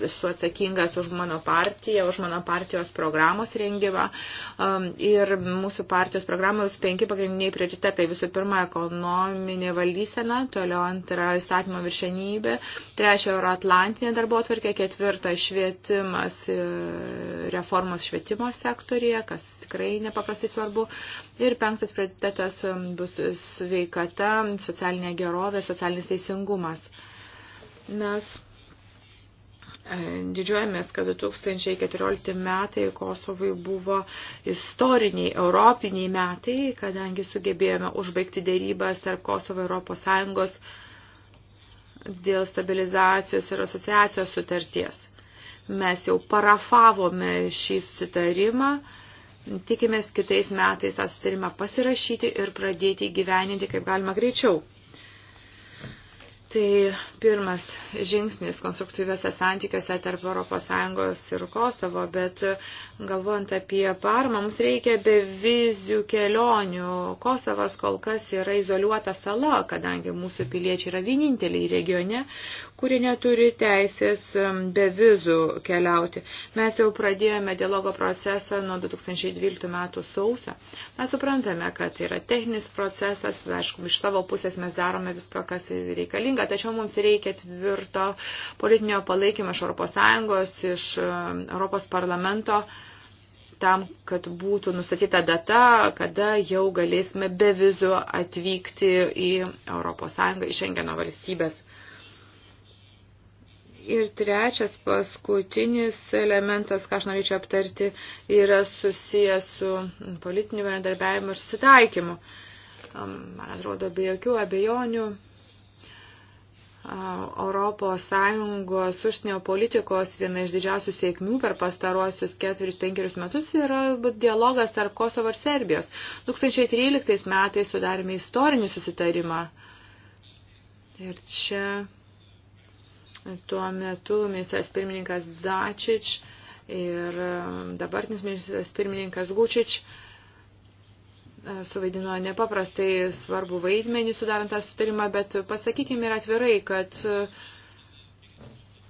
esu atsakingas už mano partiją, už mano partijos programos rengimą. Ir mūsų partijos programos penki pagrindiniai prioritetai. Visų pirma, ekonominė valdysena, toliau antra įstatymo viršenybė, trečia euroatlantinė darbo atvarkė, ketvirta švietimas, e, reformos švietimo sektorija, kas tikrai nepaprastai nepaprastai svarbu. Ir penktas prioritetas um, bus sveikata, socialinė gerovė, socialinis teisingumas. Mes e, Didžiuojamės, kad 2014 metai Kosovui buvo istoriniai, europiniai metai, kadangi sugebėjome užbaigti dėrybas tarp Kosovo Europos Sąjungos dėl stabilizacijos ir asociacijos sutarties. Mes jau parafavome šį sutarimą tikimės kitais metais tą sutarimą pasirašyti ir pradėti gyveninti kaip galima greičiau. Tai pirmas žingsnis konstruktyviuose santykiuose tarp ES ir Kosovo, bet galvojant apie parmą, mums reikia be vizių kelionių. Kosovas kol kas yra izoliuota sala, kadangi mūsų piliečiai yra vieninteliai regione, kurie neturi teisės um, be vizų keliauti. Mes jau pradėjome dialogo procesą nuo 2012 metų sausio. Mes suprantame, kad tai yra techninis procesas, aišku, iš savo pusės mes darome viską, kas reikalinga rinką, tačiau mums reikia tvirto politinio palaikymo iš ES, iš ES parlamento tam, kad būtų nustatyta data, kada jau galėsime be vizų atvykti į ES, į Šengeno valstybės. Ir trečias, paskutinis elementas, ką aš norėčiau aptarti, yra susijęs su politiniu bendradarbiavimu ir susitaikymu. Man atrodo, be jokių abejonių ES užsienio politikos viena iš didžiausių sėkmių per pastaruosius ketverius penkerius metus yra dialogas tarp Kosovo ir Serbijos. 2013 metais sudarėme istorinį susitarimą. Ir čia tuo metu ministras pirmininkas Dačič ir dabartinis ministras pirmininkas Gučič uh, suvaidino nepaprastai svarbu vaidmenį sudarant tą sutarimą, bet pasakykime ir atvirai, kad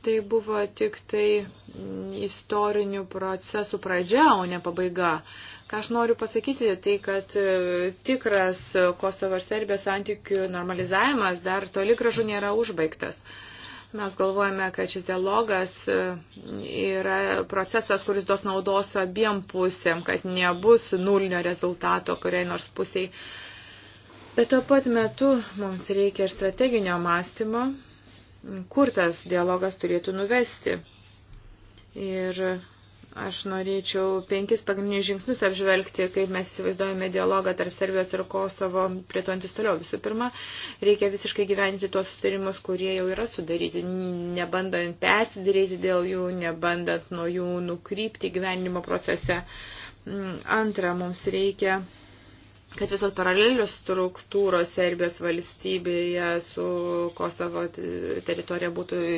tai buvo tik tai istorinių procesų pradžia, o ne pabaiga. Ką aš noriu pasakyti, tai kad e, tikras Kosovo ir Serbijos santykių normalizavimas dar toli gražu nėra užbaigtas. Uh, Mes galvojame, kad šis dialogas e, yra procesas, kuris duos naudos abiem pusėm, kad nebus nulinio rezultato kuriai nors pusiai. Bet tuo pat metu mums reikia ir strateginio mąstymo, kur tas dialogas turėtų nuvesti. Ir Aš norėčiau penkis pagrindinius žingsnius apžvelgti, kaip mes įsivaizduojame dialogą tarp Serbijos ir Kosovo plėtojantis toliau. Visų pirma, reikia visiškai gyventi tuos sutarimus, kurie jau yra sudaryti, nebandant persidaryti dėl jų, nebandant nuo jų nukrypti gyvenimo procese. Mm, antra, mums reikia kad visos paralelios struktūros Serbijos valstybėje su Kosovo teritorija būtų e,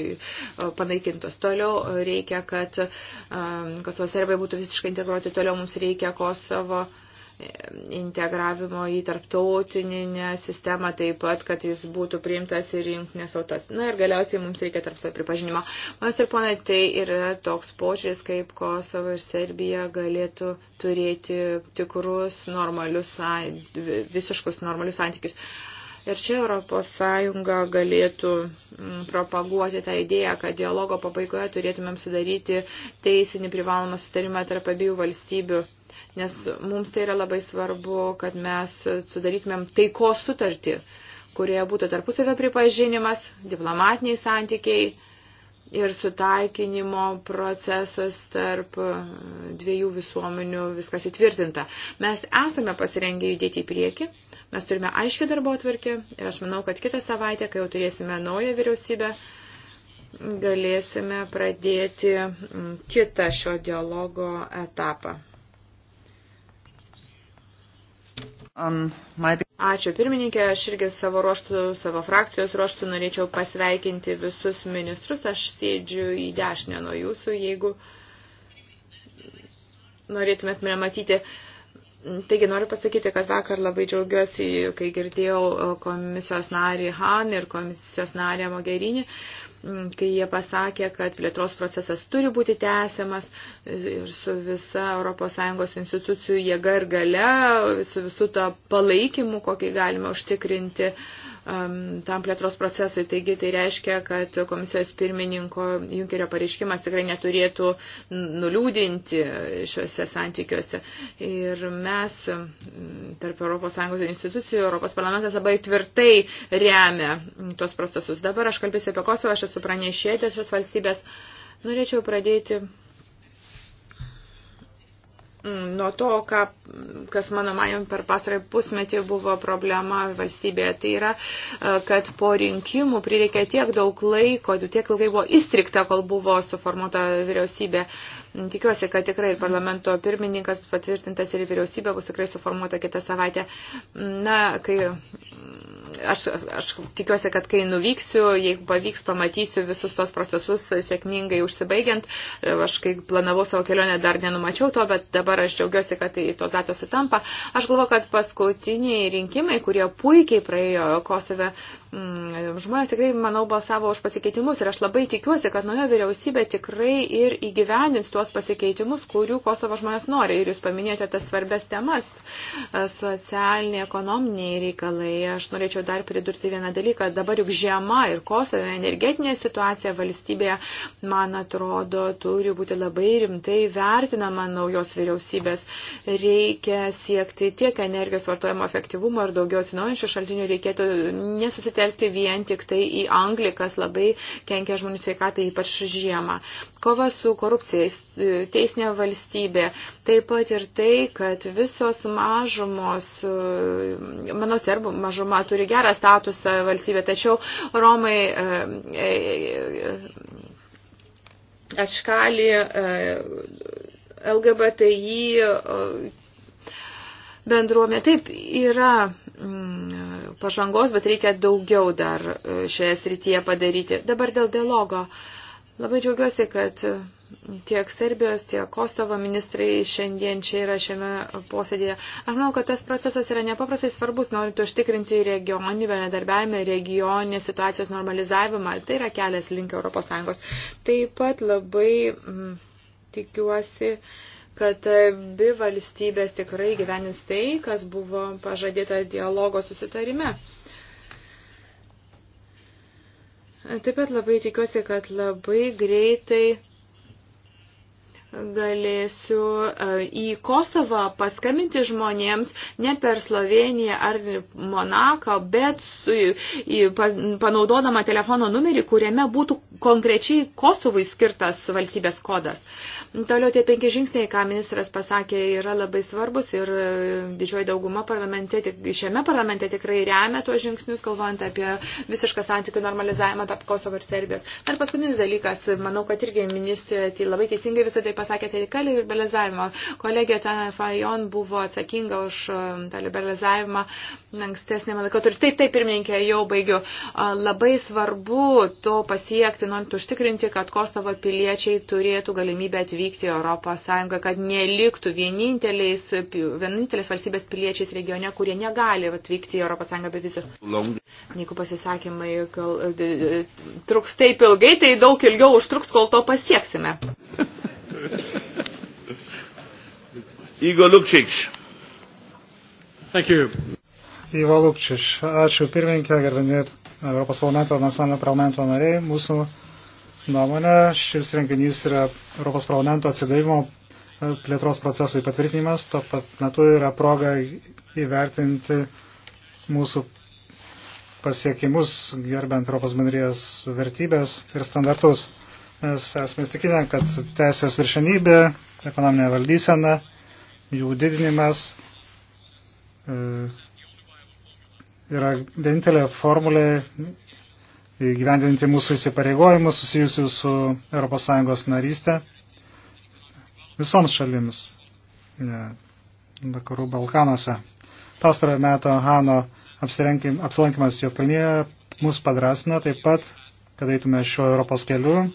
panaikintos. Toliau reikia, kad e, Kosovo serbai būtų visiškai integruoti, toliau mums reikia Kosovo uh, integravimo į tarptautinę sistemą taip pat, kad jis būtų priimtas ir jungtinės autas. Na ir galiausiai mums reikia tarpsavio pripažinimo. Manas ir ponai, tai yra toks požiūris, kaip Kosovo ir Serbija galėtų turėti tikrus normalius, visiškus normalius santykius. Ir čia Europos Sąjunga galėtų mm, propaguoti tą idėją, kad dialogo pabaigoje turėtumėm sudaryti teisinį privalomą sutarimą tarp abiejų valstybių nes mums tai yra labai svarbu, kad mes sudarytumėm taikos sutartį, kurioje būtų tarpusavio pripažinimas, diplomatiniai santykiai ir sutaikinimo procesas tarp dviejų visuomenių viskas įtvirtinta. Mes esame pasirengę judėti į priekį, mes turime aiškį darbo atvarkį ir aš manau, kad kitą savaitę, kai jau turėsime naują vyriausybę, galėsime pradėti mm, kitą šio dialogo etapą. Ačiū pirmininkė, aš irgi savo ruoštų, savo frakcijos ruoštų norėčiau pasveikinti visus ministrus, aš sėdžiu į dešinę nuo jūsų, jeigu norėtumėt mane matyti. Taigi noriu pasakyti, kad vakar labai džiaugiuosi, kai girdėjau e, komisijos narį Han ir komisijos narį Mogerinį. Uh, Mm, kai jie pasakė, kad plėtros procesas turi būti tęsiamas ir su visa ES institucijų jėga ir gale, su visu to palaikymu, kokį galime užtikrinti uh, Um, tam plėtros procesui. Taigi tai reiškia, kad komisijos pirmininko Junkerio pareiškimas tikrai neturėtų nuliūdinti šiuose santykiuose. Ir mes um, tarp ES institucijų, Europos parlamentas labai tvirtai remia tos procesus. Dabar aš kalbėsiu apie Kosovą, aš esu pranešėtės šios valstybės. Norėčiau pradėti Mm, nuo to, ką, kas mano manim per pastarąjį pusmetį buvo problema valstybėje. Tai yra, e, kad po rinkimų prireikė tiek daug laiko, tiek ilgai buvo įstrikta, kol buvo suformuota vyriausybė. Mm, tikiuosi, kad tikrai ir parlamento pirmininkas patvirtintas ir vyriausybė bus tikrai suformuota kitą savaitę. Mm, na, kai aš, aš tikiuosi, kad kai nuvyksiu, jeigu pavyks, pamatysiu visus tos procesus sėkmingai užsibaigiant. Aš kai planavau savo kelionę dar nenumačiau to, bet dabar aš džiaugiuosi, kad tai tos datos sutampa. Aš galvoju, kad paskutiniai rinkimai, kurie puikiai praėjo Kosove, mm, žmonės tikrai, manau, balsavo už pasikeitimus ir aš labai tikiuosi, kad nauja vyriausybė tikrai ir įgyvendins tuos pasikeitimus, kurių Kosovo žmonės nori. Ir jūs paminėjote tas svarbės temas - socialiniai, ekonominiai reikalai aš norėčiau dar pridurti vieną dalyką. Dabar juk žiema ir Kosovo energetinė situacija valstybėje, man atrodo, turi būti labai rimtai vertinama naujos vyriausybės. Reikia siekti tiek energijos vartojimo efektyvumo ir daugiau atsinaujančių šaltinių. Reikėtų nesusitelkti vien tik tai į Angliją, kas labai kenkia žmonių sveikatai, ypač žiemą kova su korupcija, teisinė valstybė, taip pat ir tai, kad visos mažumos, e, mano serbų mažuma turi gerą statusą valstybė, tačiau Romai e, e, atškali LGBTI bendruomenė. Taip, yra mm, pažangos, bet reikia daugiau dar šioje srityje padaryti. Dabar dėl dialogo. Uh, Labai džiaugiuosi, kad tiek Serbijos, tiek Kosovo ministrai šiandien čia yra šiame posėdėje. Aš manau, kad tas procesas yra nepaprastai svarbus, norint užtikrinti regionį bendradarbiavimą, regioninės situacijos normalizavimą. Tai yra kelias link ES. Taip pat labai m, mm, tikiuosi, kad abi valstybės tikrai gyvenins tai, kas buvo pažadėta dialogo susitarime. Taip pat labai tikiuosi, kad labai greitai galėsiu e, į Kosovą paskambinti žmonėms ne per Sloveniją ar Monaką, bet su, į, panaudodama telefono numerį, kuriame būtų konkrečiai Kosovui skirtas valstybės kodas. Toliau tie penki žingsniai, ką ministras pasakė, yra labai svarbus ir e, didžioji dauguma parlamente, šiame parlamente tikrai remia tuos žingsnius, kalbant apie visišką santykių normalizavimą tarp Kosovo ir Serbijos. Ir paskutinis dalykas, manau, kad irgi ministrė tai labai teisingai visą tai pasakė pasakėte, tai reikia liberalizavimo. Kolegė ten Fajon buvo atsakinga už e, tą liberalizavimą ankstesnėme laikotarpiu. Taip, taip, pirmininkė, jau baigiu. Labai svarbu to pasiekti, norint užtikrinti, kad Kosovo piliečiai turėtų galimybę atvykti į Europos Sąjungą, kad neliktų vieninteliais, vienintelis valstybės piliečiais regione, kurie negali atvykti į Europos Sąjungą be vizų. Jeigu pasisakymai gal, e, e, truks taip ilgai, tai daug ilgiau užtruks, kol to pasieksime. Igor Lukčič. Thank you. Ivo Lukčiš. Ačiū pirmininkė, gerbami Europos parlamento nacionalinio parlamento nariai. Mūsų nuomonė šis renginys yra Europos parlamento atsidavimo e, plėtros procesui patvirtinimas. Tuo pat metu yra proga įvertinti mūsų pasiekimus, gerbent Europos bendrijos vertybės ir standartus. Mes esame įstikinę, kad teisės viršenybė, ekonominė valdysena, jų didinimas e, yra vienintelė formulė įgyvendinti mūsų įsipareigojimus susijusius su ES narystė visoms šalims vakarų Balkanuose. Pastarojo meto Hano apsilankimas Jotkalnyje mus padrasino taip pat, kad eitume šiuo Europos keliu,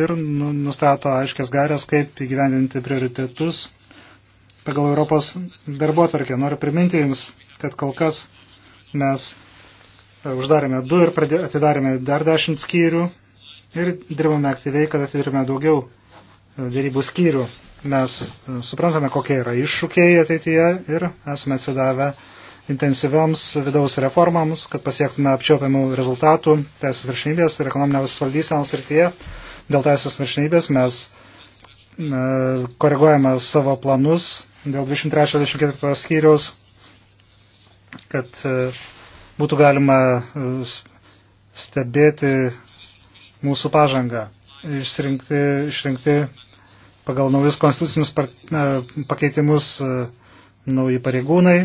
ir nu, nustato aiškias garės, kaip įgyvendinti prioritetus pagal Europos darbo atvarkę. Noriu priminti Jums, kad kol kas mes e, uždarėme du ir atidarėme dar dešimt skyrių ir dirbame aktyviai, kad atidarėme daugiau e, dėrybų skyrių. Mes e, suprantame, kokie yra iššūkiai ateityje ir esame atsidavę intensyvioms vidaus reformams, kad pasiektume apčiopiamų rezultatų teisės viršinybės ir ekonominės valdysenos srityje. Ir dėl teisės viršinybės mes koreguojame savo planus dėl 23-24 skyriaus, kad e, būtų galima e, stebėti mūsų pažangą, išrinkti, išrinkti pagal naujus konstitucinius pakeitimus e, nauji pareigūnai,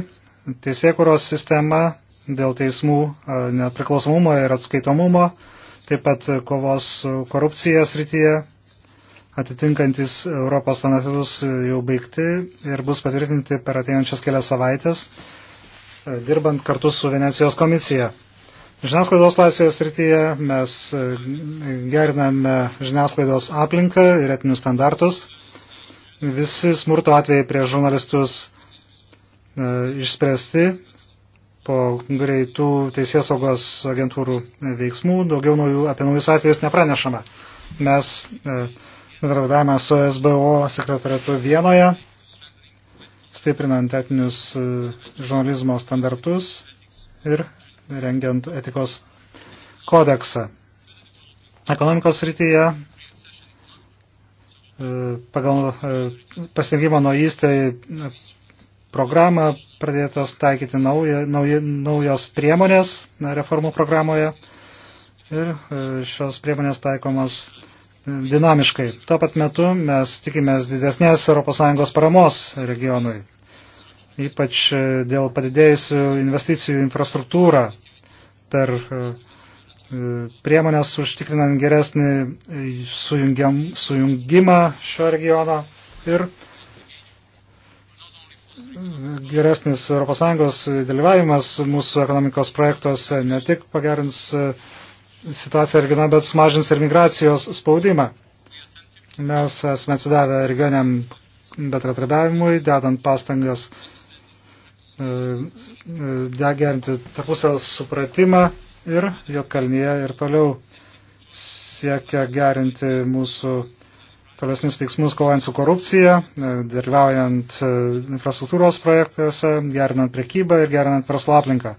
teisėkuros sistema dėl teismų nepriklausomumo ir atskaitomumo taip pat kovos korupcija srityje, atitinkantis Europos standartus jau baigti ir bus patvirtinti per ateinančias kelias savaitės, e, dirbant kartu su Venecijos komisija. Žiniasklaidos laisvės srityje mes e, geriname žiniasklaidos aplinką ir etinius standartus. Visi smurto atvejai prieš žurnalistus e, išspręsti po greitų teisės saugos agentūrų veiksmų daugiau naujų, apie naujus atvejus nepranešama. Mes e, bendradavome su SBO sekretariatu Vienoje, stiprinant etinius e, žurnalizmo standartus ir rengiant etikos kodeksą. Ekonomikos rytyje e, pagal pasirinkimo nuo įstai programą, pradėtas taikyti nauja, nauja, naujos priemonės reformų programoje ir e, šios priemonės taikomas e, dinamiškai. Tuo pat metu mes tikimės didesnės ES paramos regionui, ypač e, dėl padidėjusių investicijų infrastruktūrą per priemonės užtikrinant geresnį sujungiam, sujungimą šio regiono ir geresnis ES dalyvavimas mūsų ekonomikos projektuose ne tik pagerins e, situaciją regioną, bet sumažins ir migracijos spaudimą. Mes esame atsidavę regioniam betratrabiavimui, dedant pastangas e, e, degerinti tarpusio supratimą ir Jotkalnyje ir toliau siekia gerinti mūsų tolesnius veiksmus kovojant su korupcija, e, dalyvaujant e, infrastruktūros projektuose, gerinant prekybą ir gerinant verslo aplinką.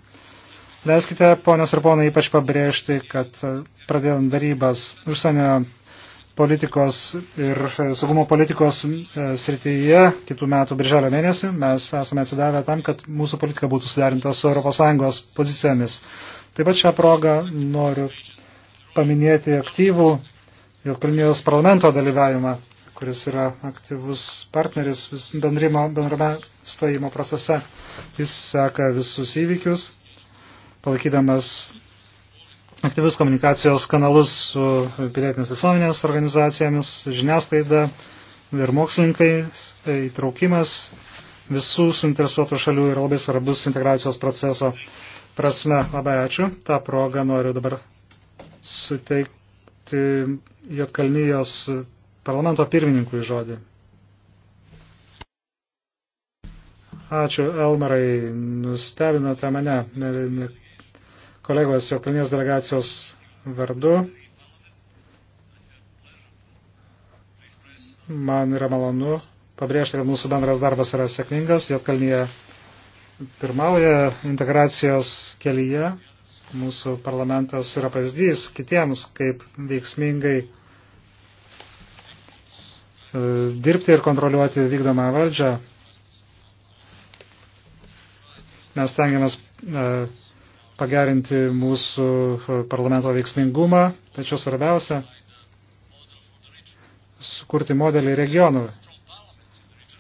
Leiskite, ponios ir ponai, ypač pabrėžti, kad e, pradedant darybas užsienio politikos ir saugumo politikos srityje kitų metų birželio mėnesį mes esame atsidavę tam, kad mūsų politika būtų suderinta su ES pozicijomis. Taip pat šią progą noriu paminėti aktyvų Juodkalnijos parlamento dalyvavimą, kuris yra aktyvus partneris vis bendrimo, bendrame stojimo procese. Jis seka visus įvykius, palaikydamas aktyvius komunikacijos kanalus su pilietinės visuomenės organizacijomis, žiniasklaida ir mokslininkai, įtraukimas visų suinteresuotų šalių yra labai svarbus integracijos proceso prasme. Labai ačiū. Ta proga noriu dabar suteikti suteikti Jotkalnyjos parlamento pirmininkui žodį. Ačiū, Elmarai, nustebinote mane, mėlyni kolegos Jotkalnyjos delegacijos vardu. Man yra malonu pabrėžti, kad mūsų bendras darbas yra sėkmingas. Jotkalnyje pirmauja integracijos kelyje mūsų parlamentas yra pavyzdys kitiems, kaip veiksmingai e, dirbti ir kontroliuoti vykdomą valdžią. Mes tengiamės e, pagerinti mūsų parlamento veiksmingumą, tačiau svarbiausia - sukurti modelį regionų.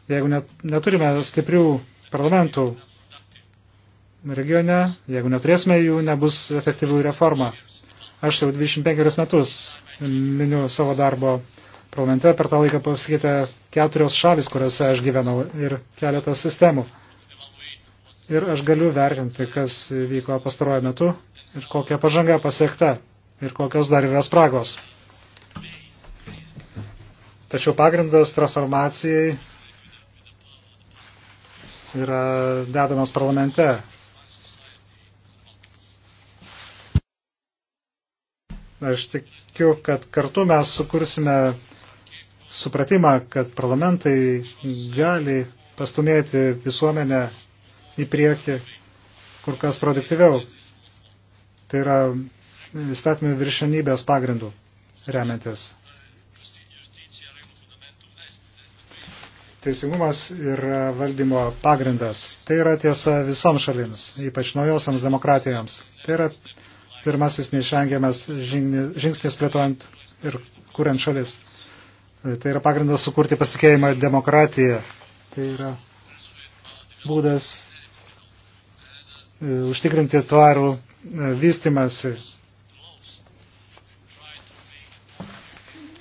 Jeigu net, neturime stiprių parlamentų, regione, jeigu neturėsime jų, nebus efektyvių reforma. Aš jau 25 metus miniu savo darbo parlamente, per tą laiką pasikeitė keturios šalis, kuriuose aš gyvenau ir keletas sistemų. Ir aš galiu vertinti, kas vyko pastaruoju metu ir kokia pažanga pasiekta ir kokios dar yra spragos. Tačiau pagrindas transformacijai yra dedamas parlamente. Aš tikiu, kad kartu mes sukursime supratimą, kad parlamentai gali pastumėti visuomenę į priekį kur kas produktyviau. Tai yra įstatymų viršenybės pagrindų remiantis. Teisingumas yra valdymo pagrindas. Tai yra tiesa visoms šalims, ypač naujosiams demokratijoms. Tai yra pirmasis neišvengiamas žingsnis plėtojant ir kuriant šalis. Tai, tai yra pagrindas sukurti pasitikėjimą demokratiją. Tai yra būdas e, užtikrinti tvarų e, vystimąsi.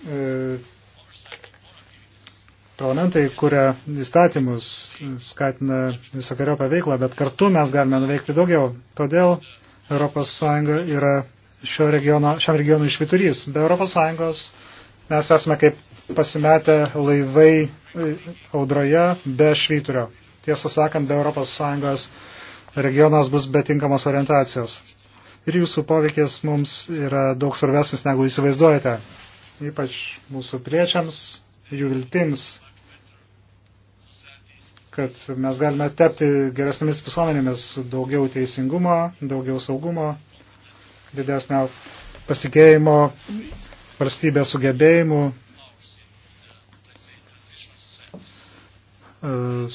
E, Parlamentai kuria įstatymus, skatina visokiojo paveiklą, bet kartu mes galime nuveikti daugiau. Todėl ES yra šio regiono, šiam regionui šviturys. Be ES mes esame kaip pasimetę laivai e, audroje be švyturio. Tiesą sakant, be ES regionas bus betinkamos orientacijos. Ir jūsų poveikis mums yra daug svarbesnis, negu įsivaizduojate. Ypač mūsų priečiams, jų viltims kad mes galime tepti geresnėmis visuomenėmis daugiau teisingumo, daugiau saugumo, didesnio pasikėjimo, valstybės sugebėjimų e,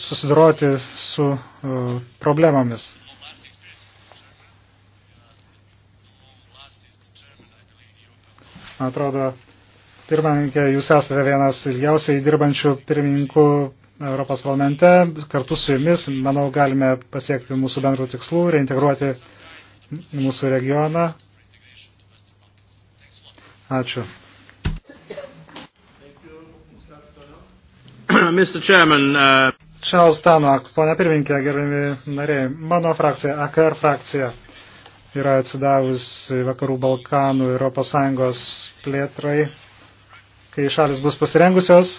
susidoroti su e, problemomis. Man atrodo, pirmininkė, jūs esate vienas ilgiausiai dirbančių pirmininkų Europos parlamente. Kartu su jumis, manau, galime pasiekti mūsų bendrų tikslų, reintegruoti mūsų regioną. Ačiū. Mr. Chairman, uh... Charles Tanuak, ponia pirminkė, gerbiami nariai, mano frakcija, AKR frakcija, yra atsidavusi Vakarų Balkanų Europos Sąjungos plėtrai, kai šalis bus pasirengusios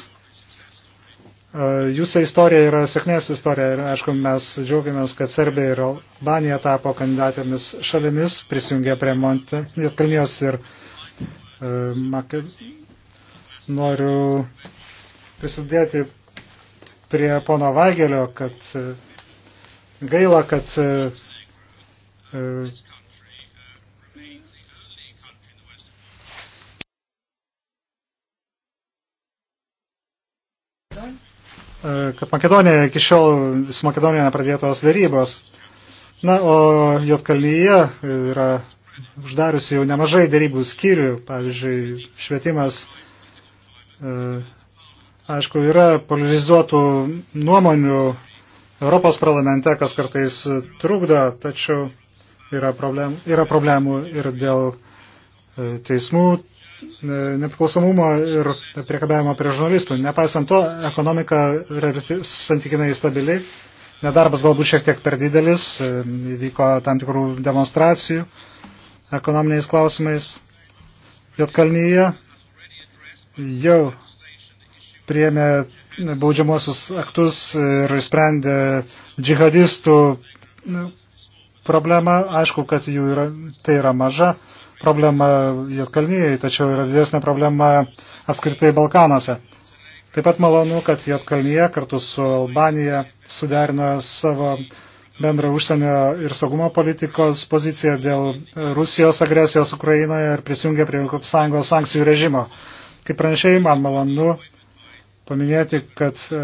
Jūsų istorija yra sėkmės istorija ir aišku, mes džiaugiamės, kad Serbija ir Albanija tapo kandidatėmis šalimis, prisijungė prie Monte, Kalnijos ir e, Maka, noriu prisidėti prie pono Vagelio, kad e, gaila, kad e, e kad Makedonija iki šiol su Makedonija nepradėtos darybos. Na, o Jotkalyje yra uždariusi jau nemažai darybų skyrių, pavyzdžiui, švietimas. E, aišku, yra polarizuotų nuomonių Europos parlamente, kas kartais trukdo, tačiau yra, problem, yra problemų ir dėl e, teismų nepriklausomumo ir priekabėjimo prie žurnalistų. Nepaisant to, ekonomika santykinai stabili, nedarbas galbūt šiek tiek per didelis, e, vyko tam tikrų demonstracijų ekonominiais klausimais. Jotkalnyje jau priėmė baudžiamosius aktus ir sprendė džihadistų problemą. Aišku, kad jų yra, tai yra maža problema Jotkalnyje, tačiau yra didesnė problema apskritai Balkanuose. Taip pat malonu, kad Jotkalnyje kartu su Albanija suderino savo bendrą užsienio ir saugumo politikos poziciją dėl Rusijos agresijos Ukrainoje ir prisijungė prie sąjungos sankcijų režimo. Kaip pranešėjai, man malonu paminėti, kad e,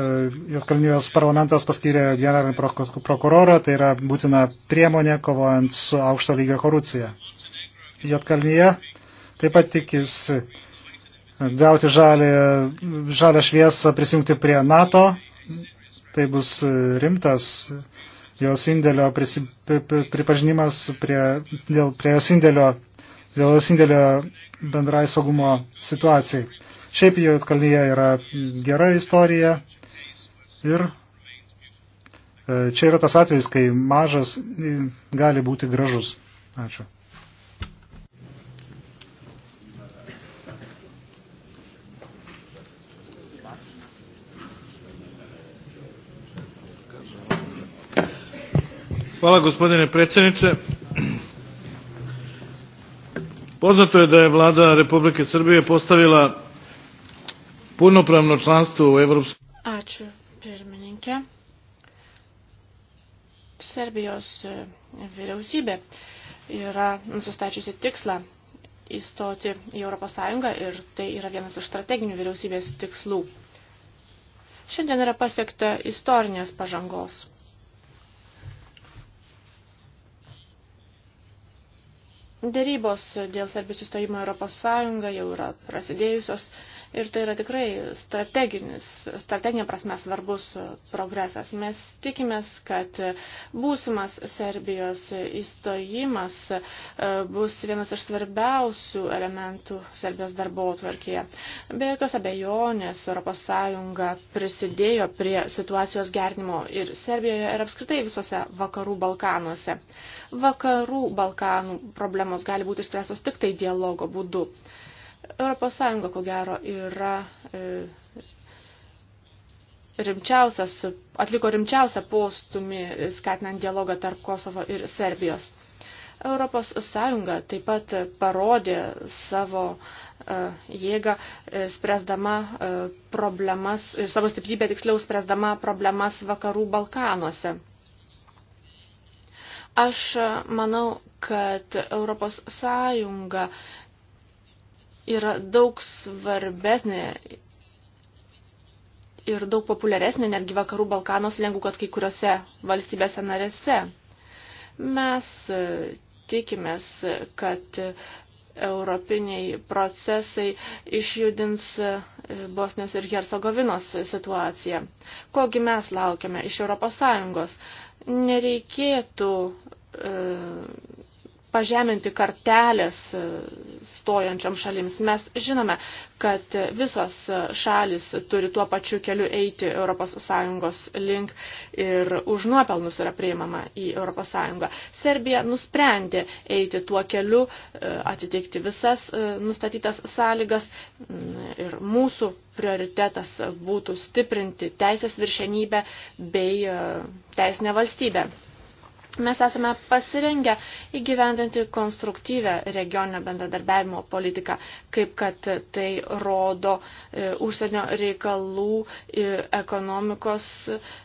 Jotkalnijos parlamentas paskyrė generalinį prokurorą, tai yra būtina priemonė kovojant su aukšto lygio korupcija. Jotkalnyje taip pat tikisi gauti žalį, žalę šviesą prisijungti prie NATO. Tai bus rimtas jos indėlio prisi, pripažinimas prie, dėl, prie jos indėlio, dėl jos indėlio bendrai saugumo situacijai. Šiaip jau Kalnyje yra gera istorija ir e, čia yra tas atvejis, kai mažas gali būti gražus. Ačiū. Hvala gospodine predsjedniče. Poznato je da je vlada Republike Srbije postavila punopravno članstvo u Evropskoj Ačiū, pirmininkė. Serbijos e, vyriausybė yra nusistačiusi tikslą įstoti į ES ir tai yra vienas iš strateginių vyriausybės tikslų. Šiandien yra pasiekta istorinės pažangos. Dėrybos dėl Serbijos įstojimo Europos Sąjungą jau yra prasidėjusios. Uh, Ir tai yra tikrai strateginis, strateginė prasme svarbus progresas. Mes tikimės, kad būsimas Serbijos įstojimas e, bus vienas iš svarbiausių elementų Serbijos darbo atvarkėje. Be jokios abejonės ES prisidėjo prie situacijos gernimo ir Serbijoje ir apskritai visose vakarų Balkanuose. Vakarų Balkanų problemos gali būti išspręstos tik tai dialogo būdu. ES, ko gero, yra e, rimčiausias, atliko rimčiausią postumį e, skatinant dialogą tarp Kosovo ir Serbijos. Europos Sąjunga taip pat parodė savo e, jėgą, spręsdama problemas, savo stiprybę tiksliau spręsdama problemas vakarų Balkanuose. Aš manau, kad Europos Sąjunga yra daug svarbesnė ir daug populiaresnė netgi vakarų Balkanos lengvų, kad kai kuriuose valstybėse narėse. Mes e, tikimės, kad europiniai procesai išjudins e, Bosnijos ir Hercegovinos situaciją. Kogi mes laukiame iš ES? Nereikėtų e, pažeminti kartelės e, stojančiam šalims. Mes žinome, kad visos šalis turi tuo pačiu keliu eiti ES link ir už nuopelnus yra priimama į ES. Serbija nusprendė eiti tuo keliu, e, atitikti visas e, nustatytas sąlygas ir mūsų prioritetas būtų stiprinti teisės viršenybę bei teisinę valstybę. Mes esame pasirengę įgyvendinti konstruktyvę regioninio bendradarbiavimo politiką, kaip kad tai rodo e, užsienio reikalų ir ekonomikos,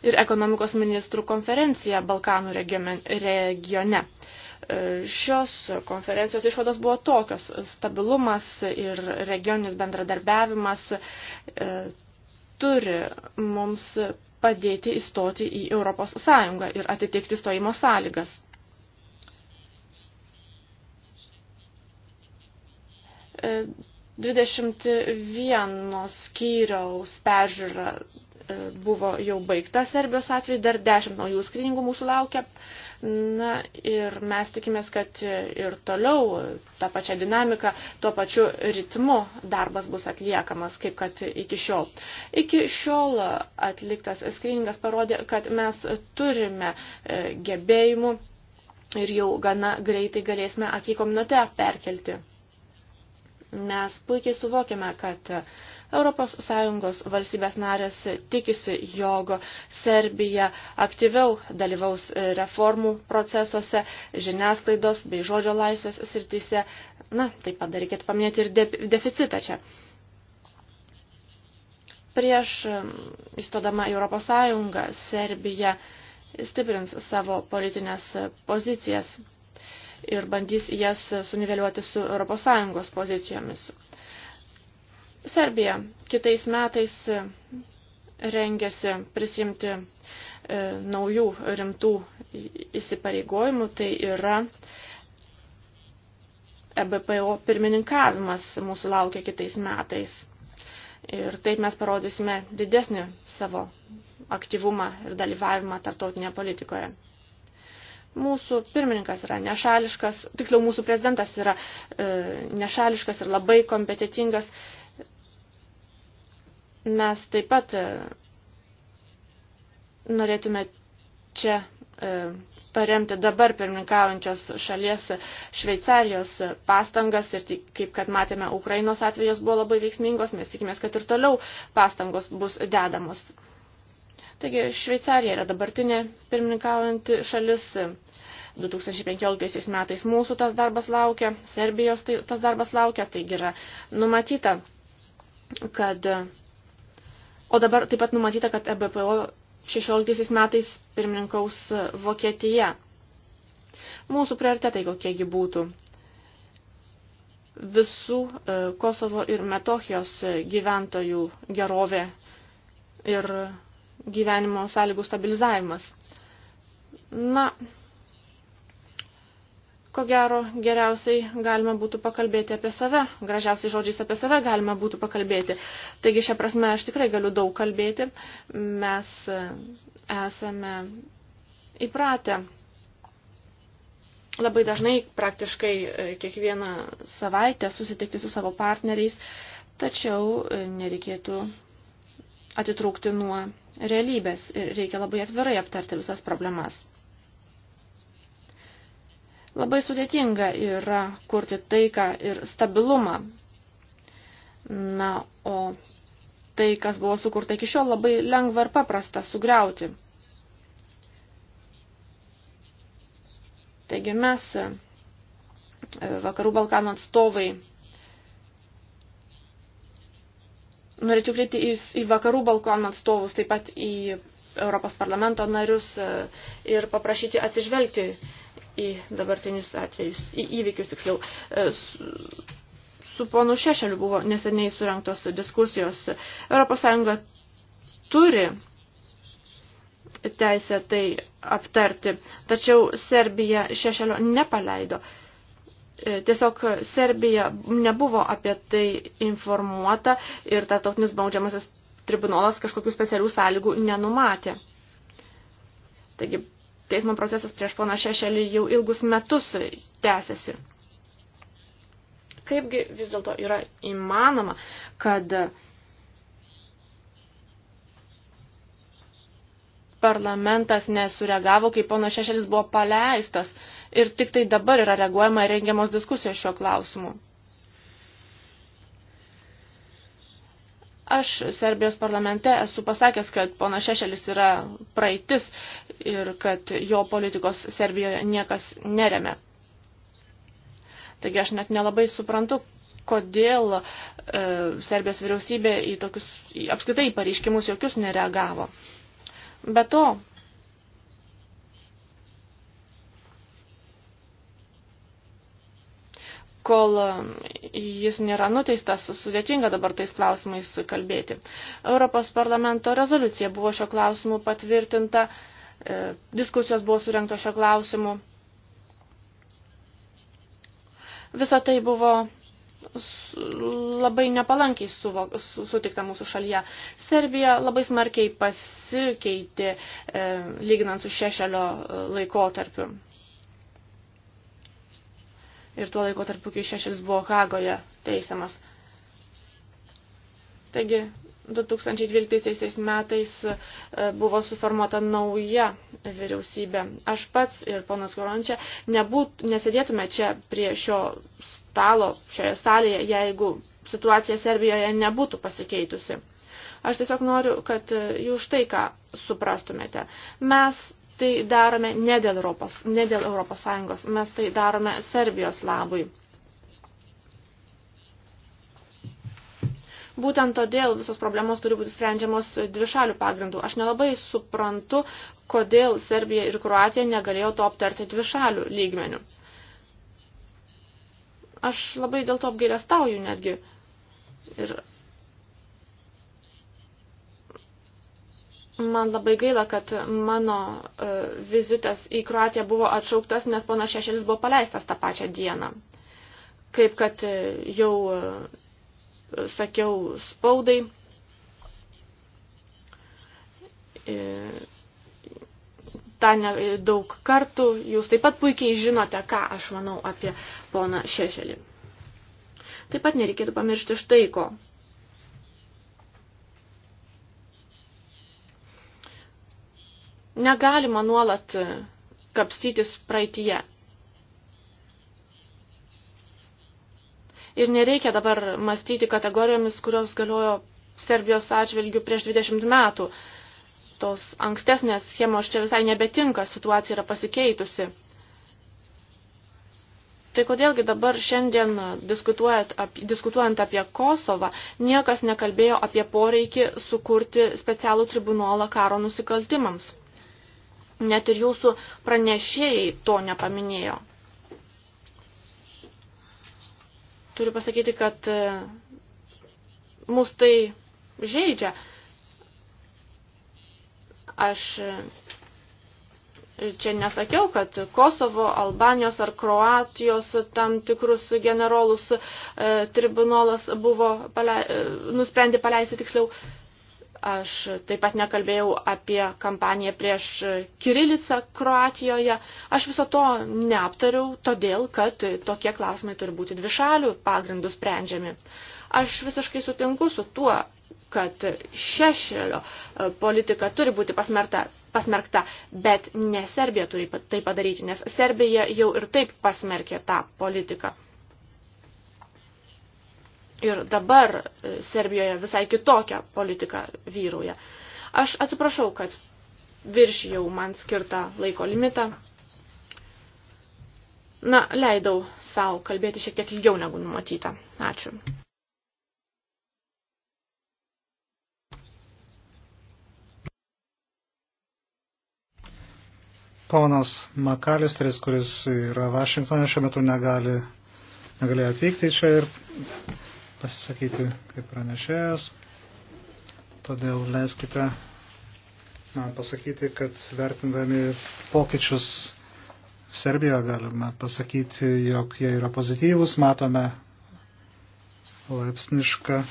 ir ekonomikos ministrų konferencija Balkanų regione. E, šios konferencijos išvados buvo tokios - stabilumas ir regioninis bendradarbiavimas e, turi mums padėti įstoti į Europos Sąjungą ir atitikti stojimo sąlygas. E, 21 skyriaus peržiūra e, buvo jau baigta Serbijos atveju, dar 10 naujų skriningų mūsų laukia. E, Na ir mes tikimės, kad ir toliau tą pačią dinamiką, tuo pačiu ritmu darbas bus atliekamas, kaip kad iki šiol. Iki šiol atliktas skriningas parodė, kad mes turime e, gebėjimų ir jau gana greitai galėsime akikominote perkelti. Mes puikiai suvokiame, kad ES valstybės narės tikisi, jog Serbija aktyviau dalyvaus e, reformų procesuose, žiniasklaidos bei žodžio laisvės srityse. Na, taip pat dar reikėtų paminėti ir de deficitą čia. Prieš e, įstodama Europos Sąjungą Serbija stiprins savo politinės pozicijas ir bandys jas suniveliuoti su ES pozicijomis. Serbija kitais metais e, rengiasi prisimti e, naujų rimtų įsipareigojimų, tai yra EBPO pirmininkavimas mūsų laukia kitais metais. Ir taip mes parodysime didesnį savo aktyvumą ir dalyvavimą tarptautinėje politikoje. Mūsų pirmininkas yra nešališkas, tiksliau mūsų prezidentas yra e, nešališkas ir labai kompetitingas. E, Mes taip pat e, norėtume čia e, paremti dabar pirmininkaujančios šalies Šveicarijos pastangas ir tik, kaip kad matėme, Ukrainos atvejos buvo labai veiksmingos, mes tikimės, kad ir toliau pastangos bus dedamos. Taigi Šveicarija yra dabartinė pirmininkaujanti šalis. 2015 metais mūsų tas darbas laukia, Serbijos tai, tas darbas laukia, taigi yra numatyta, kad O dabar taip pat numatyta, kad EBPO 16 metais pirmininkaus Vokietija. Mūsų prioritetai kokiegi būtų visų e, Kosovo ir Metochijos gyventojų gerovė ir gyvenimo sąlygų stabilizavimas. Na, ko gero geriausiai galima būtų pakalbėti apie save, gražiausiai žodžiais apie save galima būtų pakalbėti. Taigi šią prasme aš tikrai galiu daug kalbėti, mes e, esame įpratę labai dažnai praktiškai e, kiekvieną savaitę susitikti su savo partneriais, tačiau e, nereikėtų atitrūkti nuo realybės ir reikia labai atvirai aptarti visas problemas. Labai sudėtinga yra kurti taiką ir stabilumą. Na, o tai, kas buvo sukurta iki šiol, labai lengva ir paprasta sugriauti. Taigi mes, e, Vakarų Balkanų atstovai, norėčiau kreipti į, į Vakarų Balkanų atstovus, taip pat į Europos parlamento narius e, ir paprašyti atsižvelgti į dabartinius atvejus, į įvykius tiksliau. E, su, su ponu Šešeliu buvo neseniai surinktos diskusijos. ES turi teisę tai aptarti, tačiau Serbija Šešelio nepaleido. E, tiesiog Serbija nebuvo apie tai informuota ir tarptautinis baudžiamasis tribunolas kažkokių specialių sąlygų nenumatė. Taigi teismo procesas prieš poną Šešelį jau ilgus metus tęsiasi. Kaipgi vis dėlto yra įmanoma, kad parlamentas nesureagavo, kai pono Šešelis buvo paleistas ir tik tai dabar yra reaguojama ir rengiamos diskusijos šiuo klausimu. Aš Serbijos parlamente esu pasakęs, kad pona Šešelis yra praeitis ir kad jo politikos Serbijoje niekas neremia. Taigi aš net nelabai suprantu, kodėl e, Serbijos vyriausybė į tokius, į, apskritai pareiškimus jokius nereagavo. Be to, kol um, jis nėra nuteistas, sudėtinga dabar tais klausimais kalbėti. Europos parlamento rezoliucija buvo šio klausimu patvirtinta, e, diskusijos buvo surinkto šio klausimu. Visa tai buvo labai nepalankiai suvo, su, sutikta mūsų šalyje. Serbija labai smarkiai pasikeitė e, lyginant su šešelio e, laikotarpiu ir tuo laiko tarp kai šešis buvo Hagoje teisiamas. Taigi 2012 metais e, buvo suformuota nauja vyriausybė. Aš pats ir ponas Korončia nebūt, nesėdėtume čia prie šio stalo, šioje salėje, jeigu situacija Serbijoje nebūtų pasikeitusi. Aš tiesiog noriu, kad jūs štai ką suprastumėte. Mes tai darome ne dėl Europos, ne dėl Europos Sąjungos, mes tai darome Serbijos labui. Būtent todėl visos problemos turi būti sprendžiamos dvišalių pagrindų. Aš nelabai suprantu, kodėl Serbija ir Kroatija negalėjo to aptarti dvišalių lygmenių. Aš labai dėl to apgailestauju netgi. Ir Man labai gaila, kad mano e, vizitas į Kroatiją buvo atšauktas, nes ponas Šešelis buvo paleistas tą pačią dieną. Kaip kad e, jau e, sakiau spaudai, tą ne, daug kartų, jūs taip pat puikiai žinote, ką aš manau apie poną Šešelį. Taip pat nereikėtų pamiršti štai ko. Negalima nuolat kapstytis praeitie. Ir nereikia dabar mąstyti kategorijomis, kurios galiojo Serbijos atžvilgių prieš 20 metų. Tos ankstesnės schemos čia visai nebetinka, situacija yra pasikeitusi. Tai kodėlgi dabar šiandien apie, diskutuojant apie Kosovą, niekas nekalbėjo apie poreikį sukurti specialų tribunolą karo nusikaltimams. Net ir jūsų pranešėjai to nepaminėjo. Turiu pasakyti, kad e, mus tai žaidžia. Aš e, čia nesakiau, kad Kosovo, Albanijos ar Kroatijos tam tikrus generolus e, tribunolas buvo palei, e, nusprendė paleisti tiksliau. E, Aš taip pat nekalbėjau apie kampaniją prieš Kirilicą Kroatijoje. Aš viso to neaptariau, todėl kad tokie klausimai turi būti dvišalių pagrindų sprendžiami. Aš visiškai sutinku su tuo, kad šešėlio e, politika turi būti pasmerta, pasmerkta, bet ne Serbija turi tai padaryti, nes Serbija jau ir taip pasmerkė tą politiką ir dabar e, Serbijoje visai kitokia politika vyrauja. Aš atsiprašau, kad virš jau man skirtą laiko limitą. Na, leidau savo kalbėti šiek tiek ilgiau negu numatyta. Ačiū. Ponas Makalistris, kuris yra Vašingtonė, šiuo metu negali, negalėjo atvykti čia ir pasisakyti kaip pranešėjas, todėl leiskite man pasakyti, kad vertindami pokyčius Serbijoje galime pasakyti, jog jie yra pozityvus, matome laipsnišką e,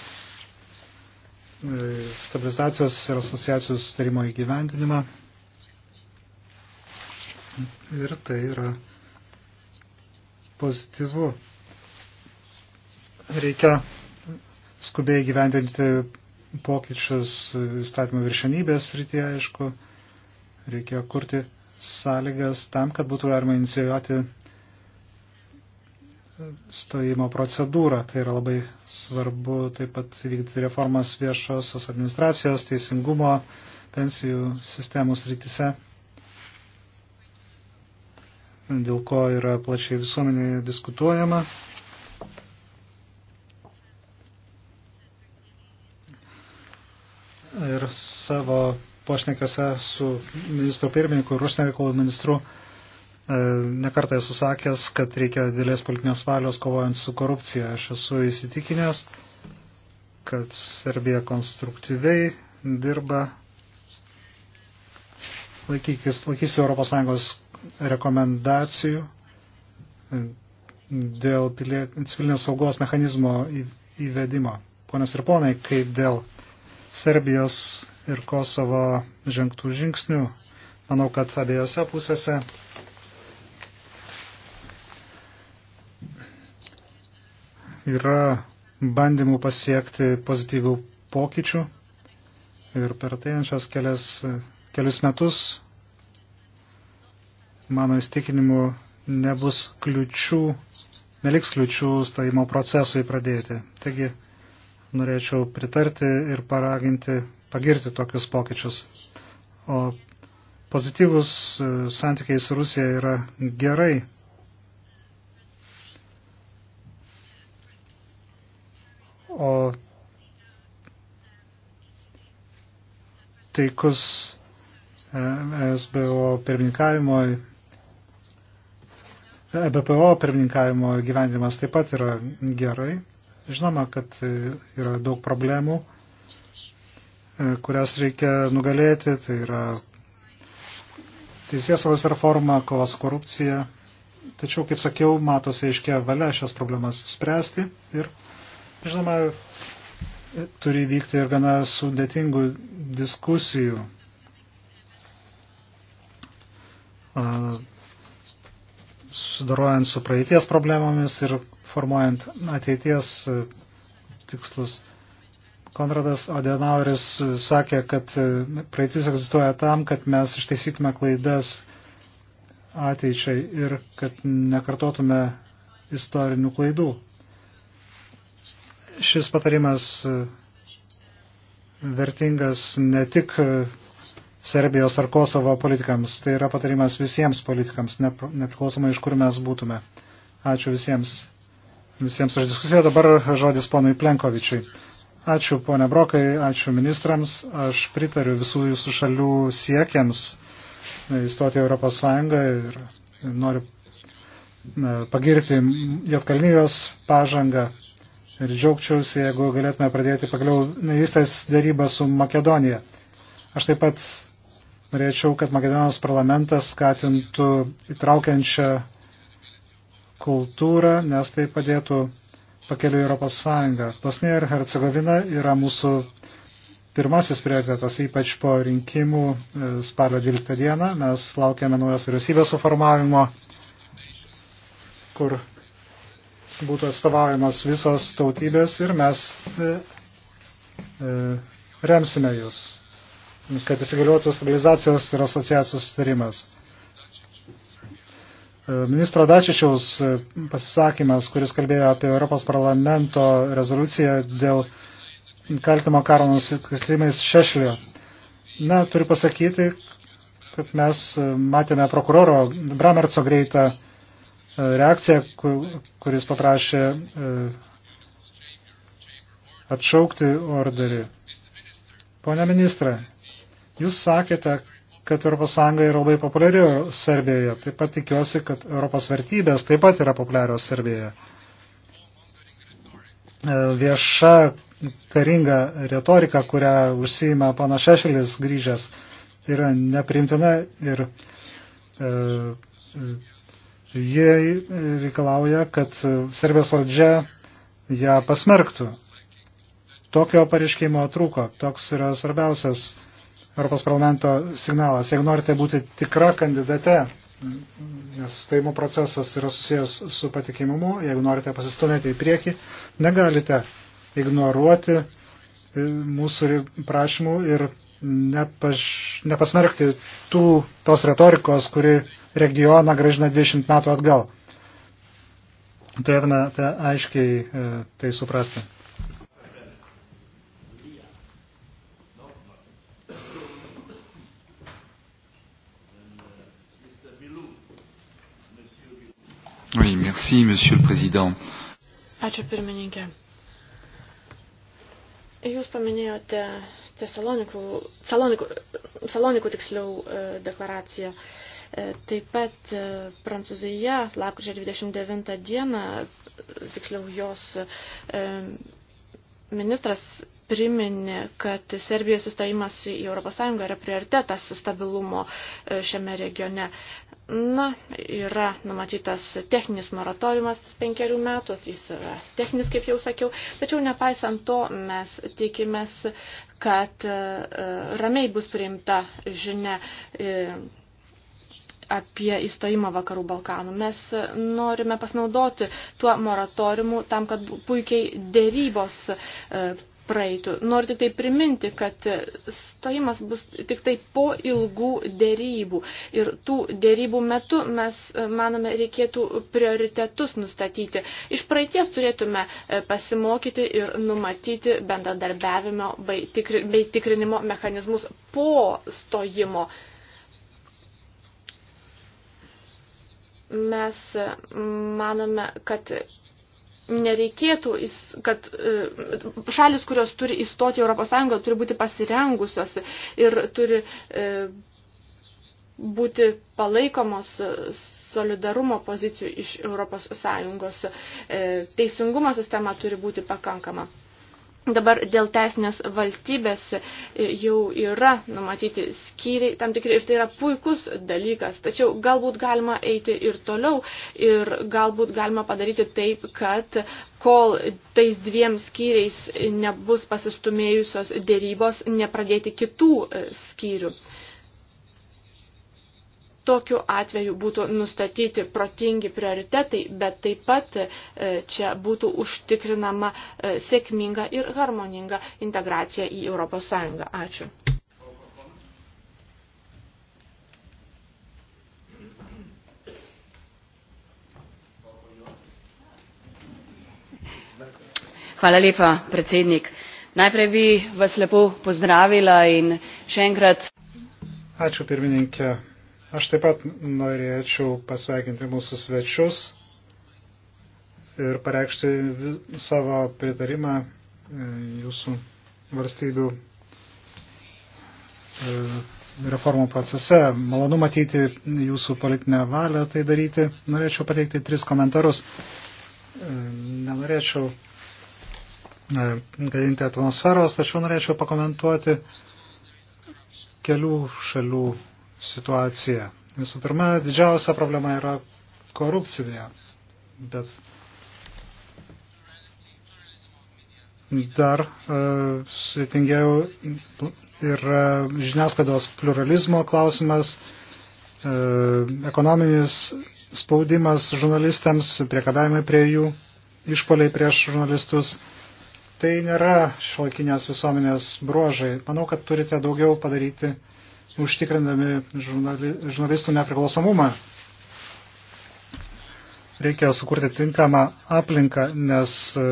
stabilizacijos ir asociacijos sutarimo įgyvendinimą. Ir tai yra pozityvu. Reikia skubiai gyvendinti pokyčius įstatymų viršenybės rytyje, aišku, reikėjo kurti sąlygas tam, kad būtų galima inicijuoti stojimo procedūrą. Tai yra labai svarbu taip pat vykdyti reformas viešosios administracijos, teisingumo, pensijų sistemų srityse, dėl ko yra plačiai visuomenėje diskutuojama. savo pošnekėse su ministru pirmininku ir užsienio reikalų ministru e, nekartą esu sakęs, kad reikia didelės politinės valios kovojant su korupcija. Aš esu įsitikinęs, kad Serbija konstruktyviai dirba, laikykis, laikysi ES rekomendacijų e, dėl civilinės saugos mechanizmo įvedimo. Ponios ir ponai, kai dėl Serbijos ir Kosovo žengtų žingsnių. Manau, kad abiejose pusėse yra bandymų pasiekti pozityvių pokyčių ir per ateinančias kelias, kelius metus, mano įstikinimu, nebus kliučių, neliks kliučių stojimo procesui pradėti. Taigi, norėčiau pritarti ir paraginti, pagirti tokius pokyčius. O pozityvus e, santykiai su Rusija yra gerai. O taikus e, SBO pirmininkavimo, EBPO pirmininkavimo gyvendimas taip pat yra gerai. Žinoma, kad e, yra daug problemų, e, kurias reikia nugalėti, tai yra teisėsaugos reforma, kovas korupcija. Tačiau, kaip sakiau, matosi aiškia valia šias problemas spręsti ir, žinoma, turi vykti ir gana sudėtingų diskusijų sudarojant su praeities problemomis ir formuojant ateities e, tikslus. Konradas Adenaueris e, sakė, kad e, praeitis egzistuoja tam, kad mes ištaisytume klaidas ateičiai ir kad nekartotume istorinių klaidų. Šis patarimas vertingas ne tik Serbijos ar Kosovo politikams. Tai yra patarimas visiems politikams, nepriklausomai iš kur mes būtume. Ačiū visiems. Visiems už diskusiją. Dabar žodis ponui Plenkovičiui. Ačiū ponia Brokai, ačiū ministrams. Aš pritariu visų jūsų šalių siekiams įstoti į Europos Sąjungą ir noriu pagirti Jotkalnyjos pažangą ir džiaugčiausi, jeigu galėtume pradėti pagaliau narystės darybą su Makedonija. Aš taip pat Norėčiau, kad Makedonijos parlamentas skatintų įtraukiančią kultūrą, nes tai padėtų pakeliu Europos Sąjungą. Bosnija ir Hercegovina yra mūsų pirmasis prioritetas, ypač po rinkimų e, spalio 12 dieną. Mes laukiame naujos vyriausybės suformavimo, kur būtų atstovaujamos visos tautybės ir mes e, e, remsime jūs kad įsigaliotų stabilizacijos ir asociacijos sustarimas. E, ministro Dačičiaus e, pasisakymas, kuris kalbėjo apie Europos parlamento rezoliuciją dėl kaltimo karo nusikaltimais šešlio. Na, turiu pasakyti, kad mes e, matėme prokuroro Bramerco greitą reakciją, kuris paprašė atšaukti orderį. Pone ministra, Jūs sakėte, kad ES yra labai populiari Serbijoje. Taip pat tikiuosi, kad Europos vertybės taip pat yra populiarios Serbijoje. E, vieša karinga retorika, kurią užsijima pana Šešelis grįžęs, yra neprimtina ir e, jie reikalauja, kad Serbijos valdžia ją pasmerktų. Tokio pareiškimo trūko. Toks yra svarbiausias Europos parlamento signalas. Jeigu norite būti tikra kandidate, nes stojimo procesas yra susijęs su patikimumu, jeigu norite pasistumėti į priekį, negalite ignoruoti e, mūsų prašymų ir nepaž, nepasmerkti tų, tos retorikos, kuri regioną gražina 20 metų atgal. Turėtume tai aiškiai e, tai suprasti. Oui, merci, monsieur le président. Ačiū pirmininkė. Jūs paminėjote Salonikų, Salonikų, Salonikų tiksliau e, deklaraciją. E, taip pat e, Prancūzija lapkričio 29 dieną, tiksliau jos ministras priminė, kad Serbijos įstojimas į ES yra prioritetas stabilumo šiame regione. Na, yra numatytas techninis moratoriumas penkerių metų, jis yra techninis, kaip jau sakiau, tačiau nepaisant to mes tikimės, kad e, ramiai bus priimta žinia e, apie įstojimą vakarų Balkanų. Mes norime pasinaudoti tuo moratoriumu tam, kad puikiai dėrybos e, praeitų. Noriu tik tai priminti, kad stojimas bus tik tai po ilgų dėrybų. Ir tų dėrybų metu mes, e, manome, reikėtų prioritetus nustatyti. Iš praeities turėtume e, pasimokyti ir numatyti bendradarbiavimo bei, tikri, bei tikrinimo mechanizmus po stojimo. Mes e, manome, kad nereikėtų, kad e, šalis, kurios turi įstoti į Europos Sąjungą, turi būti pasirengusios ir turi e, būti palaikomos solidarumo pozicijų iš Europos Sąjungos. E, teisingumo sistema turi būti pakankama. Dabar dėl teisinės valstybės jau yra numatyti skyriai tam tikri ir tai yra puikus dalykas. Tačiau galbūt galima eiti ir toliau ir galbūt galima padaryti taip, kad kol tais dviem skyriais nebus pasistumėjusios dėrybos, nepradėti kitų e, skyrių. Uh, tokiu atveju būtų nustatyti protingi prioritetai, bet taip pat e, čia būtų užtikrinama e, sėkminga ir harmoninga integracija į ES. Ačiū. Hvala lepa, predsednik. Najprej bi vas lepo pozdravila in še enkrat. Ačiū pirmininkė Aš taip pat norėčiau pasveikinti mūsų svečius ir pareikšti savo pritarimą e, jūsų valstybių e, reformų procese. Malonu matyti jūsų politinę valią tai daryti. Norėčiau pateikti tris komentarus. E, nenorėčiau gadinti atmosferos, tačiau norėčiau pakomentuoti kelių šalių situacija. Visų pirma, didžiausia problema yra korupcija, bet dar uh, sudėtingiau yra e, žiniasklaidos pluralizmo klausimas, uh, ekonominis spaudimas žurnalistams, priekabėjimai prie jų, išpoliai prieš žurnalistus. Tai nėra šiolaikinės visuomenės bruožai. Manau, kad turite daugiau padaryti uh, užtikrindami žurnali, žurnalistų nepriklausomumą. Reikia sukurti tinkamą aplinką, nes e,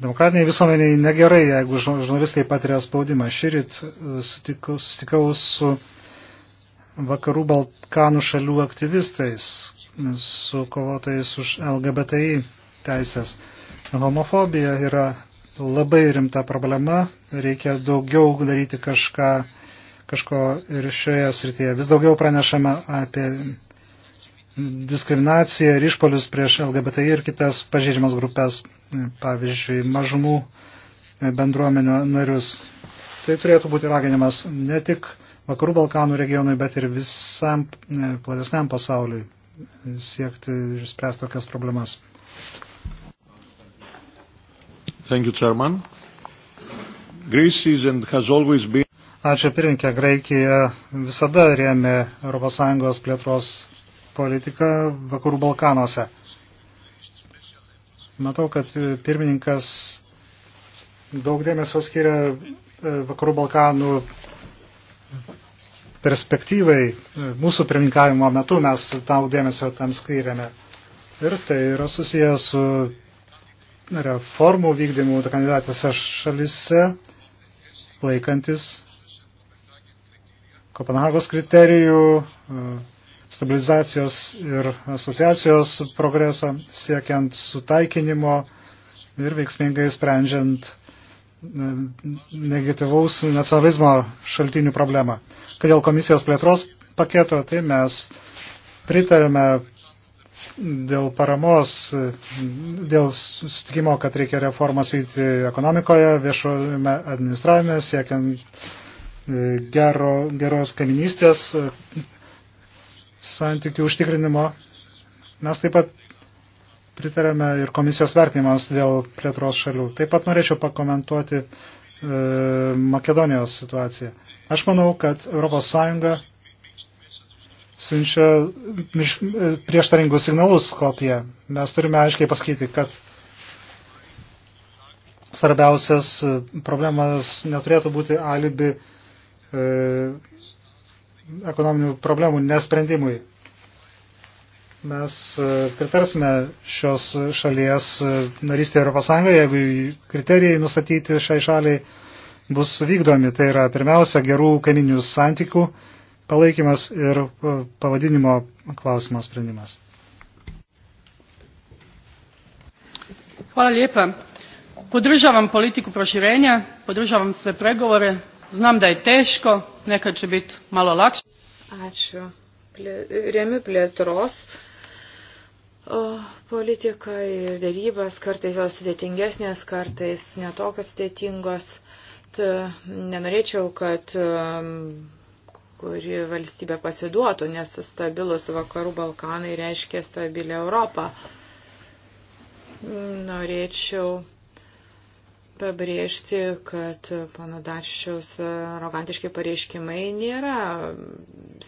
demokratiniai visuomeniai negerai, jeigu žurnalistai patiria spaudimą. Šįryt e, susitikau, susitikau su vakarų Balkanų šalių aktyvistais, su kovotojais už LGBTI teisės. Homofobija yra labai rimta problema, reikia daugiau daryti kažką kažko ir šioje srityje. Vis daugiau pranešama apie diskriminaciją ir išpolius prieš LGBTI ir kitas pažeidžiamas grupės, pavyzdžiui, mažumų bendruomenio narius. Tai turėtų būti raginimas ne tik Vakarų Balkanų regionui, bet ir visam e, platesniam pasauliui siekti ir spręsti tokias problemas. Thank you, Chairman. Greece is and has always been Ačiū pirinkė, Graikija visada rėmė ES plėtros politiką Vakarų Balkanuose. Matau, kad pirmininkas daug dėmesio skiria e, Vakarų Balkanų perspektyvai. E, mūsų pirmininkavimo metu mes daug dėmesio tam skiriame. Ir tai yra susijęs su reformų vykdymų kandidatėse šalise, laikantis Kopenhagos kriterijų, e, stabilizacijos ir asociacijos progreso siekiant sutaikinimo ir veiksmingai sprendžiant e, negatyvaus nacionalizmo šaltinių problemą. Kad dėl komisijos plėtros paketo, tai mes pritarėme dėl paramos, dėl sutikimo, kad reikia reformas vykti ekonomikoje, viešojame administravime, siekiant gero, geros kaiminystės santykių užtikrinimo. Mes taip pat pritarėme ir komisijos vertinimams dėl plėtros šalių. Taip pat norėčiau pakomentuoti e, Makedonijos situaciją. Aš manau, kad ES siunčia e, prieštaringus signalus kopiją. Mes turime aiškiai pasakyti, kad svarbiausias e, problemas neturėtų būti alibi e, E, ekonominių problemų nesprendimui. Mes e, pritarsime šios šalies e, narystė Europos Sąjungoje, jeigu kriterijai nustatyti šiai šaliai bus vykdomi. Tai yra pirmiausia gerų kaininių santykių palaikymas ir pavadinimo klausimo sprendimas. Hvala lijepa. Podržavam politiku proširenja, podržavam sve pregovore, Znam da je teško, nekad će biti malo lakše. Ačiū. Remiu plėtros politiką ir dėrybas, kartais jos sudėtingesnės, kartais netokios sudėtingos. Ta, nenorėčiau, kad um, kuri valstybė pasiduotų, nes stabilus vakarų Balkanai reiškia stabilę Europą. Norėčiau pabrėžti, kad pana Dačiaus arogantiški pareiškimai nėra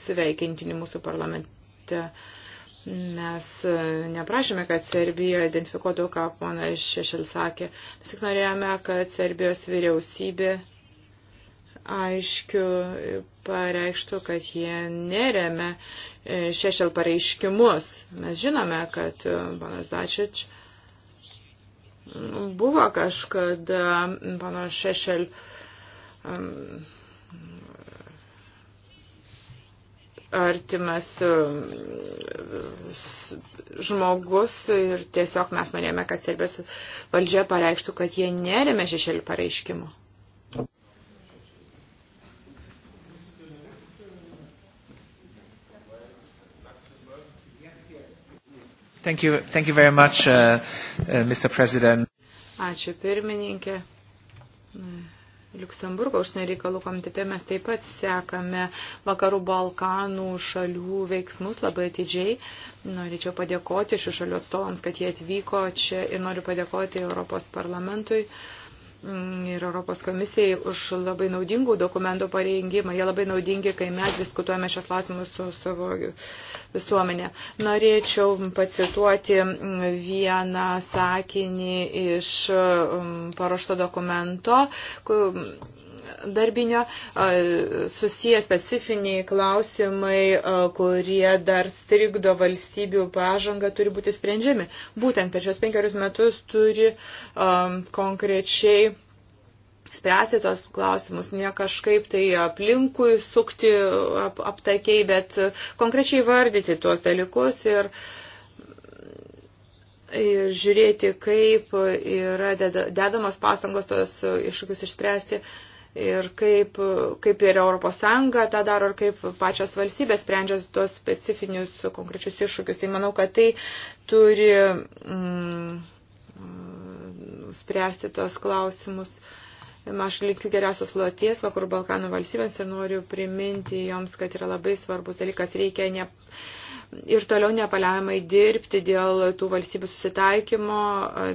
sveikintini mūsų parlamente. Mes neprašėme, kad Serbija identifikuotų, ką pana Šešel sakė. Mes tik norėjome, kad Serbijos vyriausybė aiškių pareikštų, kad jie neremia Šešel pareiškimus. Mes žinome, kad panas Dačiačius Buvo kažkada pano Šešel artimas žmogus ir tiesiog mes norėjome, kad Serbijos valdžia pareikštų, kad jie neremia šešėlių pareiškimų. Thank you, thank you very much, uh, uh, Mr. President. Ačiū pirmininkė. Liuksemburgo užsienio reikalų komitete mes taip pat sekame vakarų Balkanų šalių veiksmus labai atidžiai. Norėčiau padėkoti šių šalių atstovams, kad jie atvyko čia ir noriu padėkoti Europos parlamentui. Uh, Mm, ir Europos komisijai už labai naudingų dokumentų parengimą. Jie labai naudingi, kai mes diskutuojame šios klausimus su savo visuomenė. Norėčiau pacituoti mm, vieną sakinį iš mm, paruošto dokumento, darbinio susiję specifiniai klausimai, kurie dar strikdo valstybių pažangą, turi būti sprendžiami. Būtent per šios penkerius metus turi konkrečiai spręsti tos klausimus, ne kažkaip tai aplinkui sukti ap, aptakiai, bet konkrečiai vardyti tuos dalykus ir, ir žiūrėti, kaip yra dedamos pastangos tos iššūkius išspręsti. Uh, ir kaip, kaip ir ES tą daro, ir kaip pačios valstybės sprendžia tuos specifinius konkrečius iššūkius. Tai manau, kad tai turi mm, spręsti tuos klausimus. Aš linkiu geriausios loties vakarų Balkanų valstybėms ir noriu priminti joms, kad yra labai svarbus dalykas. Reikia ne ir toliau nepaliaujamai dirbti dėl tų valstybių susitaikymo,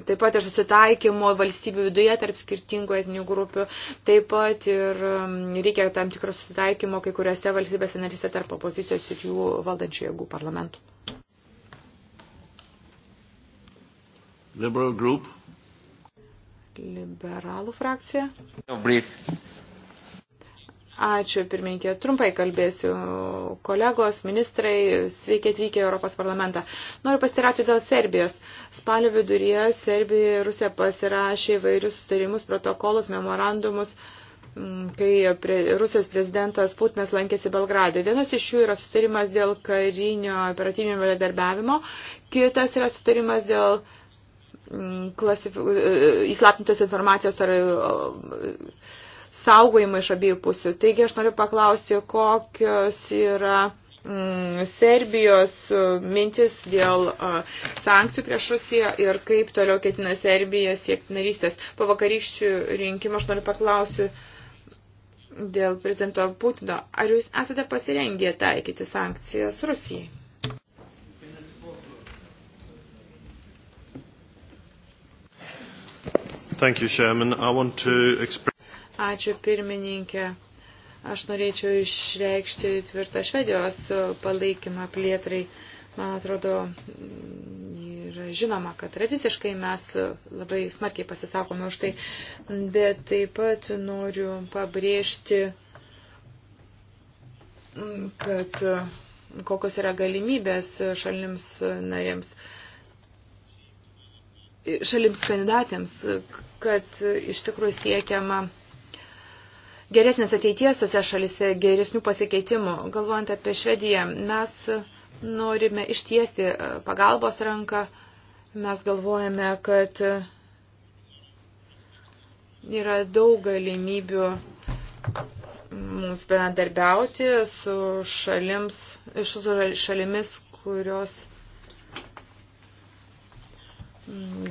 taip pat ir susitaikymo valstybių viduje tarp skirtingų etinių grupių, taip pat ir um, reikia tam tikro susitaikymo kai kuriuose valstybėse narise tarp opozicijos ir jų valdančių jėgų parlamentų. Liberal group. Liberalų frakcija. No brief. Ačiū, pirmininkė. Trumpai kalbėsiu. Kolegos, ministrai, sveiki atvykę į Europos parlamentą. Noriu pasirauti dėl Serbijos. Spalio viduryje Serbija ir Rusija pasirašė įvairius sustarimus, protokolus, memorandumus mm, kai pre, Rusijos prezidentas Putinas lankėsi Belgrade. Vienas iš jų yra sutarimas dėl karinio operatyvinio bendradarbiavimo, kitas yra sutarimas dėl m, mm, klasif, e, e, įslaptintos informacijos ar m, e, saugojimą iš abiejų pusių. Taigi aš noriu paklausti, kokios yra mm, Serbijos e, mintis dėl uh, sankcijų prieš Rusiją ir kaip toliau ketina Serbija siekti narystės. Po vakarykščių rinkimų aš noriu paklausti dėl prezidento Putino. Ar jūs esate pasirengę taikyti sankcijas Rusijai? Thank you, Chairman. I want to express Ačiū pirmininkė. Aš norėčiau išreikšti tvirtą Švedijos palaikymą plėtrai. Man atrodo, yra žinoma, kad tradiciškai mes labai smarkiai pasisakome už tai, bet taip pat noriu pabrėžti, kad kokios yra galimybės šalims narėms šalims kandidatėms, kad iš tikrųjų siekiama geresnės ateities tose šalise, geresnių pasikeitimų. Galvojant apie Švediją, mes norime ištiesti e, pagalbos ranką, mes galvojame, kad yra daug galimybių mums bendarbiauti su šalims, su šalimis, kurios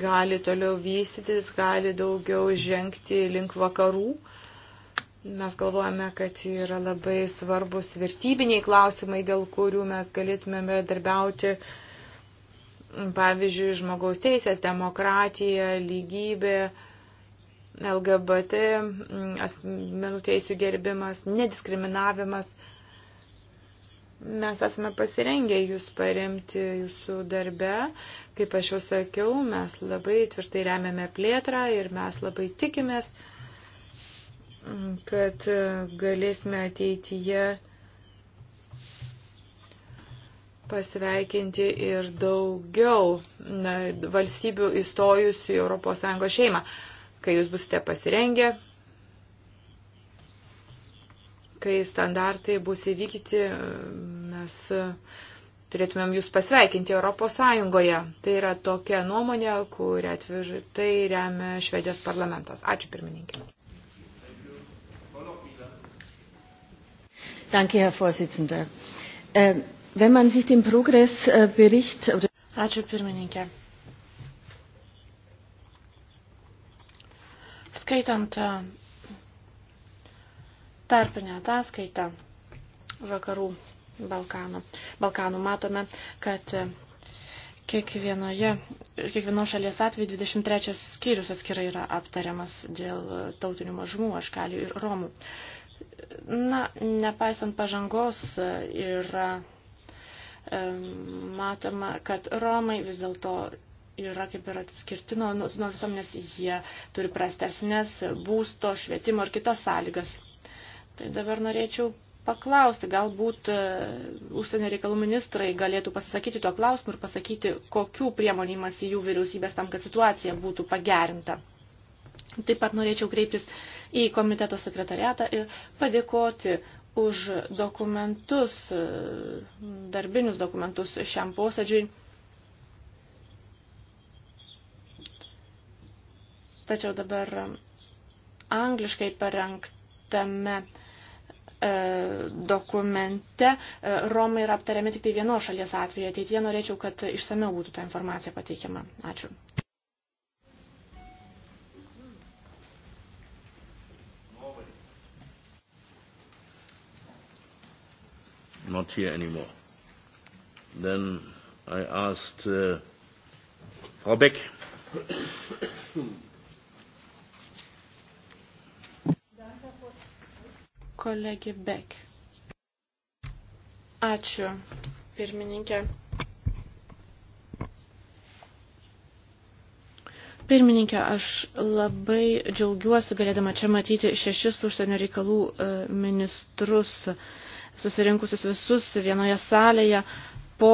gali toliau vystytis, gali daugiau žengti link vakarų. Uh, Mes galvojame, kad yra labai svarbus vertybiniai klausimai, dėl kurių mes galėtumėme darbiauti, pavyzdžiui, žmogaus teisės, demokratija, lygybė, LGBT, asmenų teisų gerbimas, nediskriminavimas. Mes esame pasirengę jūs paremti jūsų darbe. Kaip aš jau sakiau, mes labai tvirtai remiame plėtrą ir mes labai tikimės, kad e, galėsime ateityje pasveikinti ir daugiau na, valstybių įstojusių į ES šeimą, kai jūs busite pasirengę, kai standartai bus įvykyti, mes turėtumėm jūs pasveikinti ES. Tai yra tokia nuomonė, kurią tvirtai remia Švedijos parlamentas. Ačiū pirmininkė. Danke, Herr Vorsitzender. Ähm, wenn man sich den Progress-Bericht äh, oder Ačiū pirmininkė. Skaitant e, tarpinę ataskaitą vakarų Balkanų, Balkanų matome, kad e, kiekvienoje, kiekvienos šalies atveju 23 skyrius atskirai yra aptariamas dėl tautinių mažumų, aškalių ir romų. Na, nepaisant pažangos e, yra e, matoma, kad Romai vis dėlto yra kaip ir atskirti nuo, nuo visuomenės, jie turi prastesnės būsto, švietimo ir kitas sąlygas. Tai dabar norėčiau paklausti, galbūt e, užsienio reikalų ministrai galėtų pasisakyti tuo klausimu ir pasakyti, kokių priemonių imasi jų vyriausybės tam, kad situacija būtų pagerinta. Taip pat norėčiau kreiptis į komiteto sekretariatą ir padėkoti už dokumentus, darbinius dokumentus šiam posėdžiui. Tačiau dabar angliškai parengtame e, dokumente e, Romai yra aptariami tik tai vienos šalies atveju. Ateityje norėčiau, kad išsameu būtų ta informacija pateikiama. Ačiū. not here anymore. Then I asked uh, Frau Beck. Kolegė Beck. Ačiū, pirmininkė. Pirmininkė, aš labai džiaugiuosi galėdama čia matyti šešis užsienio reikalų e, ministrus. Uh, susirinkusius visus vienoje salėje po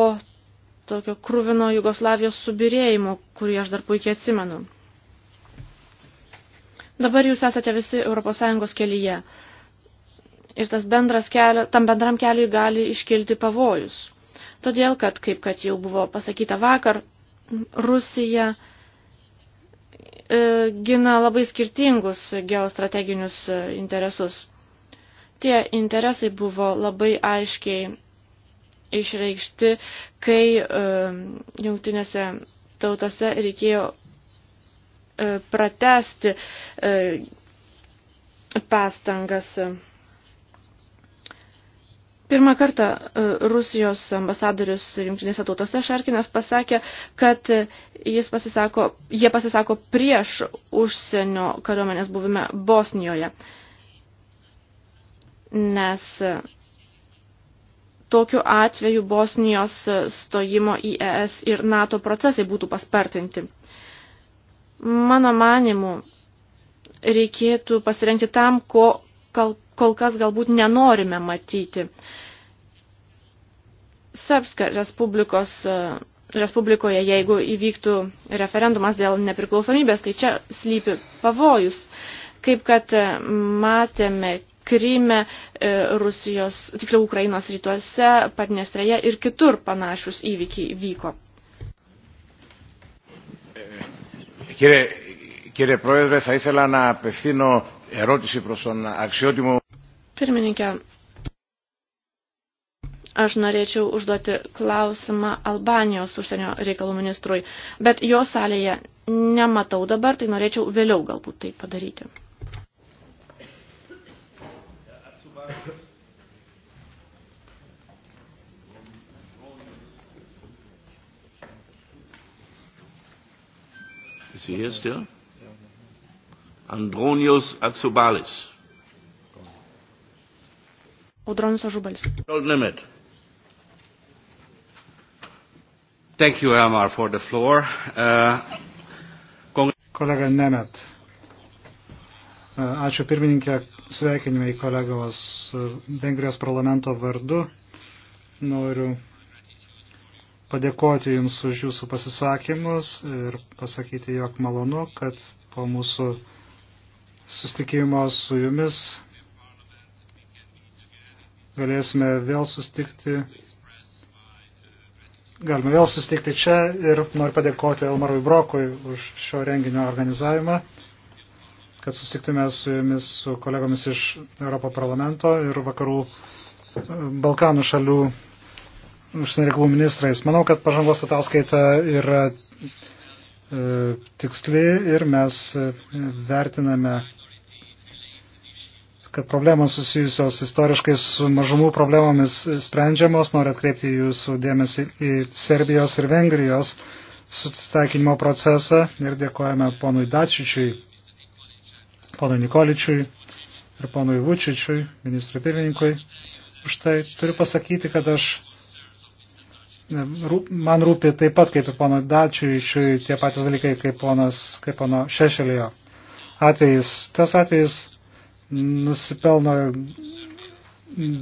tokio krūvino Jugoslavijos subirėjimo, kurį aš dar puikiai atsimenu. Dabar jūs esate visi ES kelyje ir tas bendras kelio, tam bendram keliui gali iškilti pavojus. Todėl, kad, kaip kad jau buvo pasakyta vakar, Rusija e, gina labai skirtingus geostrateginius interesus. Tie interesai buvo labai aiškiai išreikšti, kai uh, jungtinėse tautose reikėjo uh, pratesti uh, pastangas. Pirmą kartą uh, Rusijos ambasadorius Junktinėse tautose Šarkinas pasakė, kad uh, jis pasisako, jie pasisako prieš užsienio kariuomenės buvime Bosnijoje. Uh, nes tokiu atveju Bosnijos stojimo į ES ir NATO procesai būtų paspartinti. Mano manimu, reikėtų pasirengti tam, ko kol kas galbūt nenorime matyti. Serbska Respublikos, Respublikoje, jeigu įvyktų referendumas dėl nepriklausomybės, tai čia slypi pavojus. Kaip kad matėme Kryme, e, Rusijos, tiksliau Ukrainos rytuose, Padnestreje ir kitur panašus įvykiai vyko. Κύριε, κύριε Πρόεδρε, θα ήθελα να απευθύνω ερώτηση προς τον αξιότιμο... Pirmininkė, aš norėčiau užduoti klausimą Albanijos užsienio reikalų ministrui, bet jo salėje nematau dabar, tai norėčiau vėliau galbūt tai padaryti. Is he here still? Andronios Atsubalis. Audronius Ažubalis. Thank you, Elmar, for the floor. Uh, Kolega Nemet. Uh, ačiū pirmininkė, sveikinimai kolegos Vengrijos parlamento vardu. Noriu padėkoti Jums už Jūsų pasisakymus ir pasakyti, jog malonu, kad po mūsų sustikimo su Jumis galėsime vėl sustikti. Galime vėl susitikti čia ir noriu padėkoti Elmarui Brokui už šio renginio organizavimą kad susiktume su jumis, su kolegomis iš Europo parlamento ir vakarų e, Balkanų šalių užsienio reikalų ministrais. Manau, kad pažangos ataskaita yra e, tiksli ir mes e, vertiname, kad problemos susijusios istoriškai su mažumų problemomis sprendžiamos. Noriu atkreipti jūsų dėmesį į Serbijos ir Vengrijos susitaikinimo procesą ir dėkojame ponui Dačičiui ponui Nikoličiui ir ponui Vučičiui, ministrui pirmininkui. Už tai turiu pasakyti, kad aš, man rūpi taip pat kaip ir pono Dačiuičiui tie patys dalykai kaip, ponas, kaip pono Šešelėjo atvejis. Tas atvejis nusipelno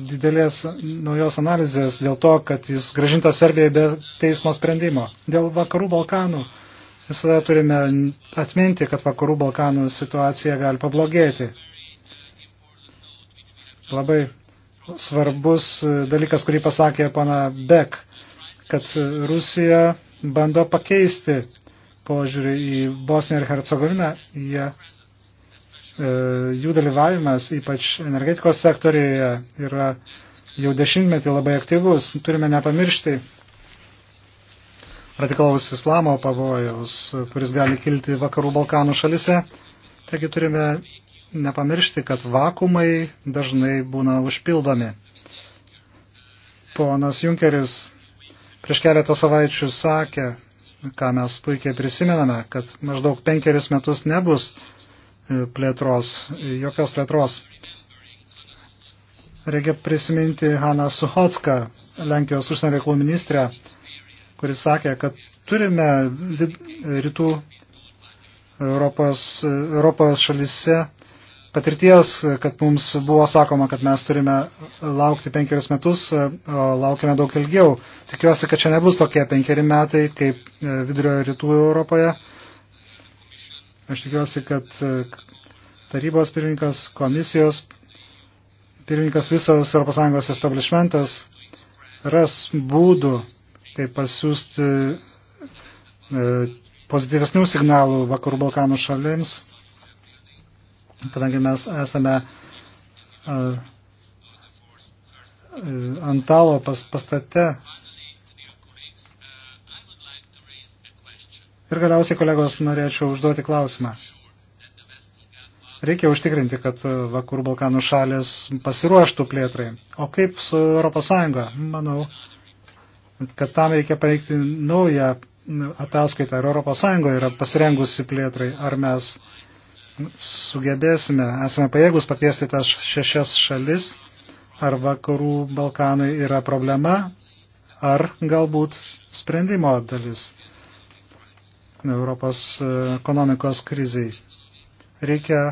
didelės naujos analizės dėl to, kad jis gražintas Serbijai be teismo sprendimo. Dėl vakarų Balkanų Visada turime atminti, kad vakarų Balkanų situacija gali pablogėti. Labai svarbus dalykas, kurį pasakė pana Bek, kad Rusija bando pakeisti požiūrį į Bosniją ir Hercegoviną. Jie, e, jų dalyvavimas, ypač energetikos sektorijoje, yra jau dešimtmetį labai aktyvus. Turime nepamiršti, radikalaus islamo pavojaus, kuris gali kilti vakarų Balkanų šalise. Taigi turime nepamiršti, kad vakumai dažnai būna užpildomi. Ponas Junkeris prieš keletą savaičių sakė, ką mes puikiai prisimename, kad maždaug penkerius metus nebus e, plėtros, jokios plėtros. Reikia prisiminti Haną Suhotską, Lenkijos užsienio reikalų ministrę, kuris sakė, kad turime rytų Europos, Europos šalise patirties, kad mums buvo sakoma, kad mes turime laukti penkerius metus, o laukime daug ilgiau. Tikiuosi, kad čia nebus tokie penkeri metai kaip e, vidurio rytų Europoje. Aš tikiuosi, kad e, tarybos pirmininkas, komisijos pirmininkas, visas ES establishmentas ras būdų tai pasiūsti e, pozityvesnių signalų Vakarų Balkanų šalims, kadangi mes esame e, e, Antalo pas, pastate. Ir galiausiai, kolegos, norėčiau užduoti klausimą. Reikia užtikrinti, kad Vakarų Balkanų šalis pasiruoštų plėtrai. O kaip su ES? Manau, kad tam reikia pareikti naują ataskaitą, ar ES yra pasirengusi plėtrai, ar mes sugebėsime, esame pajėgus pakviesti tas šešias šalis, ar vakarų Balkanai yra problema, ar galbūt sprendimo dalis Europos e, ekonomikos kriziai. Reikia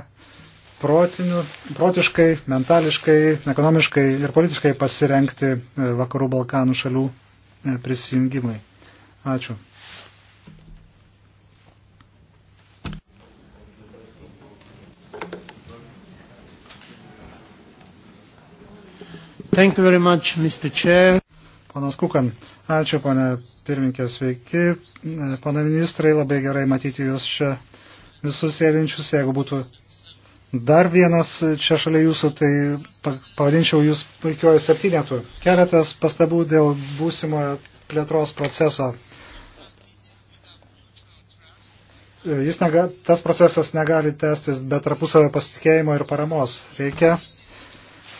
protinių, protiškai, mentališkai, ekonomiškai ir politiškai pasirenkti e, vakarų Balkanų šalių E, prisijungimui. Ačiū. Thank you very much, Mr. Chair. Ponas Kukan, ačiū, ponė pirminkė, sveiki. E, Pana ministrai, labai gerai matyti jūs čia visus sėdinčius. Jeigu būtų Dar vienas čia šalia jūsų, tai pavadinčiau jūs puikioju septynetu. Keletas pastabų dėl būsimojo plėtros proceso. E, jis nega, tas procesas negali tęstis be tarpusavio pasitikėjimo ir paramos. Reikia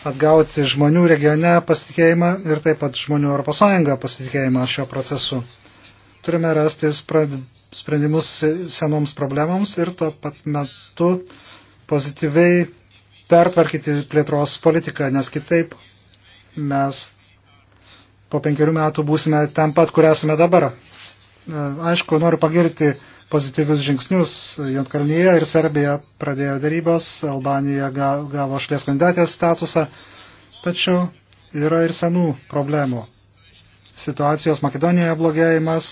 atgauti žmonių regione pasitikėjimą ir taip pat žmonių ES pasitikėjimą šio procesu. Turime rasti sprendimus senoms problemams ir tuo pat metu pozityviai pertvarkyti plėtros politiką, nes kitaip mes po penkerių metų būsime ten pat, kur esame dabar. E, aišku, noriu pagirti pozityvius žingsnius. Jantkarnyje ir Serbija pradėjo darybos, Albanija gavo šalies kandidatės statusą, tačiau yra ir senų problemų. Situacijos Makedonijoje blogėjimas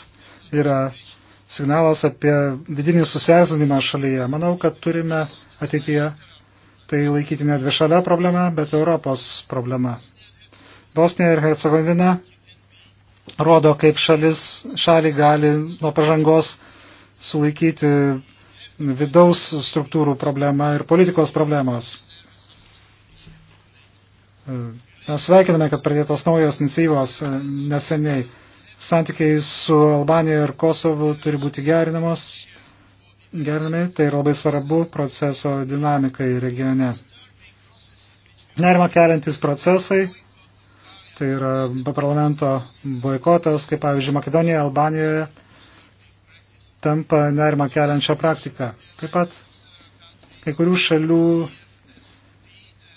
yra signalas apie vidinį susiezinimą šalyje. Manau, kad turime ateityje. Tai laikytinė dvišalia problema, bet Europos problema. Bosnija ir Hercegovina rodo, kaip šalis, šalį gali nuo pažangos sulaikyti vidaus struktūrų problema ir politikos problemos. Mes sveikiname, kad pradėtos naujos inicijuos e, neseniai. Santykiai su Albanija ir Kosovu turi būti gerinamos gerinami, tai yra labai svarbu proceso dinamikai regione. Nerima keliantis procesai, tai yra parlamento boikotas, kaip pavyzdžiui Makedonijoje, Albanijoje, tampa nerima keliančią praktiką. Taip pat kai kurių šalių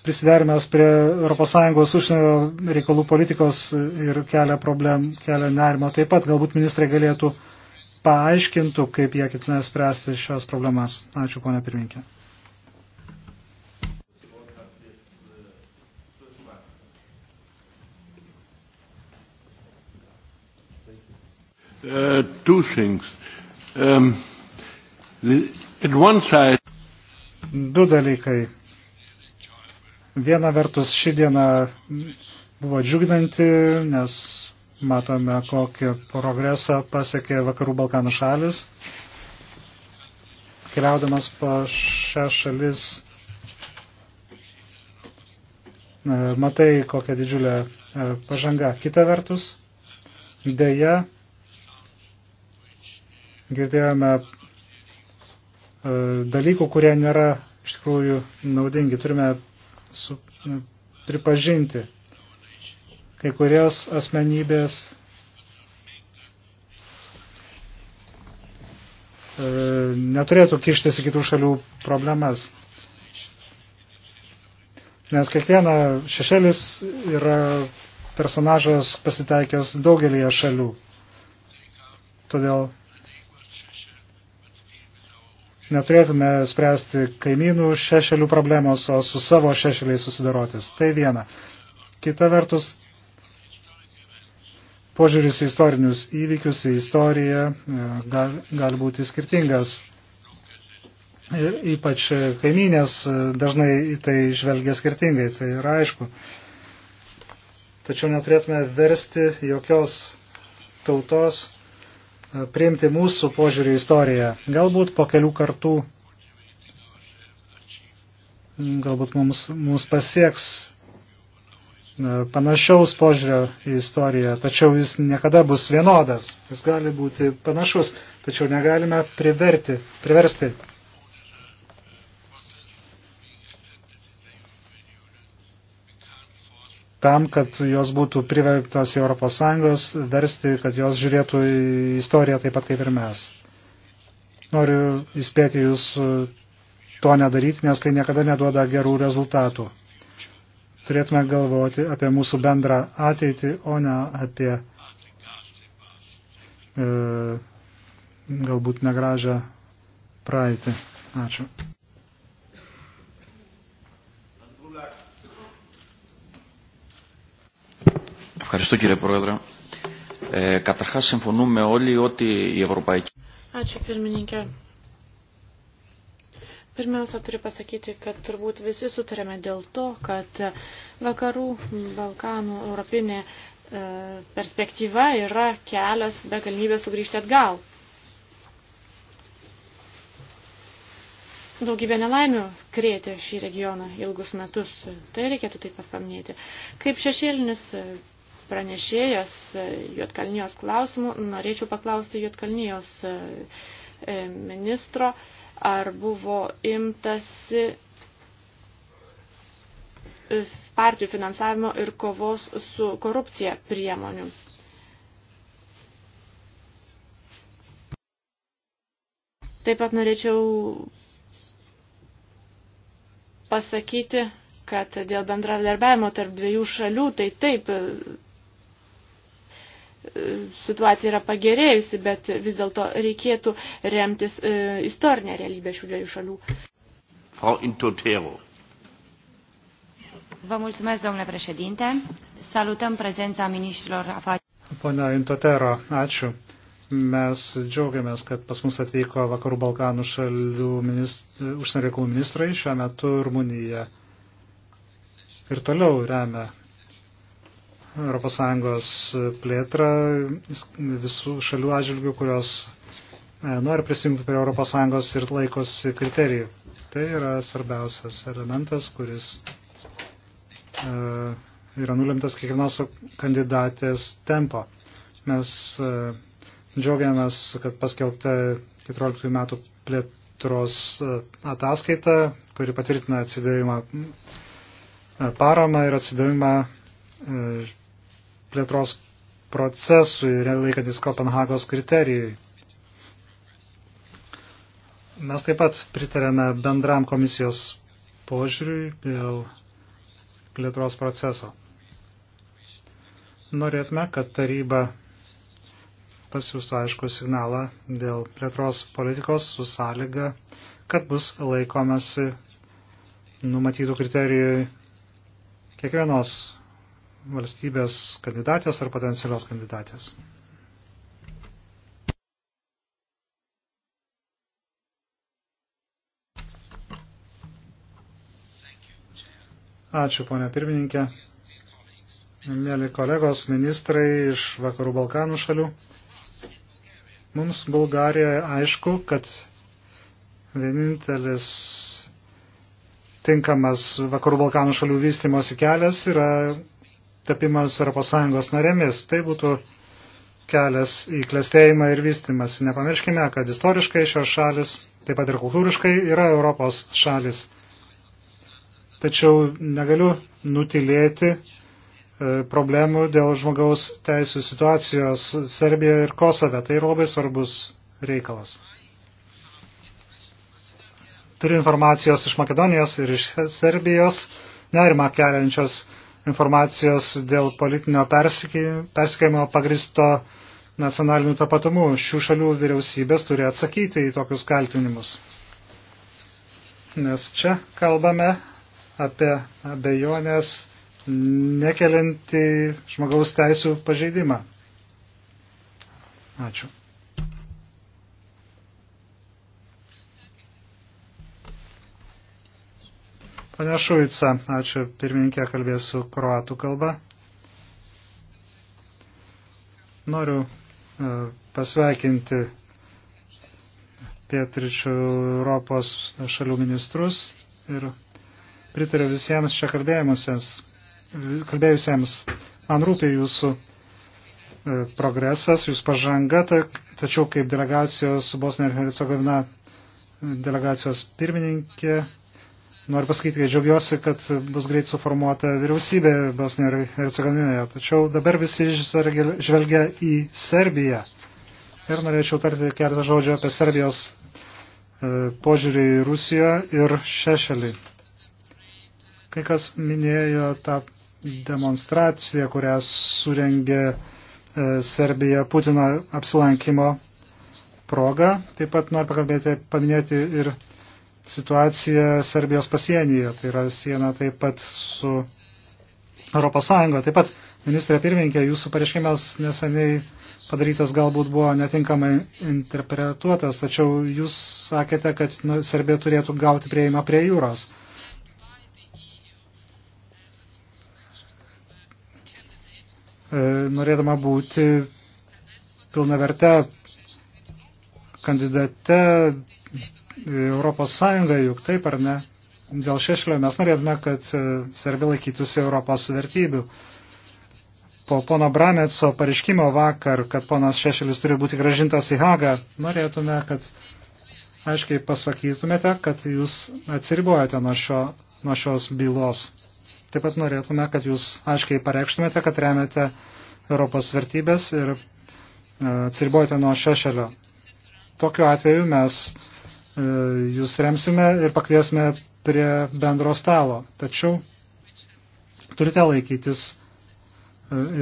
prisiderimas prie ES užsienio reikalų politikos ir kelia, problem, kelia nerimo. Taip pat galbūt ministrai galėtų uh, paaiškintų, kaip jie ketina spręsti šias problemas. Ačiū, ponia pirminkė. Uh, two things. Um, the, at one side... Du dalykai. Viena vertus ši diena buvo džiuginanti, nes Matome, kokį progresą pasiekė Vakarų Balkanų šalis. Keliaudamas po šią šalis, e, matai, kokia didžiulė e, pažanga. Kita vertus, dėja, girdėjome e, dalykų, kurie nėra iš tikrųjų naudingi. Turime su, pripažinti kai kurios asmenybės e, neturėtų kištis į kitų šalių problemas. Nes kiekviena šešėlis yra personažas pasitaikęs daugelįje šalių. Todėl neturėtume spręsti kaimynų šešėlių problemos, o su savo šešėliais susidarotis. Tai viena. Kita vertus, požiūris į istorinius įvykius, į istoriją e, gali, gali būti skirtingas. Ir ypač kaimynės e, dažnai į tai žvelgia skirtingai, tai yra aišku. Tačiau neturėtume versti jokios tautos e, priimti mūsų požiūrį į istoriją. Galbūt po kelių kartų, galbūt mums, mums pasieks E, panašaus požiūrio į istoriją, tačiau jis niekada bus vienodas, jis gali būti panašus, tačiau negalime priverti, priversti. Tam, kad jos būtų privertos į ES, versti, kad jos žiūrėtų į istoriją taip pat kaip ir mes. Noriu įspėti jūs e, to nedaryti, nes tai niekada neduoda gerų rezultatų turėtume galvoti apie mūsų bendrą ateitį, o ne apie e, galbūt negražią praeitį. Ačiū. Ευχαριστώ κύριε Πρόεδρε. Ε, καταρχάς συμφωνούμε όλοι ότι η Ευρωπαϊκή... Ačiū pirmininkė. Pirmiausia, turiu pasakyti, kad turbūt visi sutarėme dėl to, kad vakarų Balkanų europinė e, perspektyva yra kelias be galimybės sugrįžti atgal. Daugybė nelaimių krėtė šį regioną ilgus metus, tai reikėtų taip pat paminėti. Kaip šešėlinis pranešėjas Juotkalnijos klausimų, norėčiau paklausti Juotkalnijos e, ministro, ar buvo imtasi e, partijų finansavimo ir kovos su korupcija priemonių. Taip pat norėčiau pasakyti, kad dėl bendradarbiavimo tarp dviejų šalių, tai taip, e, situacija yra pagerėjusi, bet vis dėlto reikėtų remtis e, istorinę realybę šių dviejų šalių. Frau Intotero. Vă mulțumesc, domnule președinte. Salutăm prezența ministrilor afacerilor. Pone Intotero, ačiū. Mes džiaugiamės, kad pas mus atvyko Vakarų Balkanų šalių užsienio reikalų ministrai, šiuo metu Rumunija ir toliau remia ES plėtrą visų šalių atžvilgių, kurios e, nori prisijungti prie ES ir laikosi kriterijų. Tai yra svarbiausias elementas, kuris e, yra nulimtas kiekvienos kandidatės tempo. Mes e, džiaugiamės, kad paskelbta 14 metų plėtros ataskaita, kuri patvirtina atsidavimą paramą ir atsidavimą plėtros procesui, laikantis Kopenhagos kriterijui. Mes taip pat pritarėme bendram komisijos požiūriui dėl plėtros proceso. Norėtume, kad taryba pasiūstų aišku signalą dėl plėtros politikos su sąlyga, kad bus laikomasi numatytų kriterijų kiekvienos valstybės kandidatės ar potencialios kandidatės. Ačiū, ponė pirmininkė. Mėly kolegos, ministrai iš Vakarų Balkanų šalių. Mums Bulgarijoje aišku, kad vienintelis tinkamas Vakarų Balkanų šalių vystimosi kelias yra tapimas ES narėmis. Tai būtų kelias į klestėjimą ir vystimas. Nepamirškime, kad istoriškai šios šalis, taip pat ir kultūriškai, yra Europos šalis. Tačiau negaliu nutilėti e, problemų dėl žmogaus teisų situacijos Serbijoje ir Kosove. Tai yra labai svarbus reikalas. Turiu informacijos iš Makedonijos ir iš Serbijos nerimą keliančios informacijos dėl politinio persikėjimo pagristo nacionaliniu tapatumu. Šių šalių vyriausybės turi atsakyti į tokius kaltinimus. Nes čia kalbame apie abejonės nekelinti žmogaus teisų pažeidimą. Ačiū. Pane Šuica, ačiū pirmininkė, kalbėsiu kroatų kalba. Noriu e, pasveikinti pietričių Europos šalių ministrus ir pritariu visiems čia kalbėjusiems. Man rūpia jūsų e, progresas, jūsų pažanga, tačiau kaip delegacijos su Bosnija ir Hercegovina delegacijos pirmininkė Noriu pasakyti, kad džiaugiuosi, kad bus greit suformuota vyriausybė Bosnijoje ir Hercegovinoje. Tačiau dabar visi žvelgia į Serbiją. Ir norėčiau tarti keletą žodžių apie Serbijos e, požiūrį į Rusiją ir šešelį. Kai kas minėjo tą demonstraciją, kurią surengė e, Serbija Putino apsilankimo proga. Taip pat noriu pakalbėti, paminėti ir situacija Serbijos pasienyje, tai yra siena taip pat su ES. Taip pat, ministrė pirmininkė, jūsų pareiškimas neseniai padarytas galbūt buvo netinkamai interpretuotas, tačiau jūs sakėte, kad nu, Serbija turėtų gauti prieimą prie jūros. E, norėdama būti pilnaverte kandidate Europos Sąjungą, juk taip ar ne. Dėl šešlio mes norėtume, kad e, Serbija laikytųsi Europos vertybių. Po pono Brametso pareiškimo vakar, kad ponas Šešelis turi būti gražintas į Hagą, norėtume, kad aiškiai pasakytumėte, kad jūs atsiribojate nuo, šio, nuo šios bylos. Taip pat norėtume, kad jūs aiškiai pareikštumėte, kad remiate Europos vertybės ir e, atsiribojate nuo šešelio. Tokiu atveju mes E, jūs remsime ir pakviesime prie bendro stalo. Tačiau turite laikytis e,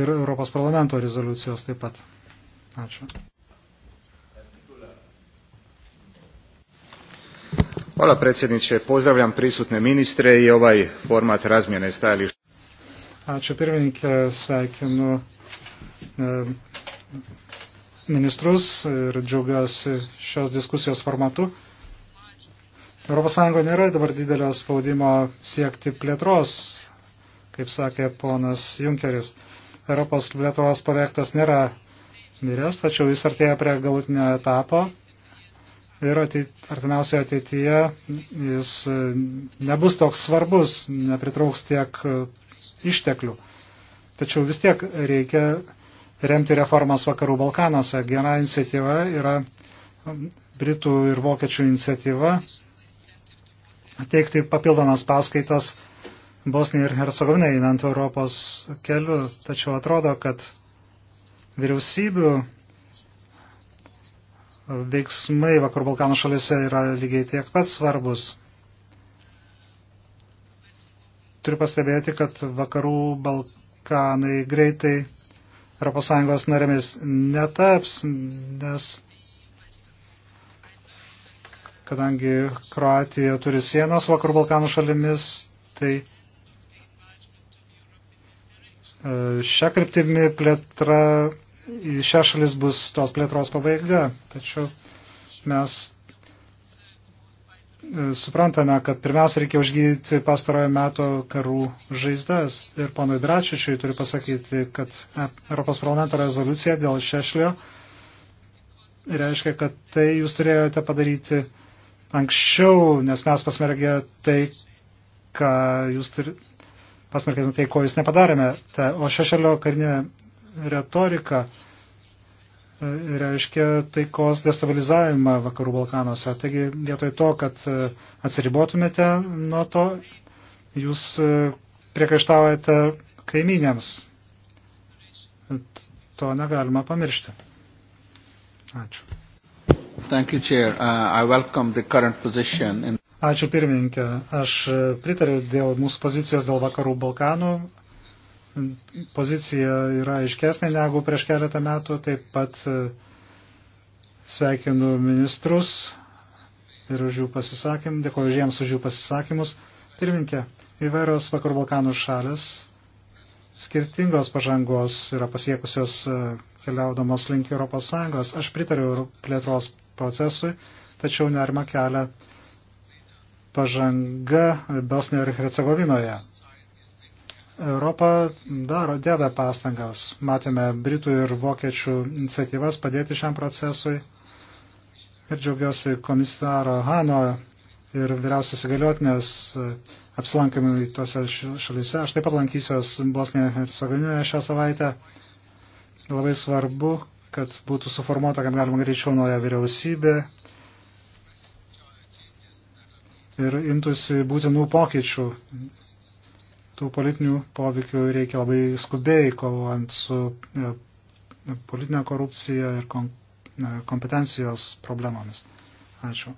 ir Europos parlamento rezoliucijos taip pat. Ačiū. Hvala predsjedniče, pozdravljam prisutne ministre i ovaj format razmjene stajališta. Ačiū pirmininkė, sveikinu e, ministrus ir džiaugiuosi šios diskusijos formatu. ES nėra dabar didelio spaudimo siekti plėtros, kaip sakė ponas Junkeris. Europos plėtros projektas nėra miręs, tačiau jis artėja prie galutinio etapo ir ateit, artimiausioje ateityje jis nebus toks svarbus, nepritrauks tiek išteklių. Tačiau vis tiek reikia remti reformas Vakarų Balkanuose. Gera iniciatyva yra Britų ir Vokiečių iniciatyva teikti papildomas paskaitas Bosnijai ir Hercegovinai einant Europos keliu, tačiau atrodo, kad vyriausybių veiksmai Vakarų Balkanų šalise yra lygiai tiek pat svarbus. Turiu pastebėti, kad Vakarų Balkanai greitai ES narėmis netaps, nes kadangi Kroatija turi sienos vakarų Balkanų šalimis, tai e, šią kryptimį plėtra į šią šalis bus tos plėtros pabaiga. Tačiau mes e, suprantame, kad pirmiausia reikia užgydyti pastarojo meto karų žaizdas. Ir ponui Dračičiui turiu pasakyti, kad Europos parlamento rezoliucija dėl šešlio reiškia, kad tai jūs turėjote padaryti anksčiau, nes mes pasmergė tai, ką jūs turite pasmerkėme tai, ko jūs nepadarėme. Ta, o šešelio karinė retorika e, reiškia taikos destabilizavimą vakarų Balkanuose. Taigi vietoj to, kad e, atsiribotumėte nuo to, jūs e, priekaištaujate kaimynėms. To negalima pamiršti. Ačiū thank you, Chair. Uh, I welcome the current position. In... Ačiū pirmininkė. Aš uh, pritariu dėl mūsų pozicijos dėl vakarų Balkanų. Pozicija yra aiškesnė negu prieš keletą metų. Taip pat uh, sveikinu ministrus ir už jų pasisakymą. Dėkuoju jiems už jų pasisakymus. Pirmininkė, įvairios vakarų Balkanų šalis skirtingos pažangos yra pasiekusios uh, keliaudamos link ES. Aš pritariu plėtros procesui, tačiau nerima kelia pažanga Bosnijoje ir Hercegovinoje. Europa daro, deda pastangas. Matėme Britų ir Vokiečių iniciatyvas padėti šiam procesui. Ir džiaugiuosi komisaro Hano ir vyriausios įgaliotinės apsilankimai tose šalyse. Aš taip pat lankysiuos Bosnijoje ir Hercegovinoje šią savaitę. Labai svarbu, kad būtų suformuota, kad galima greičiau nauja vyriausybė ir imtųsi būtinų pokyčių. Tų politinių poveikių reikia labai skubiai, kovant su e, politinė korupcija ir kom, e, kompetencijos problemomis. Ačiū.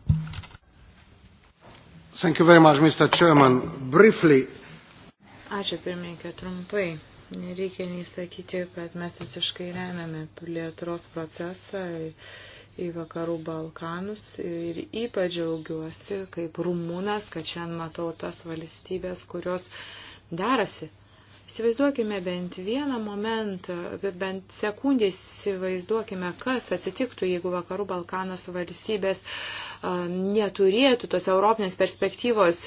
Thank you very much, Mr. Chairman. Briefly. Ačiū pirmininkė, trumpai Nereikia nei sakyti, kad mes visiškai remiame plėtros procesą į vakarų Balkanus ir ypač džiaugiuosi kaip rumūnas, kad šiandien matau tas valstybės, kurios derasi Įsivaizduokime bent vieną momentą, bent sekundę įsivaizduokime, kas atsitiktų, jeigu vakarų Balkanos valstybės neturėtų tos europinės perspektyvos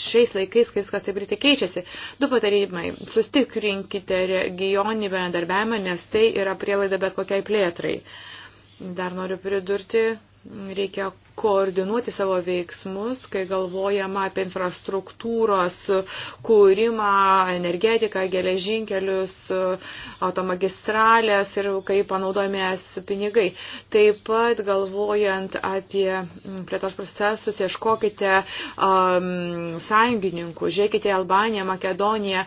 šiais laikais, kai viskas taip greitai keičiasi. Du patarimai. Sustikrinkite regioninį bendarbiavimą, nes tai yra prielaida bet kokiai plėtrai. Dar noriu pridurti, reikia koordinuoti savo veiksmus, kai galvojama apie infrastruktūros kūrimą, energetiką, geležinkelius, automagistralės ir kaip panaudojamės pinigai. Taip pat galvojant apie mm, plėtos procesus, ieškokite um, sąjungininkų, žiūrėkite Albaniją, Makedoniją,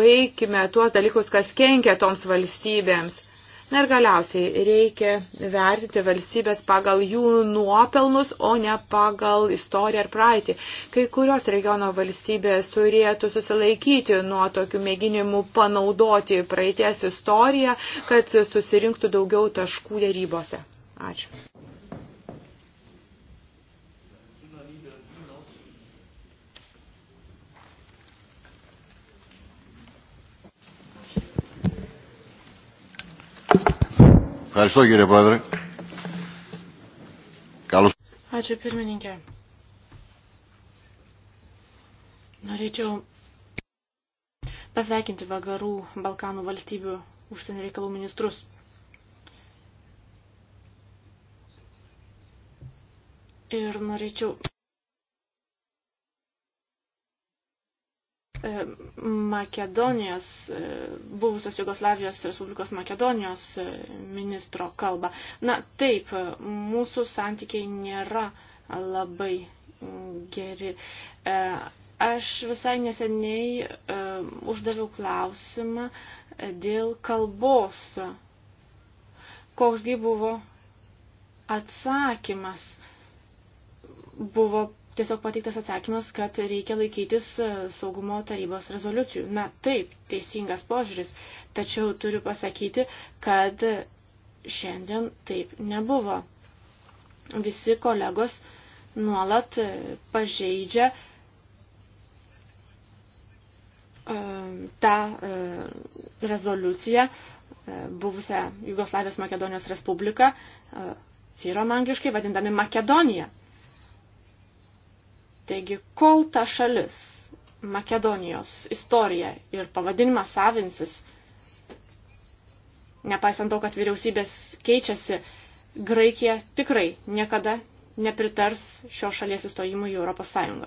baigime tuos dalykus, kas kenkia toms valstybėms Na ir galiausiai reikia vertinti valstybės pagal jų nuopelnus, o ne pagal istoriją ar praeitį. Kai kurios regiono valstybės turėtų susilaikyti nuo tokių mėginimų panaudoti praeities istoriją, kad susirinktų daugiau taškų dėrybose. Ačiū. Ευχαριστώ κύριε Πρόεδρε. Καλώς. Ačiū pirmininkė. Norėčiau pasveikinti vakarų Balkanų valstybių užsienio reikalų ministrus. Ir norėčiau E, Makedonijos, e, buvusios Jugoslavijos Respublikos Makedonijos e, ministro kalbą. Na taip, mūsų santykiai nėra labai geri. Aš visai neseniai uždaviau klausimą dėl kalbos. Koksgi buvo atsakymas? Buvo tiesiog pateiktas atsakymas, kad reikia laikytis e, saugumo tarybos rezoliucijų. Na taip, teisingas požiūris, tačiau turiu pasakyti, kad šiandien taip nebuvo. Visi kolegos nuolat e, pažeidžia e, tą rezoliuciją buvusią Jugoslavijos Makedonijos Respubliką, firom angliškai vadindami Makedoniją. Taigi, kol ta šalis, Makedonijos istorija ir pavadinimas savinsis, nepaisant to, kad vyriausybės keičiasi, Graikija tikrai niekada nepritars šios šalies įstojimui į Europos Sąjungą.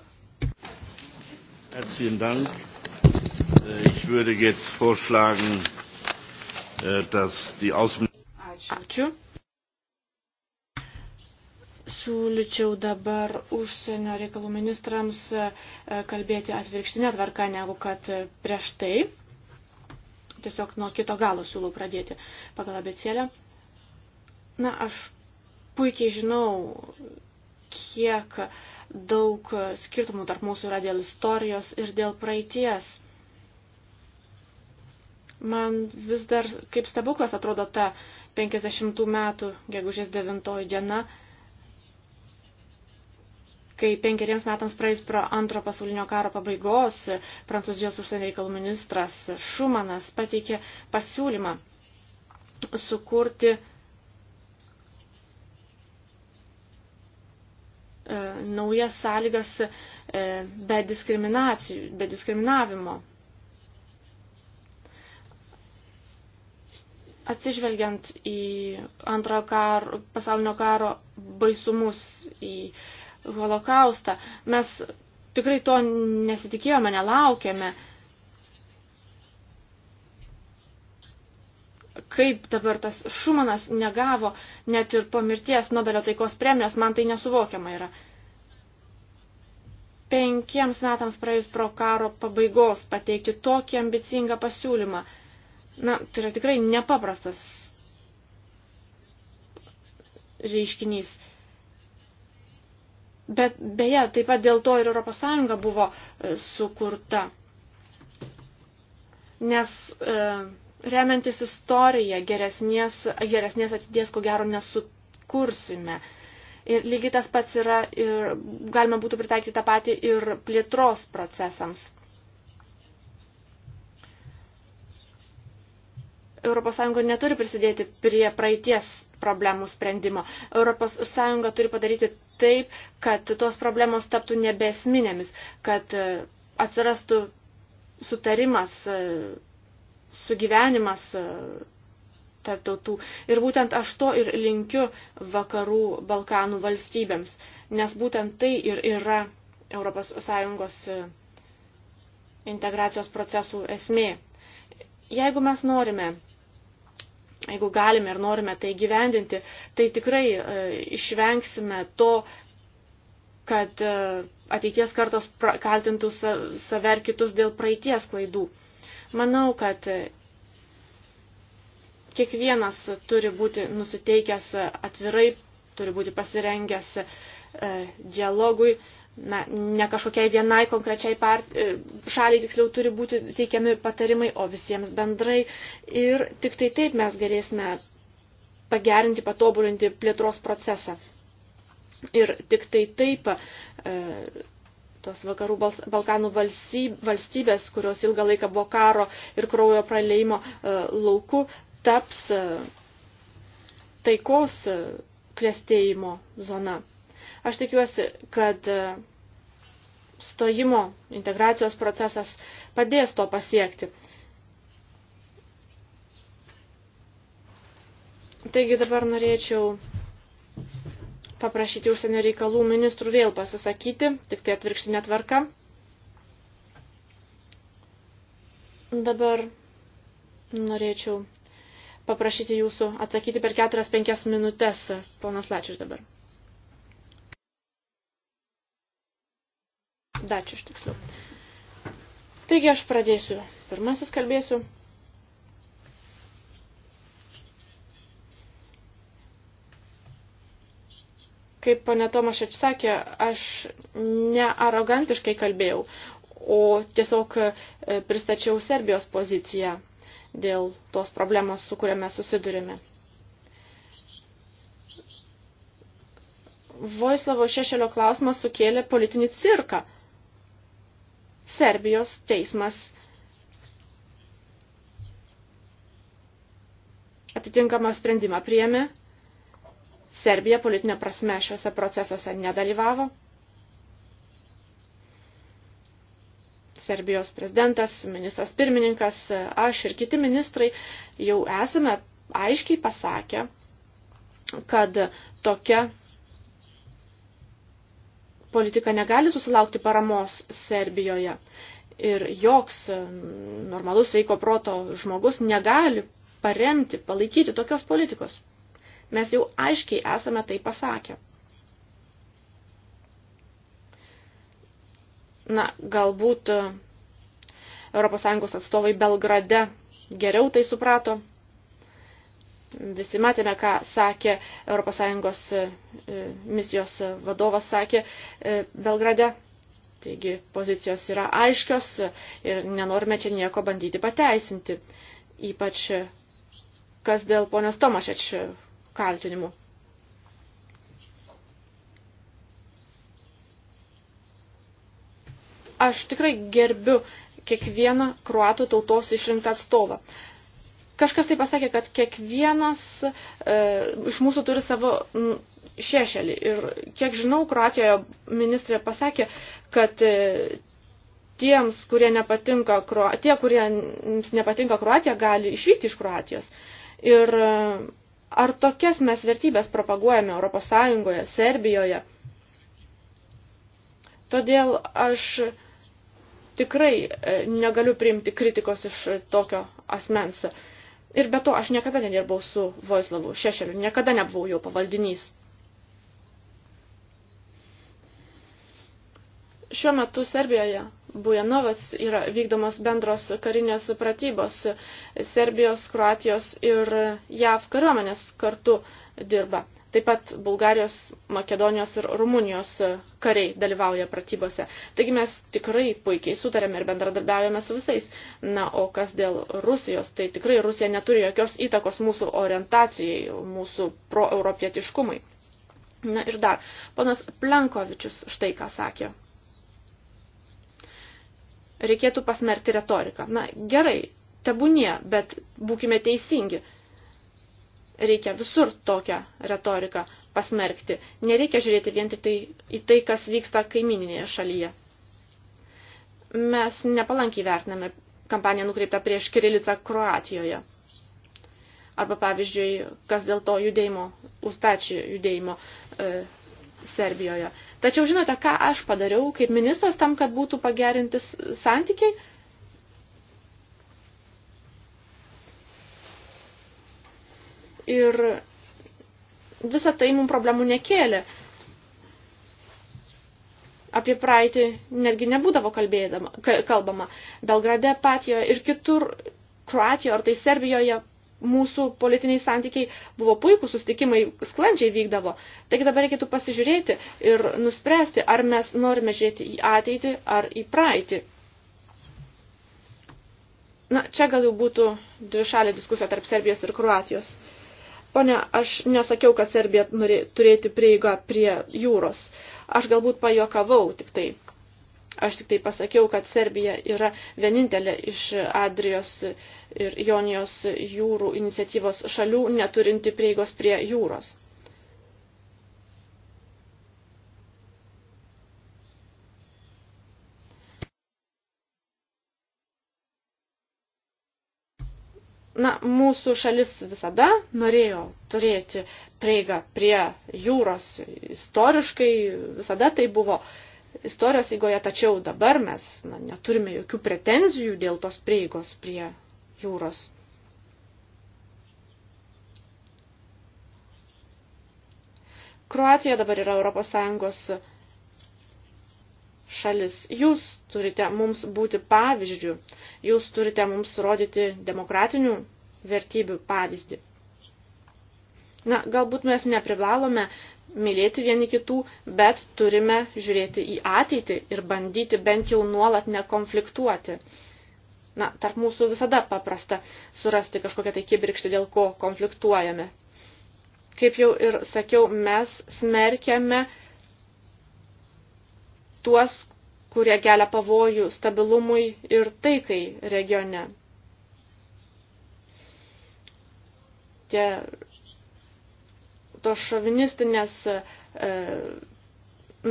Herzlichen Dank. Äh, ich würde jetzt vorschlagen, äh, dass die Außen... Ačiū siūlyčiau dabar užsienio reikalų ministrams e, kalbėti atvirkštinę tvarką negu kad prieš tai. Tiesiog nuo kito galo siūlau pradėti pagal abecėlę. Na, aš puikiai žinau, kiek daug skirtumų tarp mūsų yra dėl istorijos ir dėl praeities. Man vis dar kaip stebuklas atrodo ta 50 metų gegužės 9 diena, kai penkeriems metams praeis pro antro pasaulinio karo pabaigos, Prancūzijos užsienio reikalų ministras Šumanas pateikė pasiūlymą sukurti e, naujas sąlygas e, be, be diskriminavimo. Atsižvelgiant į antrojo karo, pasaulinio karo baisumus, į uh, holokaustą. Mes tikrai to nesitikėjome, nelaukėme. Kaip dabar tas Šumanas negavo net ir po mirties Nobelio taikos premijos, man tai nesuvokiama yra. Penkiems metams praėjus pro karo pabaigos pateikti tokį ambicingą pasiūlymą. Na, tai yra tikrai nepaprastas reiškinys. Bet beje, taip pat dėl to ir ES buvo e, sukurta. Nes e, remiantis istoriją geresnės, geresnės atidės ko gero nesukursime. Ir lygiai tas pats yra ir galima būtų pritaikyti tą patį ir plėtros procesams. ES neturi prisidėti prie praeities problemų sprendimo. ES turi padaryti taip, kad tos problemos taptų nebesminėmis, kad e, atsirastų sutarimas, e, sugyvenimas e, tarp tautų. Ir būtent aš to ir linkiu vakarų Balkanų valstybėms, nes būtent tai ir yra ES integracijos procesų esmė. Jeigu mes norime jeigu galime ir norime tai gyvendinti, tai tikrai e, išvengsime to, kad e, ateities kartos pra, kaltintų sa, save ar kitus dėl praeities klaidų. Manau, kad e, kiekvienas turi būti nusiteikęs atvirai, turi būti pasirengęs e, dialogui, na, ne kažkokiai vienai konkrečiai part... E, šaliai tiksliau turi būti teikiami patarimai, o visiems bendrai. Ir tik tai taip mes galėsime pagerinti, patobulinti plėtros procesą. Ir tik tai taip e, tos vakarų Bals Balkanų valstybės, kurios ilgą laiką buvo karo ir kraujo praleimo e, lauku, taps e, taikos e, klėstėjimo zona. Aš tikiuosi, kad e, stojimo integracijos procesas padės to pasiekti. Taigi dabar norėčiau paprašyti užsienio reikalų ministrų vėl pasisakyti, tik tai atvirkštinė tvarka. Dabar norėčiau paprašyti jūsų atsakyti per 4-5 minutės, ponas Lačius dabar. Dačiu iš tiksliau. Taigi aš pradėsiu. Pirmasis kalbėsiu. Kaip ponė Tomašeč sakė, aš nearogantiškai kalbėjau, o tiesiog e, pristačiau Serbijos poziciją dėl tos problemos, su kuria mes susidurime. Voislavo Šešelio klausimas sukėlė politinį cirką Serbijos teismas atitinkamą sprendimą priėmė. Serbija politinė prasme šiuose procesuose nedalyvavo. Serbijos prezidentas, ministras pirmininkas, aš ir kiti ministrai jau esame aiškiai pasakę, kad tokia politika negali susilaukti paramos Serbijoje. Ir joks e, normalus sveiko proto žmogus negali paremti, palaikyti tokios politikos. Mes jau aiškiai esame tai pasakę. Na, galbūt ES atstovai Belgrade geriau tai suprato, Visi matėme, ką sakė ES e, e, misijos vadovas, sakė e, Belgrade. Taigi pozicijos yra aiškios ir nenorime čia nieko bandyti pateisinti, ypač kas dėl ponios Tomašeč kaltinimų. Aš tikrai gerbiu kiekvieną kruatų tautos išrinktą atstovą. Kažkas tai pasakė, kad kiekvienas e, iš mūsų turi savo m, šešelį. Ir kiek žinau, Kroatijoje ministrė pasakė, kad e, tiems, kurie nepatinka, tie, kuriems nepatinka Kroatija, gali išvykti iš Kroatijos. Ir e, ar tokias mes vertybės propaguojame Europos Sąjungoje, Serbijoje? Todėl aš tikrai e, negaliu priimti kritikos iš tokio asmens. Ir be to, aš niekada nedirbau su Voislavu Šešeliu, niekada nebuvau jo pavaldinys. Šiuo metu Serbijoje Bujanovas yra vykdomas bendros karinės pratybos. Serbijos, Kroatijos ir JAV kariuomenės kartu dirba. Taip pat Bulgarijos, Makedonijos ir Rumunijos e, kariai dalyvauja pratybose. Taigi mes tikrai puikiai sutarėme ir bendradarbiaujame su visais. Na, o kas dėl Rusijos, tai tikrai Rusija neturi jokios įtakos mūsų orientacijai, mūsų proeuropietiškumui. Na ir dar, ponas Plenkovičius štai ką sakė reikėtų pasmerkti retoriką. Na, gerai, tebūnie, bet būkime teisingi reikia visur tokią retoriką pasmerkti. Nereikia žiūrėti vien tik tai į tai, kas vyksta kaimininėje šalyje. Mes nepalankiai vertiname kampaniją nukreiptą prieš Kirilicą Kroatijoje. Arba pavyzdžiui, kas dėl to judėjimo, ustačių judėjimo e, Serbijoje. Tačiau žinote, ką aš padariau kaip ministras tam, kad būtų pagerintis santykiai? ir visa tai mums problemų nekėlė. Apie praeitį netgi nebūdavo kalbama. Belgrade, Patijoje ir kitur, Kroatijoje ar tai Serbijoje mūsų politiniai santykiai buvo puikūs, sustikimai sklandžiai vykdavo. Taigi dabar reikėtų pasižiūrėti ir nuspręsti, ar mes norime žiūrėti į ateitį ar į praeitį. Na, čia gal jau būtų dvišalė diskusija tarp Serbijos ir Kroatijos. Pone, aš nesakiau, kad Serbija norė, turėti prieigą prie jūros. Aš galbūt pajokavau tik tai. Aš tik tai pasakiau, kad Serbija yra vienintelė iš Adrijos ir Jonijos jūrų iniciatyvos šalių neturinti prieigos prie jūros. Na, mūsų šalis visada norėjo turėti prieigą prie jūros istoriškai, visada tai buvo istorijos eigoje, tačiau dabar mes na, neturime jokių pretenzijų dėl tos prieigos prie jūros. Kroatija dabar yra ES šalis. Jūs turite mums būti pavyzdžių, jūs turite mums rodyti demokratinių vertybių pavyzdį. Na, galbūt mes neprivalome mylėti vieni kitų, bet turime žiūrėti į ateitį ir bandyti bent jau nuolat nekonfliktuoti. Na, tarp mūsų visada paprasta surasti kažkokią tai kibirkštį, dėl ko konfliktuojame. Kaip jau ir sakiau, mes smerkiame uh, tuos, kurie kelia pavojų stabilumui ir taikai regione. Tie tos šovinistinės, e,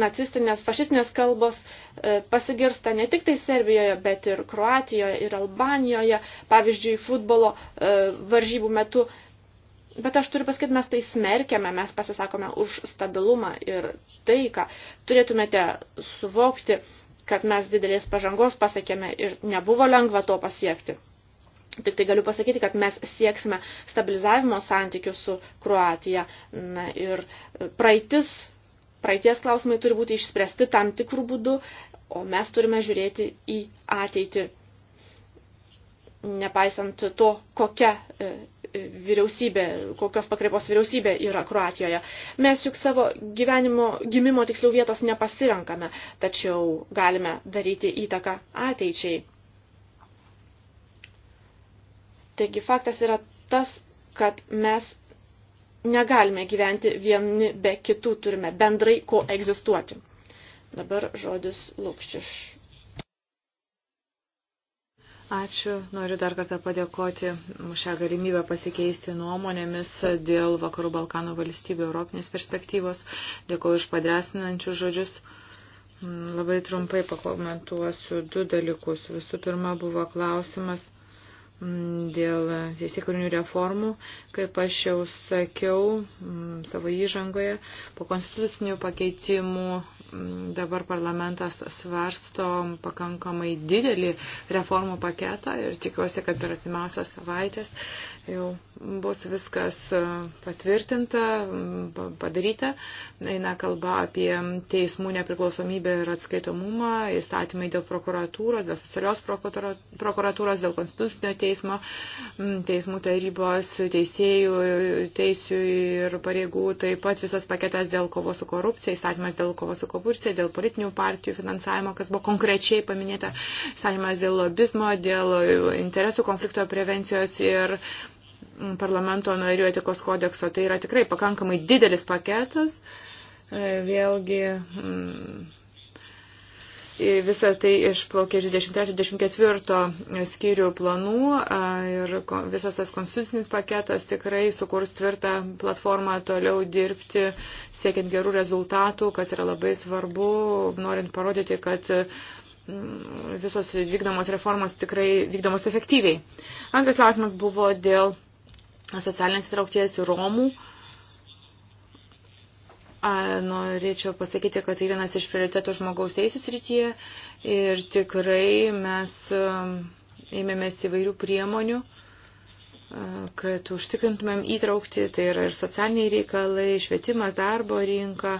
nacistinės, fašistinės kalbos e, pasigirsta ne tik tai Serbijoje, bet ir Kroatijoje ir Albanijoje. Pavyzdžiui, futbolo e, varžybų metu Bet aš turiu pasakyti, mes tai smerkiame, mes pasisakome už stabilumą ir taiką. Turėtumėte suvokti, kad mes didelės pažangos pasiekėme ir nebuvo lengva to pasiekti. Tik tai galiu pasakyti, kad mes sieksime stabilizavimo santykių su Kroatija. Na, ir praeitis, praeities klausimai turi būti išspręsti tam tikrų būdų, o mes turime žiūrėti į ateitį. Nepaisant to, kokia e, vyriausybė, kokios pakraipos vyriausybė yra Kroatijoje. Mes juk savo gyvenimo, gimimo tiksliau vietos nepasirenkame, tačiau galime daryti įtaką ateičiai. Taigi faktas yra tas, kad mes negalime gyventi vieni be kitų, turime bendrai koegzistuoti. Dabar žodis Lukščiš Ačiū. Noriu dar kartą padėkoti už šią galimybę pasikeisti nuomonėmis dėl Vakarų Balkanų valstybių Europinės perspektyvos. Dėkuoju už padresinančius žodžius. Labai trumpai pakomentuosiu du dalykus. Visų pirma, buvo klausimas dėl teisėkurinių reformų. Kaip aš jau sakiau savo įžangoje, po konstitucinių pakeitimų dabar parlamentas svarsto pakankamai didelį reformų paketą ir tikiuosi, kad per atimiausias savaitės jau bus viskas e, patvirtinta, padaryta. Eina kalba apie teismų nepriklausomybę ir atskaitomumą, įstatymai dėl prokuratūros, dėl oficialios prokuratūros, dėl konstitucinio teismo, teismų tarybos, teisėjų, teisų ir pareigų, taip pat visas paketas dėl kovos su korupcija, įstatymas dėl kovos su korupcija Burcija, dėl politinių partijų finansavimo, kas buvo konkrečiai paminėta, sąlymas dėl lobizmo, dėl interesų konflikto prevencijos ir parlamento narių etikos kodekso. Tai yra tikrai pakankamai didelis paketas. Vėlgi. Mm, Visa tai išplaukė 23-24 skyrių planų ir visas tas konstitucinis paketas tikrai sukurs tvirtą platformą toliau dirbti, siekiant gerų rezultatų, kas yra labai svarbu, norint parodyti, kad mm, visos vykdomos reformos tikrai vykdomos efektyviai. Antras klausimas buvo dėl socialinės įtraukties ir Romų. Uh, Norėčiau pasakyti, kad tai vienas iš prioritetų žmogaus teisų srityje ir tikrai mes um, ėmėmės įvairių priemonių, kad užtikrintumėm įtraukti, tai yra ir socialiniai reikalai, švietimas, darbo rinka,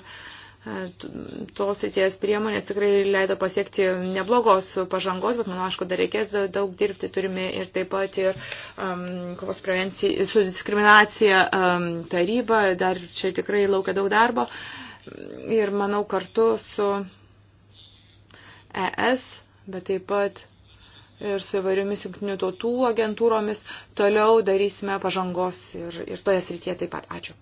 tos įties priemonės tikrai leido pasiekti neblogos pažangos, bet manau, aišku, dar reikės daug dirbti, turime ir taip pat ir um, kovos prevencija su diskriminacija um, taryba, dar čia tikrai laukia daug darbo ir manau kartu su ES, bet taip pat ir su įvairiomis jungtinių tautų agentūromis toliau darysime pažangos ir, ir toje srityje taip pat. Ačiū.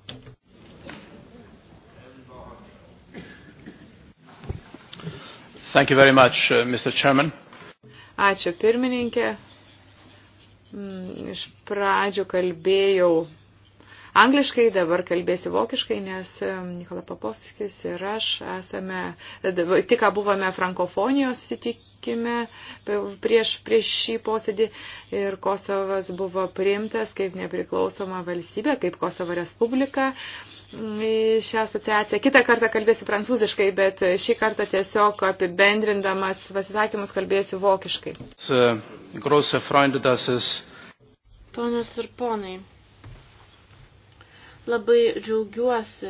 Thank you very much, uh, Mr. Chairman. Ačiū pirmininkė. Mm, iš pradžių kalbėjau angliškai, dabar kalbėsiu vokiškai, nes Nikola Papovskis ir aš esame, e, tik buvome frankofonijos sitikime prieš, prieš šį posėdį ir Kosovas buvo priimtas kaip nepriklausoma valstybė, kaip Kosovo Respublika mm, į šią asociaciją. Kitą kartą kalbėsiu prancūziškai, bet šį kartą tiesiog apibendrindamas pasisakymus kalbėsiu vokiškai. Uh, Ponas ir ponai, Labai džiaugiuosi,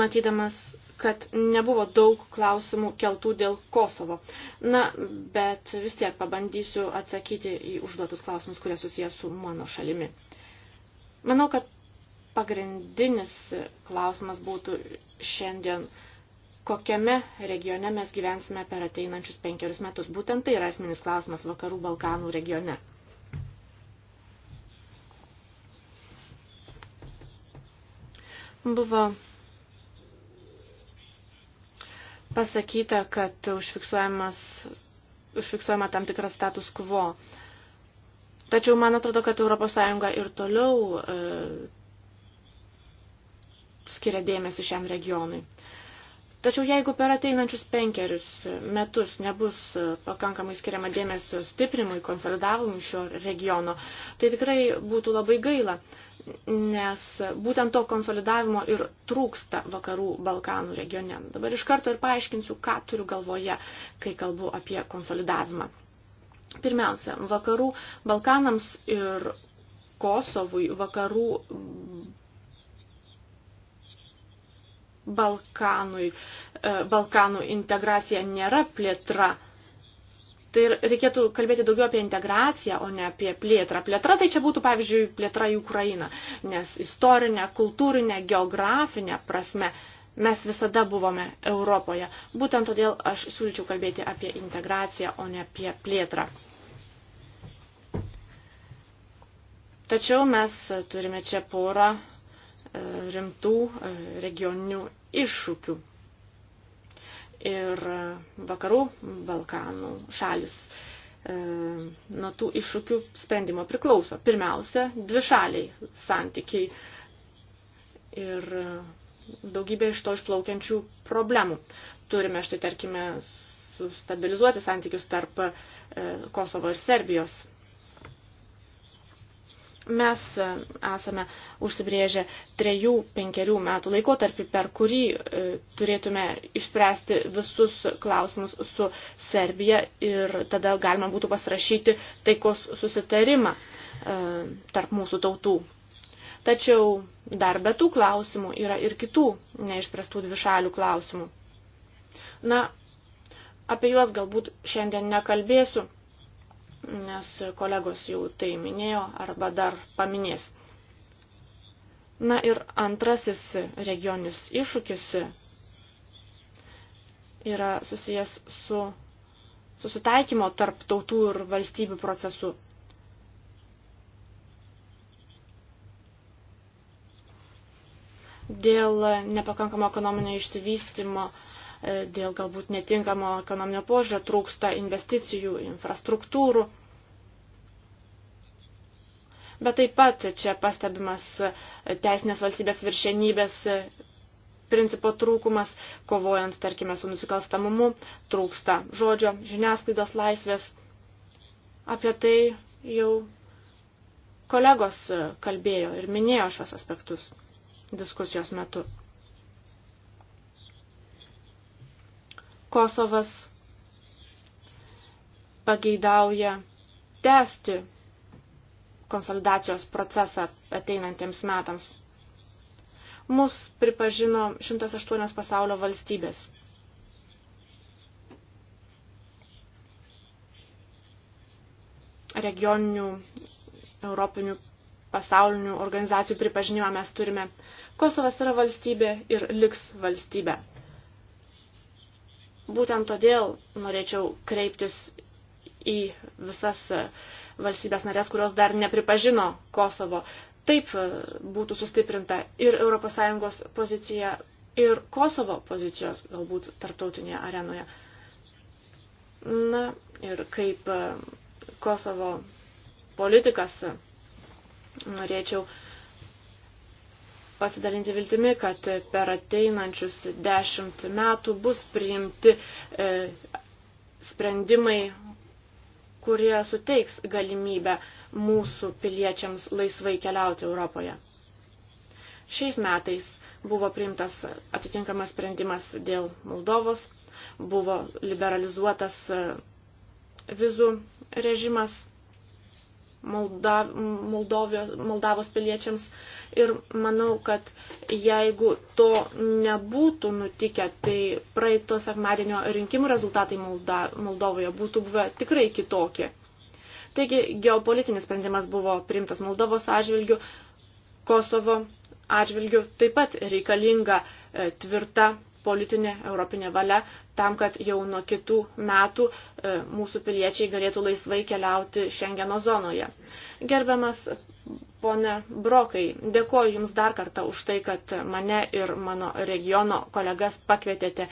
matydamas, kad nebuvo daug klausimų keltų dėl Kosovo. Na, bet vis tiek pabandysiu atsakyti į užduotus klausimus, kurie susijęs su mano šalimi. Manau, kad pagrindinis klausimas būtų šiandien, kokiame regione mes gyvensime per ateinančius penkerius metus. Būtent tai yra esminis klausimas Vakarų Balkanų regione. Buvo pasakyta, kad užfiksuojamas, užfiksuojama tam tikras status quo. Tačiau man atrodo, kad ES ir toliau e, skiria dėmesį šiam regionui. E, Tačiau jeigu per ateinančius penkerius metus nebus e, pakankamai skiriama dėmesio stiprimui, konsolidavimui šio regiono, tai tikrai būtų labai gaila, nes būtent to konsolidavimo ir trūksta vakarų Balkanų regione. Dabar iš karto ir paaiškinsiu, ką turiu galvoje, kai kalbu apie konsolidavimą. Pirmiausia, vakarų Balkanams ir Kosovui vakarų Balkanui, e, Balkanų integracija nėra plėtra. Tai reikėtų kalbėti daugiau apie integraciją, o ne apie plėtrą. Plėtra tai čia būtų, pavyzdžiui, plėtra į Ukrainą, nes istorinė, kultūrinė, geografinė prasme mes visada buvome Europoje. Būtent todėl aš siūlyčiau kalbėti apie integraciją, o ne apie plėtrą. Tačiau mes turime čia porą e, rimtų e, regioninių iššūkių. Ir vakarų Balkanų šalis e, nuo tų iššūkių sprendimo priklauso. Pirmiausia, dvi šaliai santykiai ir daugybė iš to išplaukiančių problemų. Turime štai, tarkime, sustabilizuoti santykius tarp e, Kosovo ir Serbijos. Mes esame užsibrėžę trejų, penkerių metų laikotarpį, per kurį e, turėtume išspręsti visus klausimus su Serbija ir tada galima būtų pasirašyti taikos susitarimą e, tarp mūsų tautų. Tačiau dar be tų klausimų yra ir kitų neišspręstų dvišalių klausimų. Na, apie juos galbūt šiandien nekalbėsiu, nes kolegos jau tai minėjo arba dar paminės. Na ir antrasis regionis iššūkis yra susijęs su susitaikymo tarp tautų ir valstybių procesu. Dėl nepakankamo ekonominio išsivystimo e, dėl galbūt netinkamo ekonominio požiūrio trūksta investicijų, infrastruktūrų bet taip pat čia pastebimas teisinės valstybės viršenybės principo trūkumas, kovojant, tarkime, su nusikalstamumu, trūksta žodžio, žiniasklaidos laisvės. Apie tai jau kolegos kalbėjo ir minėjo šios aspektus diskusijos metu. Kosovas pageidauja tęsti konsolidacijos procesą ateinantiems metams. Mus pripažino 108 pasaulio valstybės. Regioninių, europinių, pasaulinių organizacijų pripažinimą mes turime. Kosovas yra valstybė ir liks valstybė. Būtent todėl norėčiau kreiptis į visas uh, valstybės narės, kurios dar nepripažino Kosovo. Taip e, būtų sustiprinta ir ES pozicija, ir Kosovo pozicijos galbūt tarptautinėje arenoje. Na ir kaip e, Kosovo politikas e, norėčiau pasidalinti viltimi, kad per ateinančius dešimt metų bus priimti e, sprendimai, kurie suteiks galimybę mūsų piliečiams laisvai keliauti Europoje. Šiais metais buvo priimtas atitinkamas sprendimas dėl Moldovos, buvo liberalizuotas vizų režimas Molda, Moldovio, Moldavos piliečiams ir manau, kad jeigu to nebūtų nutikę, tai praeito sekmadienio rinkimų rezultatai Molda, Moldovoje būtų buvę tikrai kitokie. Taigi geopolitinis sprendimas buvo priimtas Moldovos atžvilgių, Kosovo atžvilgių taip pat reikalinga e, tvirta politinė europinė valia tam, kad jau nuo kitų metų e, mūsų piliečiai galėtų laisvai keliauti Šengeno zonoje. Gerbiamas Pone Brokai, dėkuoju Jums dar kartą už tai, kad mane ir mano regiono kolegas pakvietėte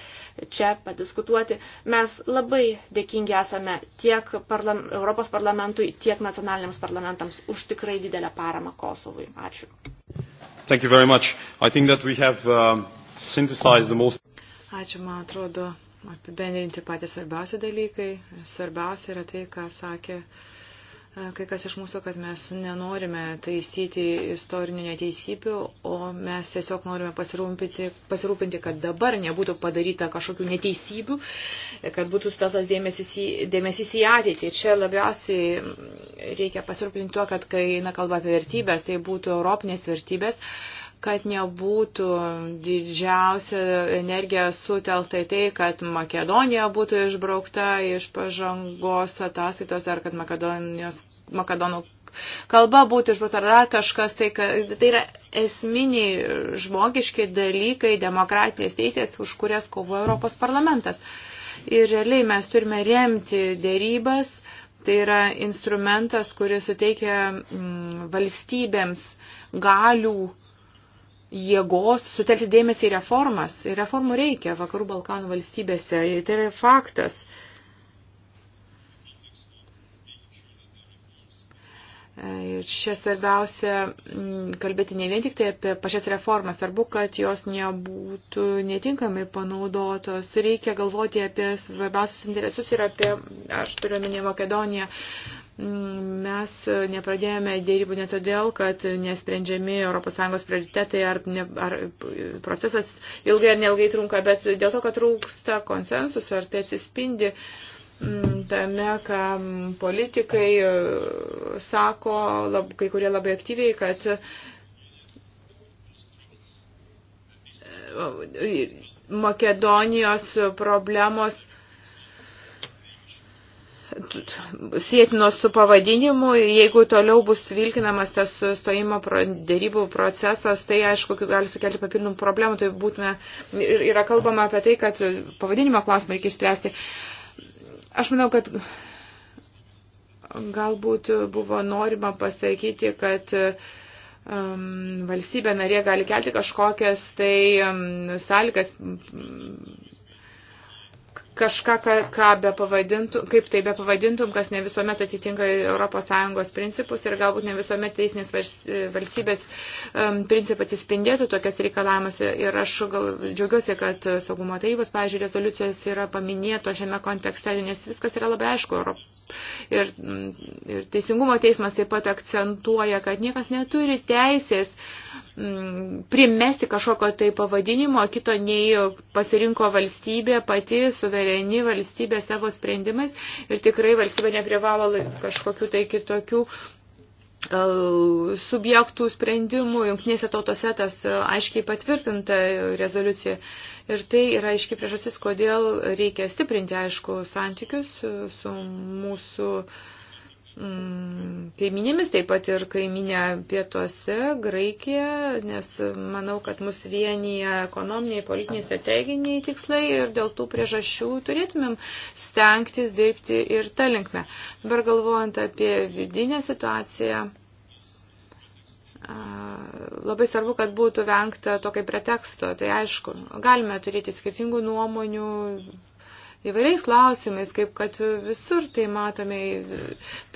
čia padiskutuoti. Mes labai dėkingi esame tiek parlam, Europos parlamentui, tiek nacionaliniams parlamentams už tikrai didelę paramą Kosovui. Ačiū. Thank you very much. I think that we have um, synthesize the most. Ačiū, man atrodo, apibendrinti patys svarbiausi dalykai. Svarbiausia yra tai, ką sakė e, kai kas iš mūsų, kad mes nenorime taisyti istorinių neteisybių, o mes tiesiog norime pasirūpinti, pasirūpinti, kad dabar nebūtų padaryta kažkokių neteisybių, kad būtų suteltas dėmesys, į, dėmesys į ateitį. Čia labiausiai reikia pasirūpinti tuo, kad kai eina kalba apie vertybės, tai būtų europinės vertybės kad nebūtų didžiausia energija sutelkta į tai, kad Makedonija būtų išbraukta iš pažangos ataskaitos ar kad Makedonijos, Makedonų kalba būtų išbraukta ar dar kažkas. Tai, tai yra esminiai žmogiški dalykai, demokratinės teisės, už kurias kovoja Europos parlamentas. Ir realiai mes turime remti dėrybas. Tai yra instrumentas, kuris suteikia mm, valstybėms galių jėgos sutelkti dėmesį į reformas. Ir reformų reikia vakarų Balkanų valstybėse. Tai yra faktas. Ir čia svarbiausia mm, kalbėti ne vien tik tai apie pačias reformas, svarbu, kad jos nebūtų netinkamai panaudotos. Reikia galvoti apie svarbiausius interesus ir apie, aš turiu minį Makedoniją, Mes nepradėjome dėrybų ne todėl, kad nesprendžiami ES prioritetai ar, ne, ar procesas ilgai ar neilgai trunka, bet dėl to, kad trūksta konsensuso, ar tai atsispindi mm, tame, ką politikai e, sako, lab, kai kurie labai aktyviai, kad e, Makedonijos problemos sėtinos su pavadinimu, jeigu toliau bus vilkinamas tas stojimo dėrybų procesas, tai aišku, gali sukelti papildomų problemų, tai būtina, yra kalbama apie tai, kad pavadinimo klausimą reikia išspręsti. Aš manau, kad galbūt buvo norima pasakyti, kad um, valstybė narė gali kelti kažkokias tai um, sąlygas kažką, ką, ką be pavadintum, kaip tai be pavadintum, kas ne visuomet atitinka ES principus ir galbūt ne visuomet teisinės valstybės principai atsispindėtų tokias reikalavimas. Ir aš gal džiaugiuosi, kad saugumo tarybos, pavyzdžiui, rezoliucijos yra paminėto šiame kontekste, nes viskas yra labai aišku. Ir, ir teisingumo teismas taip pat akcentuoja, kad niekas neturi teisės uh, Mm, primesti kažkokio tai pavadinimo, kito nei pasirinko valstybė pati, suvereni valstybė savo sprendimais ir tikrai valstybė neprivalo kažkokių tai kitokių e, subjektų sprendimų, jungtinėse tautose tas e, aiškiai patvirtinta rezoliucija. Ir tai yra aiškiai priežasis, kodėl reikia stiprinti, aišku, santykius e, su mūsų uh, Mm, kaiminėmis, taip pat ir kaiminė pietuose, Graikija, nes manau, kad mus vienyje ekonominiai, politiniai, strateginiai tikslai ir dėl tų priežasčių turėtumėm stengtis dirbti ir tą linkmę. Dabar galvojant apie vidinę situaciją. Labai svarbu, kad būtų vengta to kaip preteksto. Tai aišku, galime turėti skirtingų nuomonių, įvairiais klausimais, kaip kad visur tai matome.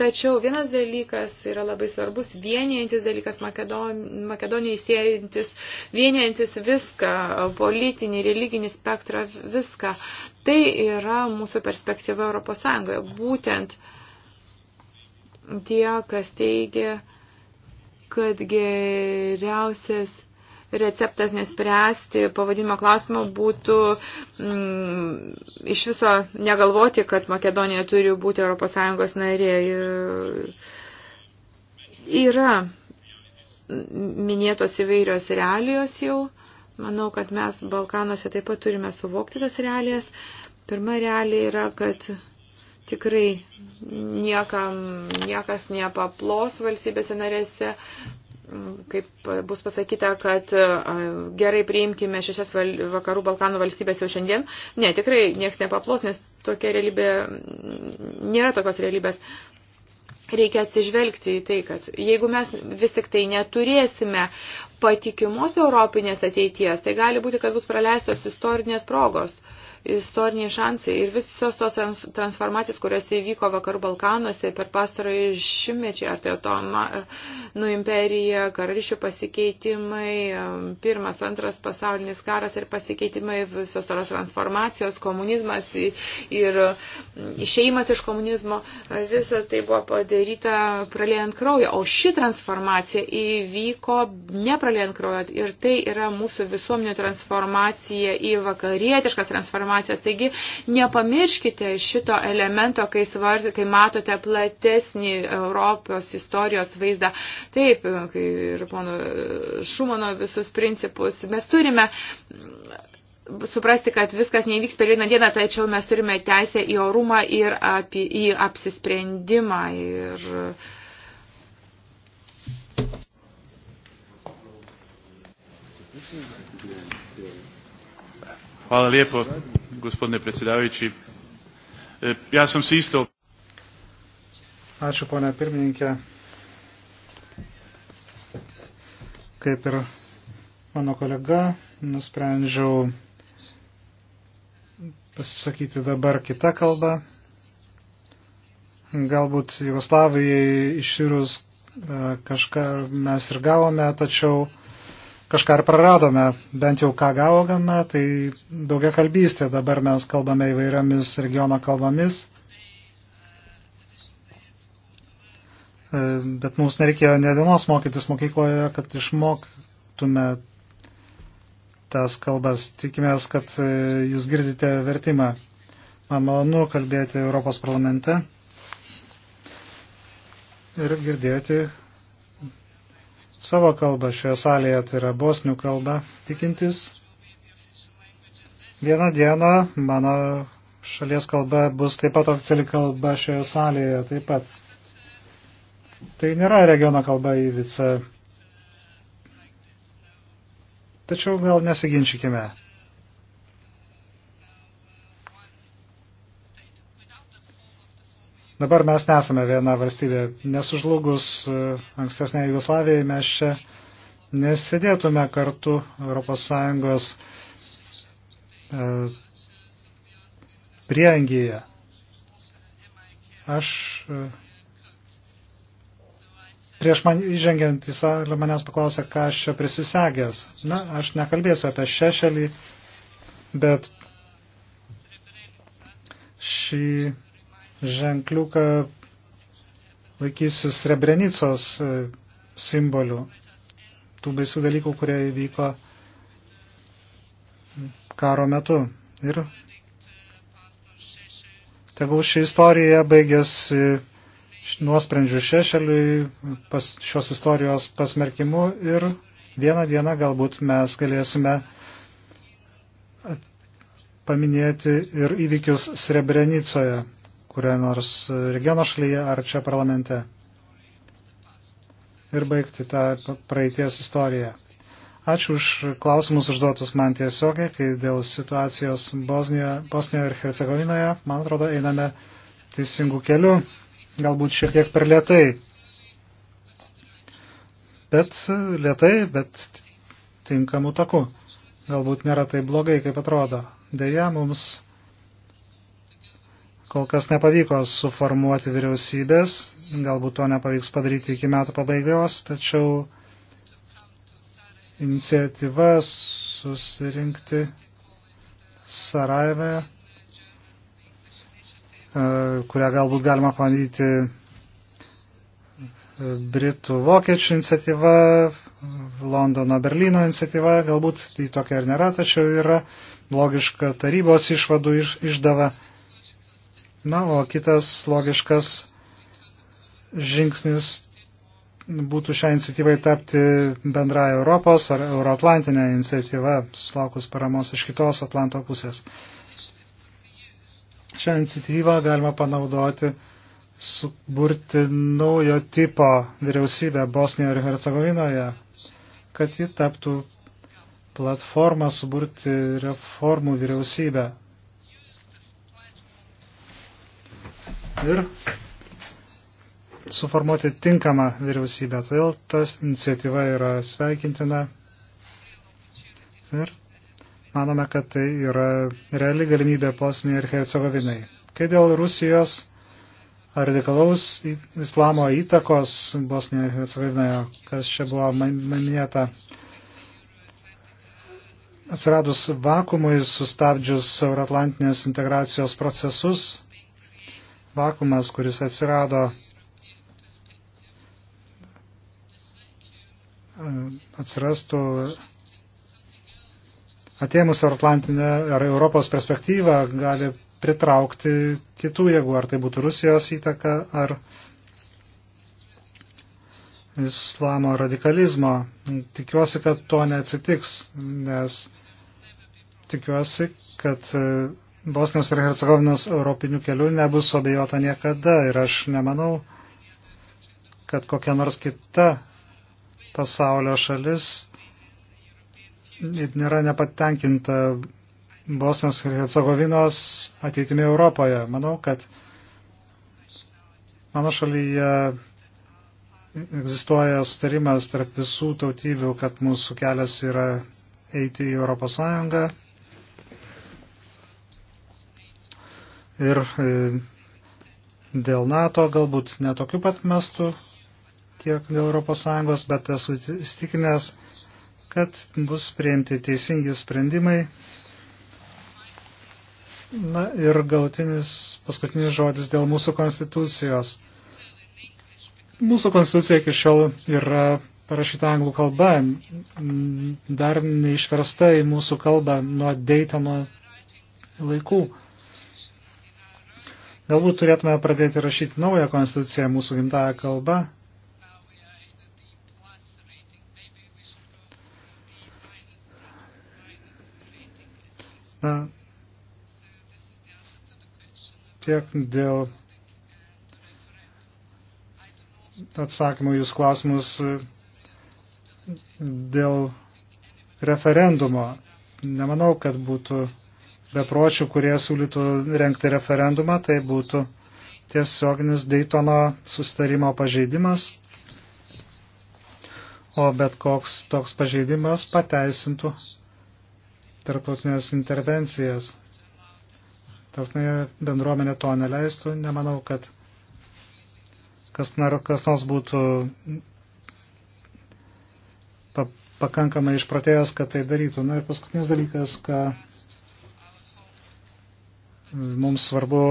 Tačiau vienas dalykas yra labai svarbus, vienijantis dalykas Makedonijai siejantis, vienijantis viską, politinį, religinį spektrą, viską. Tai yra mūsų perspektyva Europos Sąjungoje. Būtent tie, kas teigia, kad geriausias receptas nespręsti pavadinimo klausimo būtų mm, iš viso negalvoti, kad Makedonija turi būti ES narė. Yra minėtos įvairios realijos jau. Manau, kad mes Balkanuose taip pat turime suvokti tas realijas. Pirma realija yra, kad tikrai niekam, niekas nepaplos valstybėse narėse, kaip bus pasakyta, kad e, gerai priimkime šešias vakarų Balkanų valstybės jau šiandien. Ne, tikrai niekas nepaplos, nes tokia realybė, nėra tokios realybės. Reikia atsižvelgti į tai, kad jeigu mes vis tik tai neturėsime patikimos europinės ateities, tai gali būti, kad bus praleistos istorinės progos. Uh, istoriniai šansai ir visos tos transformacijos, kurios įvyko Vakarų Balkanuose per pastarąjį šimtmečiai, ar tai Otomanų nu, imperija, karališių pasikeitimai, um, pirmas, antras pasaulinis karas ir pasikeitimai, visos tos transformacijos, komunizmas ir mm, išeimas iš komunizmo, visa tai buvo padaryta praliejant kraują, o ši transformacija įvyko nepraliejant kraujo ir tai yra mūsų visuomenio transformacija į vakarietiškas transformacijas informacijos. Taigi nepamirškite šito elemento, kai, svarz, kai matote platesnį Europos istorijos vaizdą. Taip, ir pono Šumano visus principus. Mes turime suprasti, kad viskas nevyks per vieną dieną, tačiau mes turime teisę į orumą ir apie, į apsisprendimą. Ir... Hvala lijepo gospodine predsjedavajući. E, ja sam se isto... Ačiū, ponia pirmininkė. Kaip ir mano kolega, nusprendžiau pasisakyti dabar kitą kalbą. Galbūt Jugoslavijai išyrus e, kažką mes ir gavome, tačiau kažką ir praradome, bent jau ką gavome, tai daugia kalbystė, dabar mes kalbame įvairiomis regiono kalbomis, e, bet mums nereikėjo ne dienos mokytis mokykloje, kad išmoktume tas kalbas. Tikimės, kad e, jūs girdite vertimą. Man malonu kalbėti Europos parlamente ir girdėti, savo kalbą šioje salėje, tai yra bosnių kalba tikintis. Vieną dieną mano šalies kalba bus taip pat oficiali kalba šioje salėje taip pat. Tai nėra regiono kalba įvica. Tačiau gal nesiginčykime. Dabar mes nesame viena valstybė. Nesužlugus e, ankstesnė Jugoslavijai mes čia nesėdėtume kartu ES e, priengyje. Aš e, prieš man įžengiant į salę manęs paklausė, ką aš čia prisisegęs. Na, aš nekalbėsiu apie šešelį, bet šį ženkliuką laikysiu Srebrenicos e, simbolių, tų baisių dalykų, kurie įvyko karo metu. Ir tegul ši istorija baigėsi e, nuosprendžių šešeliui, pas, šios istorijos pasmerkimu ir vieną dieną galbūt mes galėsime paminėti ir įvykius Srebrenicoje kurioje nors regiono šalyje ar čia parlamente. Ir baigti tą praeities istoriją. Ačiū už klausimus užduotus man tiesiogiai, kai dėl situacijos Bosnijoje ir Hercegovinoje, man atrodo, einame teisingų kelių, galbūt šiek tiek per lietai. Bet lietai, bet tinkamų takų. Galbūt nėra tai blogai, kaip atrodo. Deja, mums Kol kas nepavyko suformuoti vyriausybės, galbūt to nepavyks padaryti iki metų pabaigos, tačiau iniciatyva susirinkti Sarajeve, e, kurią galbūt galima pamatyti e, Britų vokiečių iniciatyva, Londono Berlyno iniciatyva, galbūt tai tokia ir nėra, tačiau yra logiška tarybos išvadų išdava. Iš Na, o kitas logiškas žingsnis būtų šią iniciatyvą tapti bendrąją Europos ar Euroatlantinę iniciatyvą, sulaukus paramos iš kitos Atlanto pusės. Šią iniciatyvą galima panaudoti suburti naujo tipo vyriausybę Bosnijoje ir Hercegovinoje, kad ji taptų platformą suburti reformų vyriausybę. ir suformuoti tinkamą vyriausybę. Todėl tas iniciatyva yra sveikintina ir manome, kad tai yra reali galimybė Bosnijai ir Hercegovinai. Kai dėl Rusijos radikalaus islamo įtakos Bosnijoje ir Hercegovinoje, kas čia buvo minėta, atsiradus vakumui sustabdžius Euratlantinės integracijos procesus, vakumas, kuris atsirado atsirastų atėmus Atlantinę ar Europos perspektyvą gali pritraukti kitų jėgų, ar tai būtų Rusijos įtaka, ar islamo radikalizmo. Tikiuosi, kad to neatsitiks, nes tikiuosi, kad Bosnijos ir Hercegovinos europinių kelių nebus abejota niekada ir aš nemanau, kad kokia nors kita pasaulio šalis nėra nepatenkinta Bosnijos ir Hercegovinos ateitimi Europoje. Manau, kad mano šalyje egzistuoja sutarimas tarp visų tautybių, kad mūsų kelias yra eiti į Europos Sąjungą ir e, dėl NATO, galbūt netokiu pat mestu tiek dėl ES, bet esu įstikinęs, kad bus priimti teisingi sprendimai. Na ir gautinis paskutinis žodis dėl mūsų konstitucijos. Mūsų konstitucija iki šiol yra parašyta anglų kalba, dar neišversta į mūsų kalbą nuo Daytono laikų. Galbūt turėtume pradėti rašyti naują konstituciją mūsų gimtąją kalbą. Na, tiek dėl atsakymų jūs klausimus dėl referendumo. Nemanau, kad būtų bepročių, kurie siūlytų renkti referendumą, tai būtų tiesioginis Daytono sustarimo pažeidimas, o bet koks toks pažeidimas pateisintų tarptautinės intervencijas. Tarptautinė bendruomenė to neleistų, nemanau, kad kas, nar, kas nors būtų pa, pakankamai išpratėjęs, kad tai darytų. Na ir paskutinis dalykas, ką Mums svarbu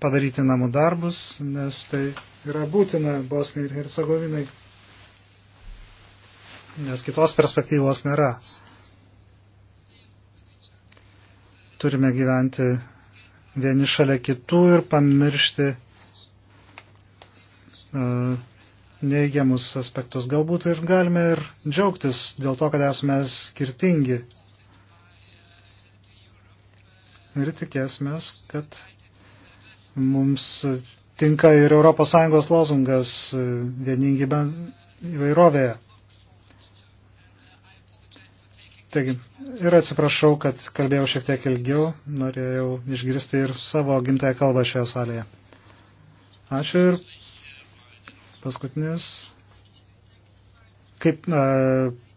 padaryti namų darbus, nes tai yra būtina Bosniai ir Hercegovinai, nes kitos perspektyvos nėra. Turime gyventi vieni šalia kitų ir pamiršti e, neigiamus aspektus. Galbūt ir galime ir džiaugtis dėl to, kad esame skirtingi ir tikėsime, kad mums tinka ir ES lozungas vieningi įvairovėje. Taigi, ir atsiprašau, kad kalbėjau šiek tiek ilgiau, norėjau išgirsti ir savo gimtąją kalbą šioje salėje. Ačiū ir paskutinis. Kaip e,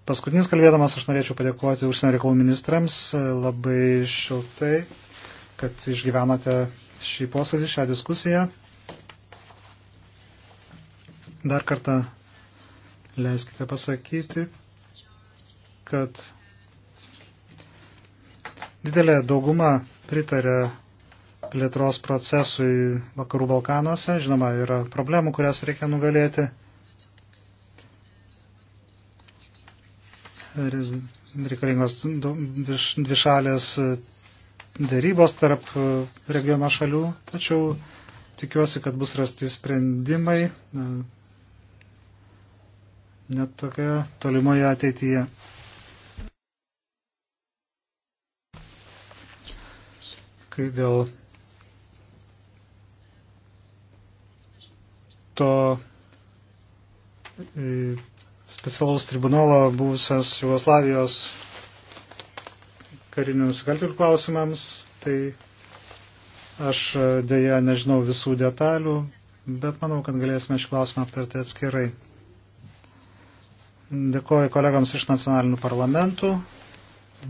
paskutinis kalbėdamas aš norėčiau padėkoti užsienio reikalų ministrams e, labai šiltai kad išgyvenote šį posėdį, šią diskusiją. Dar kartą leiskite pasakyti, kad didelė dauguma pritarė plėtros procesui Vakarų Balkanuose. Žinoma, yra problemų, kurias reikia nugalėti. reikalingos dvišalės dėrybos tarp e, regiono šalių, tačiau tikiuosi, kad bus rasti sprendimai e, net tokioje tolimoje ateityje. Kai dėl to e, specialaus tribunolo buvusios Jugoslavijos karinių nusikaltėlių klausimams, tai aš e, dėja nežinau visų detalių, bet manau, kad galėsime šį klausimą aptarti atskirai. Dėkoju kolegams iš nacionalinių parlamentų,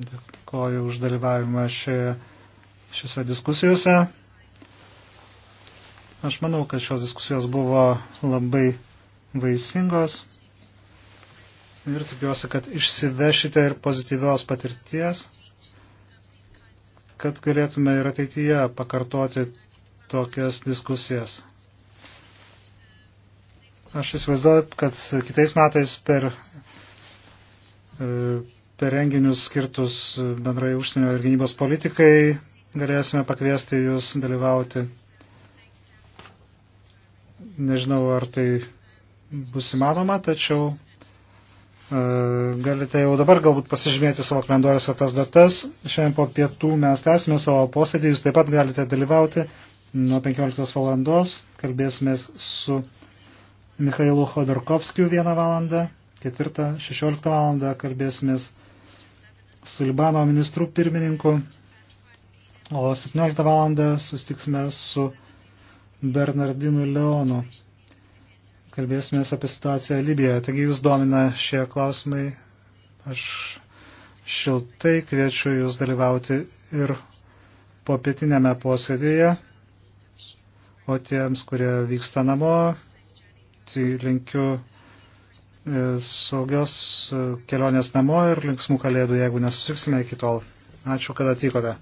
dėkoju už dalyvavimą šioje, šiose diskusijose. Aš manau, kad šios diskusijos buvo labai vaisingos ir tikiuosi, kad išsivešite ir pozityvios patirties kad galėtume ir ateityje pakartoti tokias diskusijas. Aš įsivaizduoju, kad kitais metais per, e, per renginius skirtus bendrai užsienio ir gynybos politikai galėsime pakviesti jūs dalyvauti. Nežinau, ar tai bus įmanoma, tačiau E, galite jau dabar galbūt pasižymėti savo kalendoriuose tas datas. Šiandien po pietų mes tęsime savo posėdį, jūs taip pat galite dalyvauti nuo 15 valandos. Kalbėsime su Mikhailu Khodorkovskiu 1 valandą, 4-16 valandą kalbėsime su Libano ministrų pirmininku, o 17 valandą sustiksime su Bernardinu Leonu kalbėsimės apie situaciją Libijoje. Taigi jūs domina šie klausimai. Aš šiltai kviečiu jūs dalyvauti ir po pietinėme posėdėje. O tiems, kurie vyksta namo, tai linkiu e, saugios e, kelionės namo ir linksmų kalėdų, jeigu nesusitiksime iki tol. Ačiū, kad atvykote.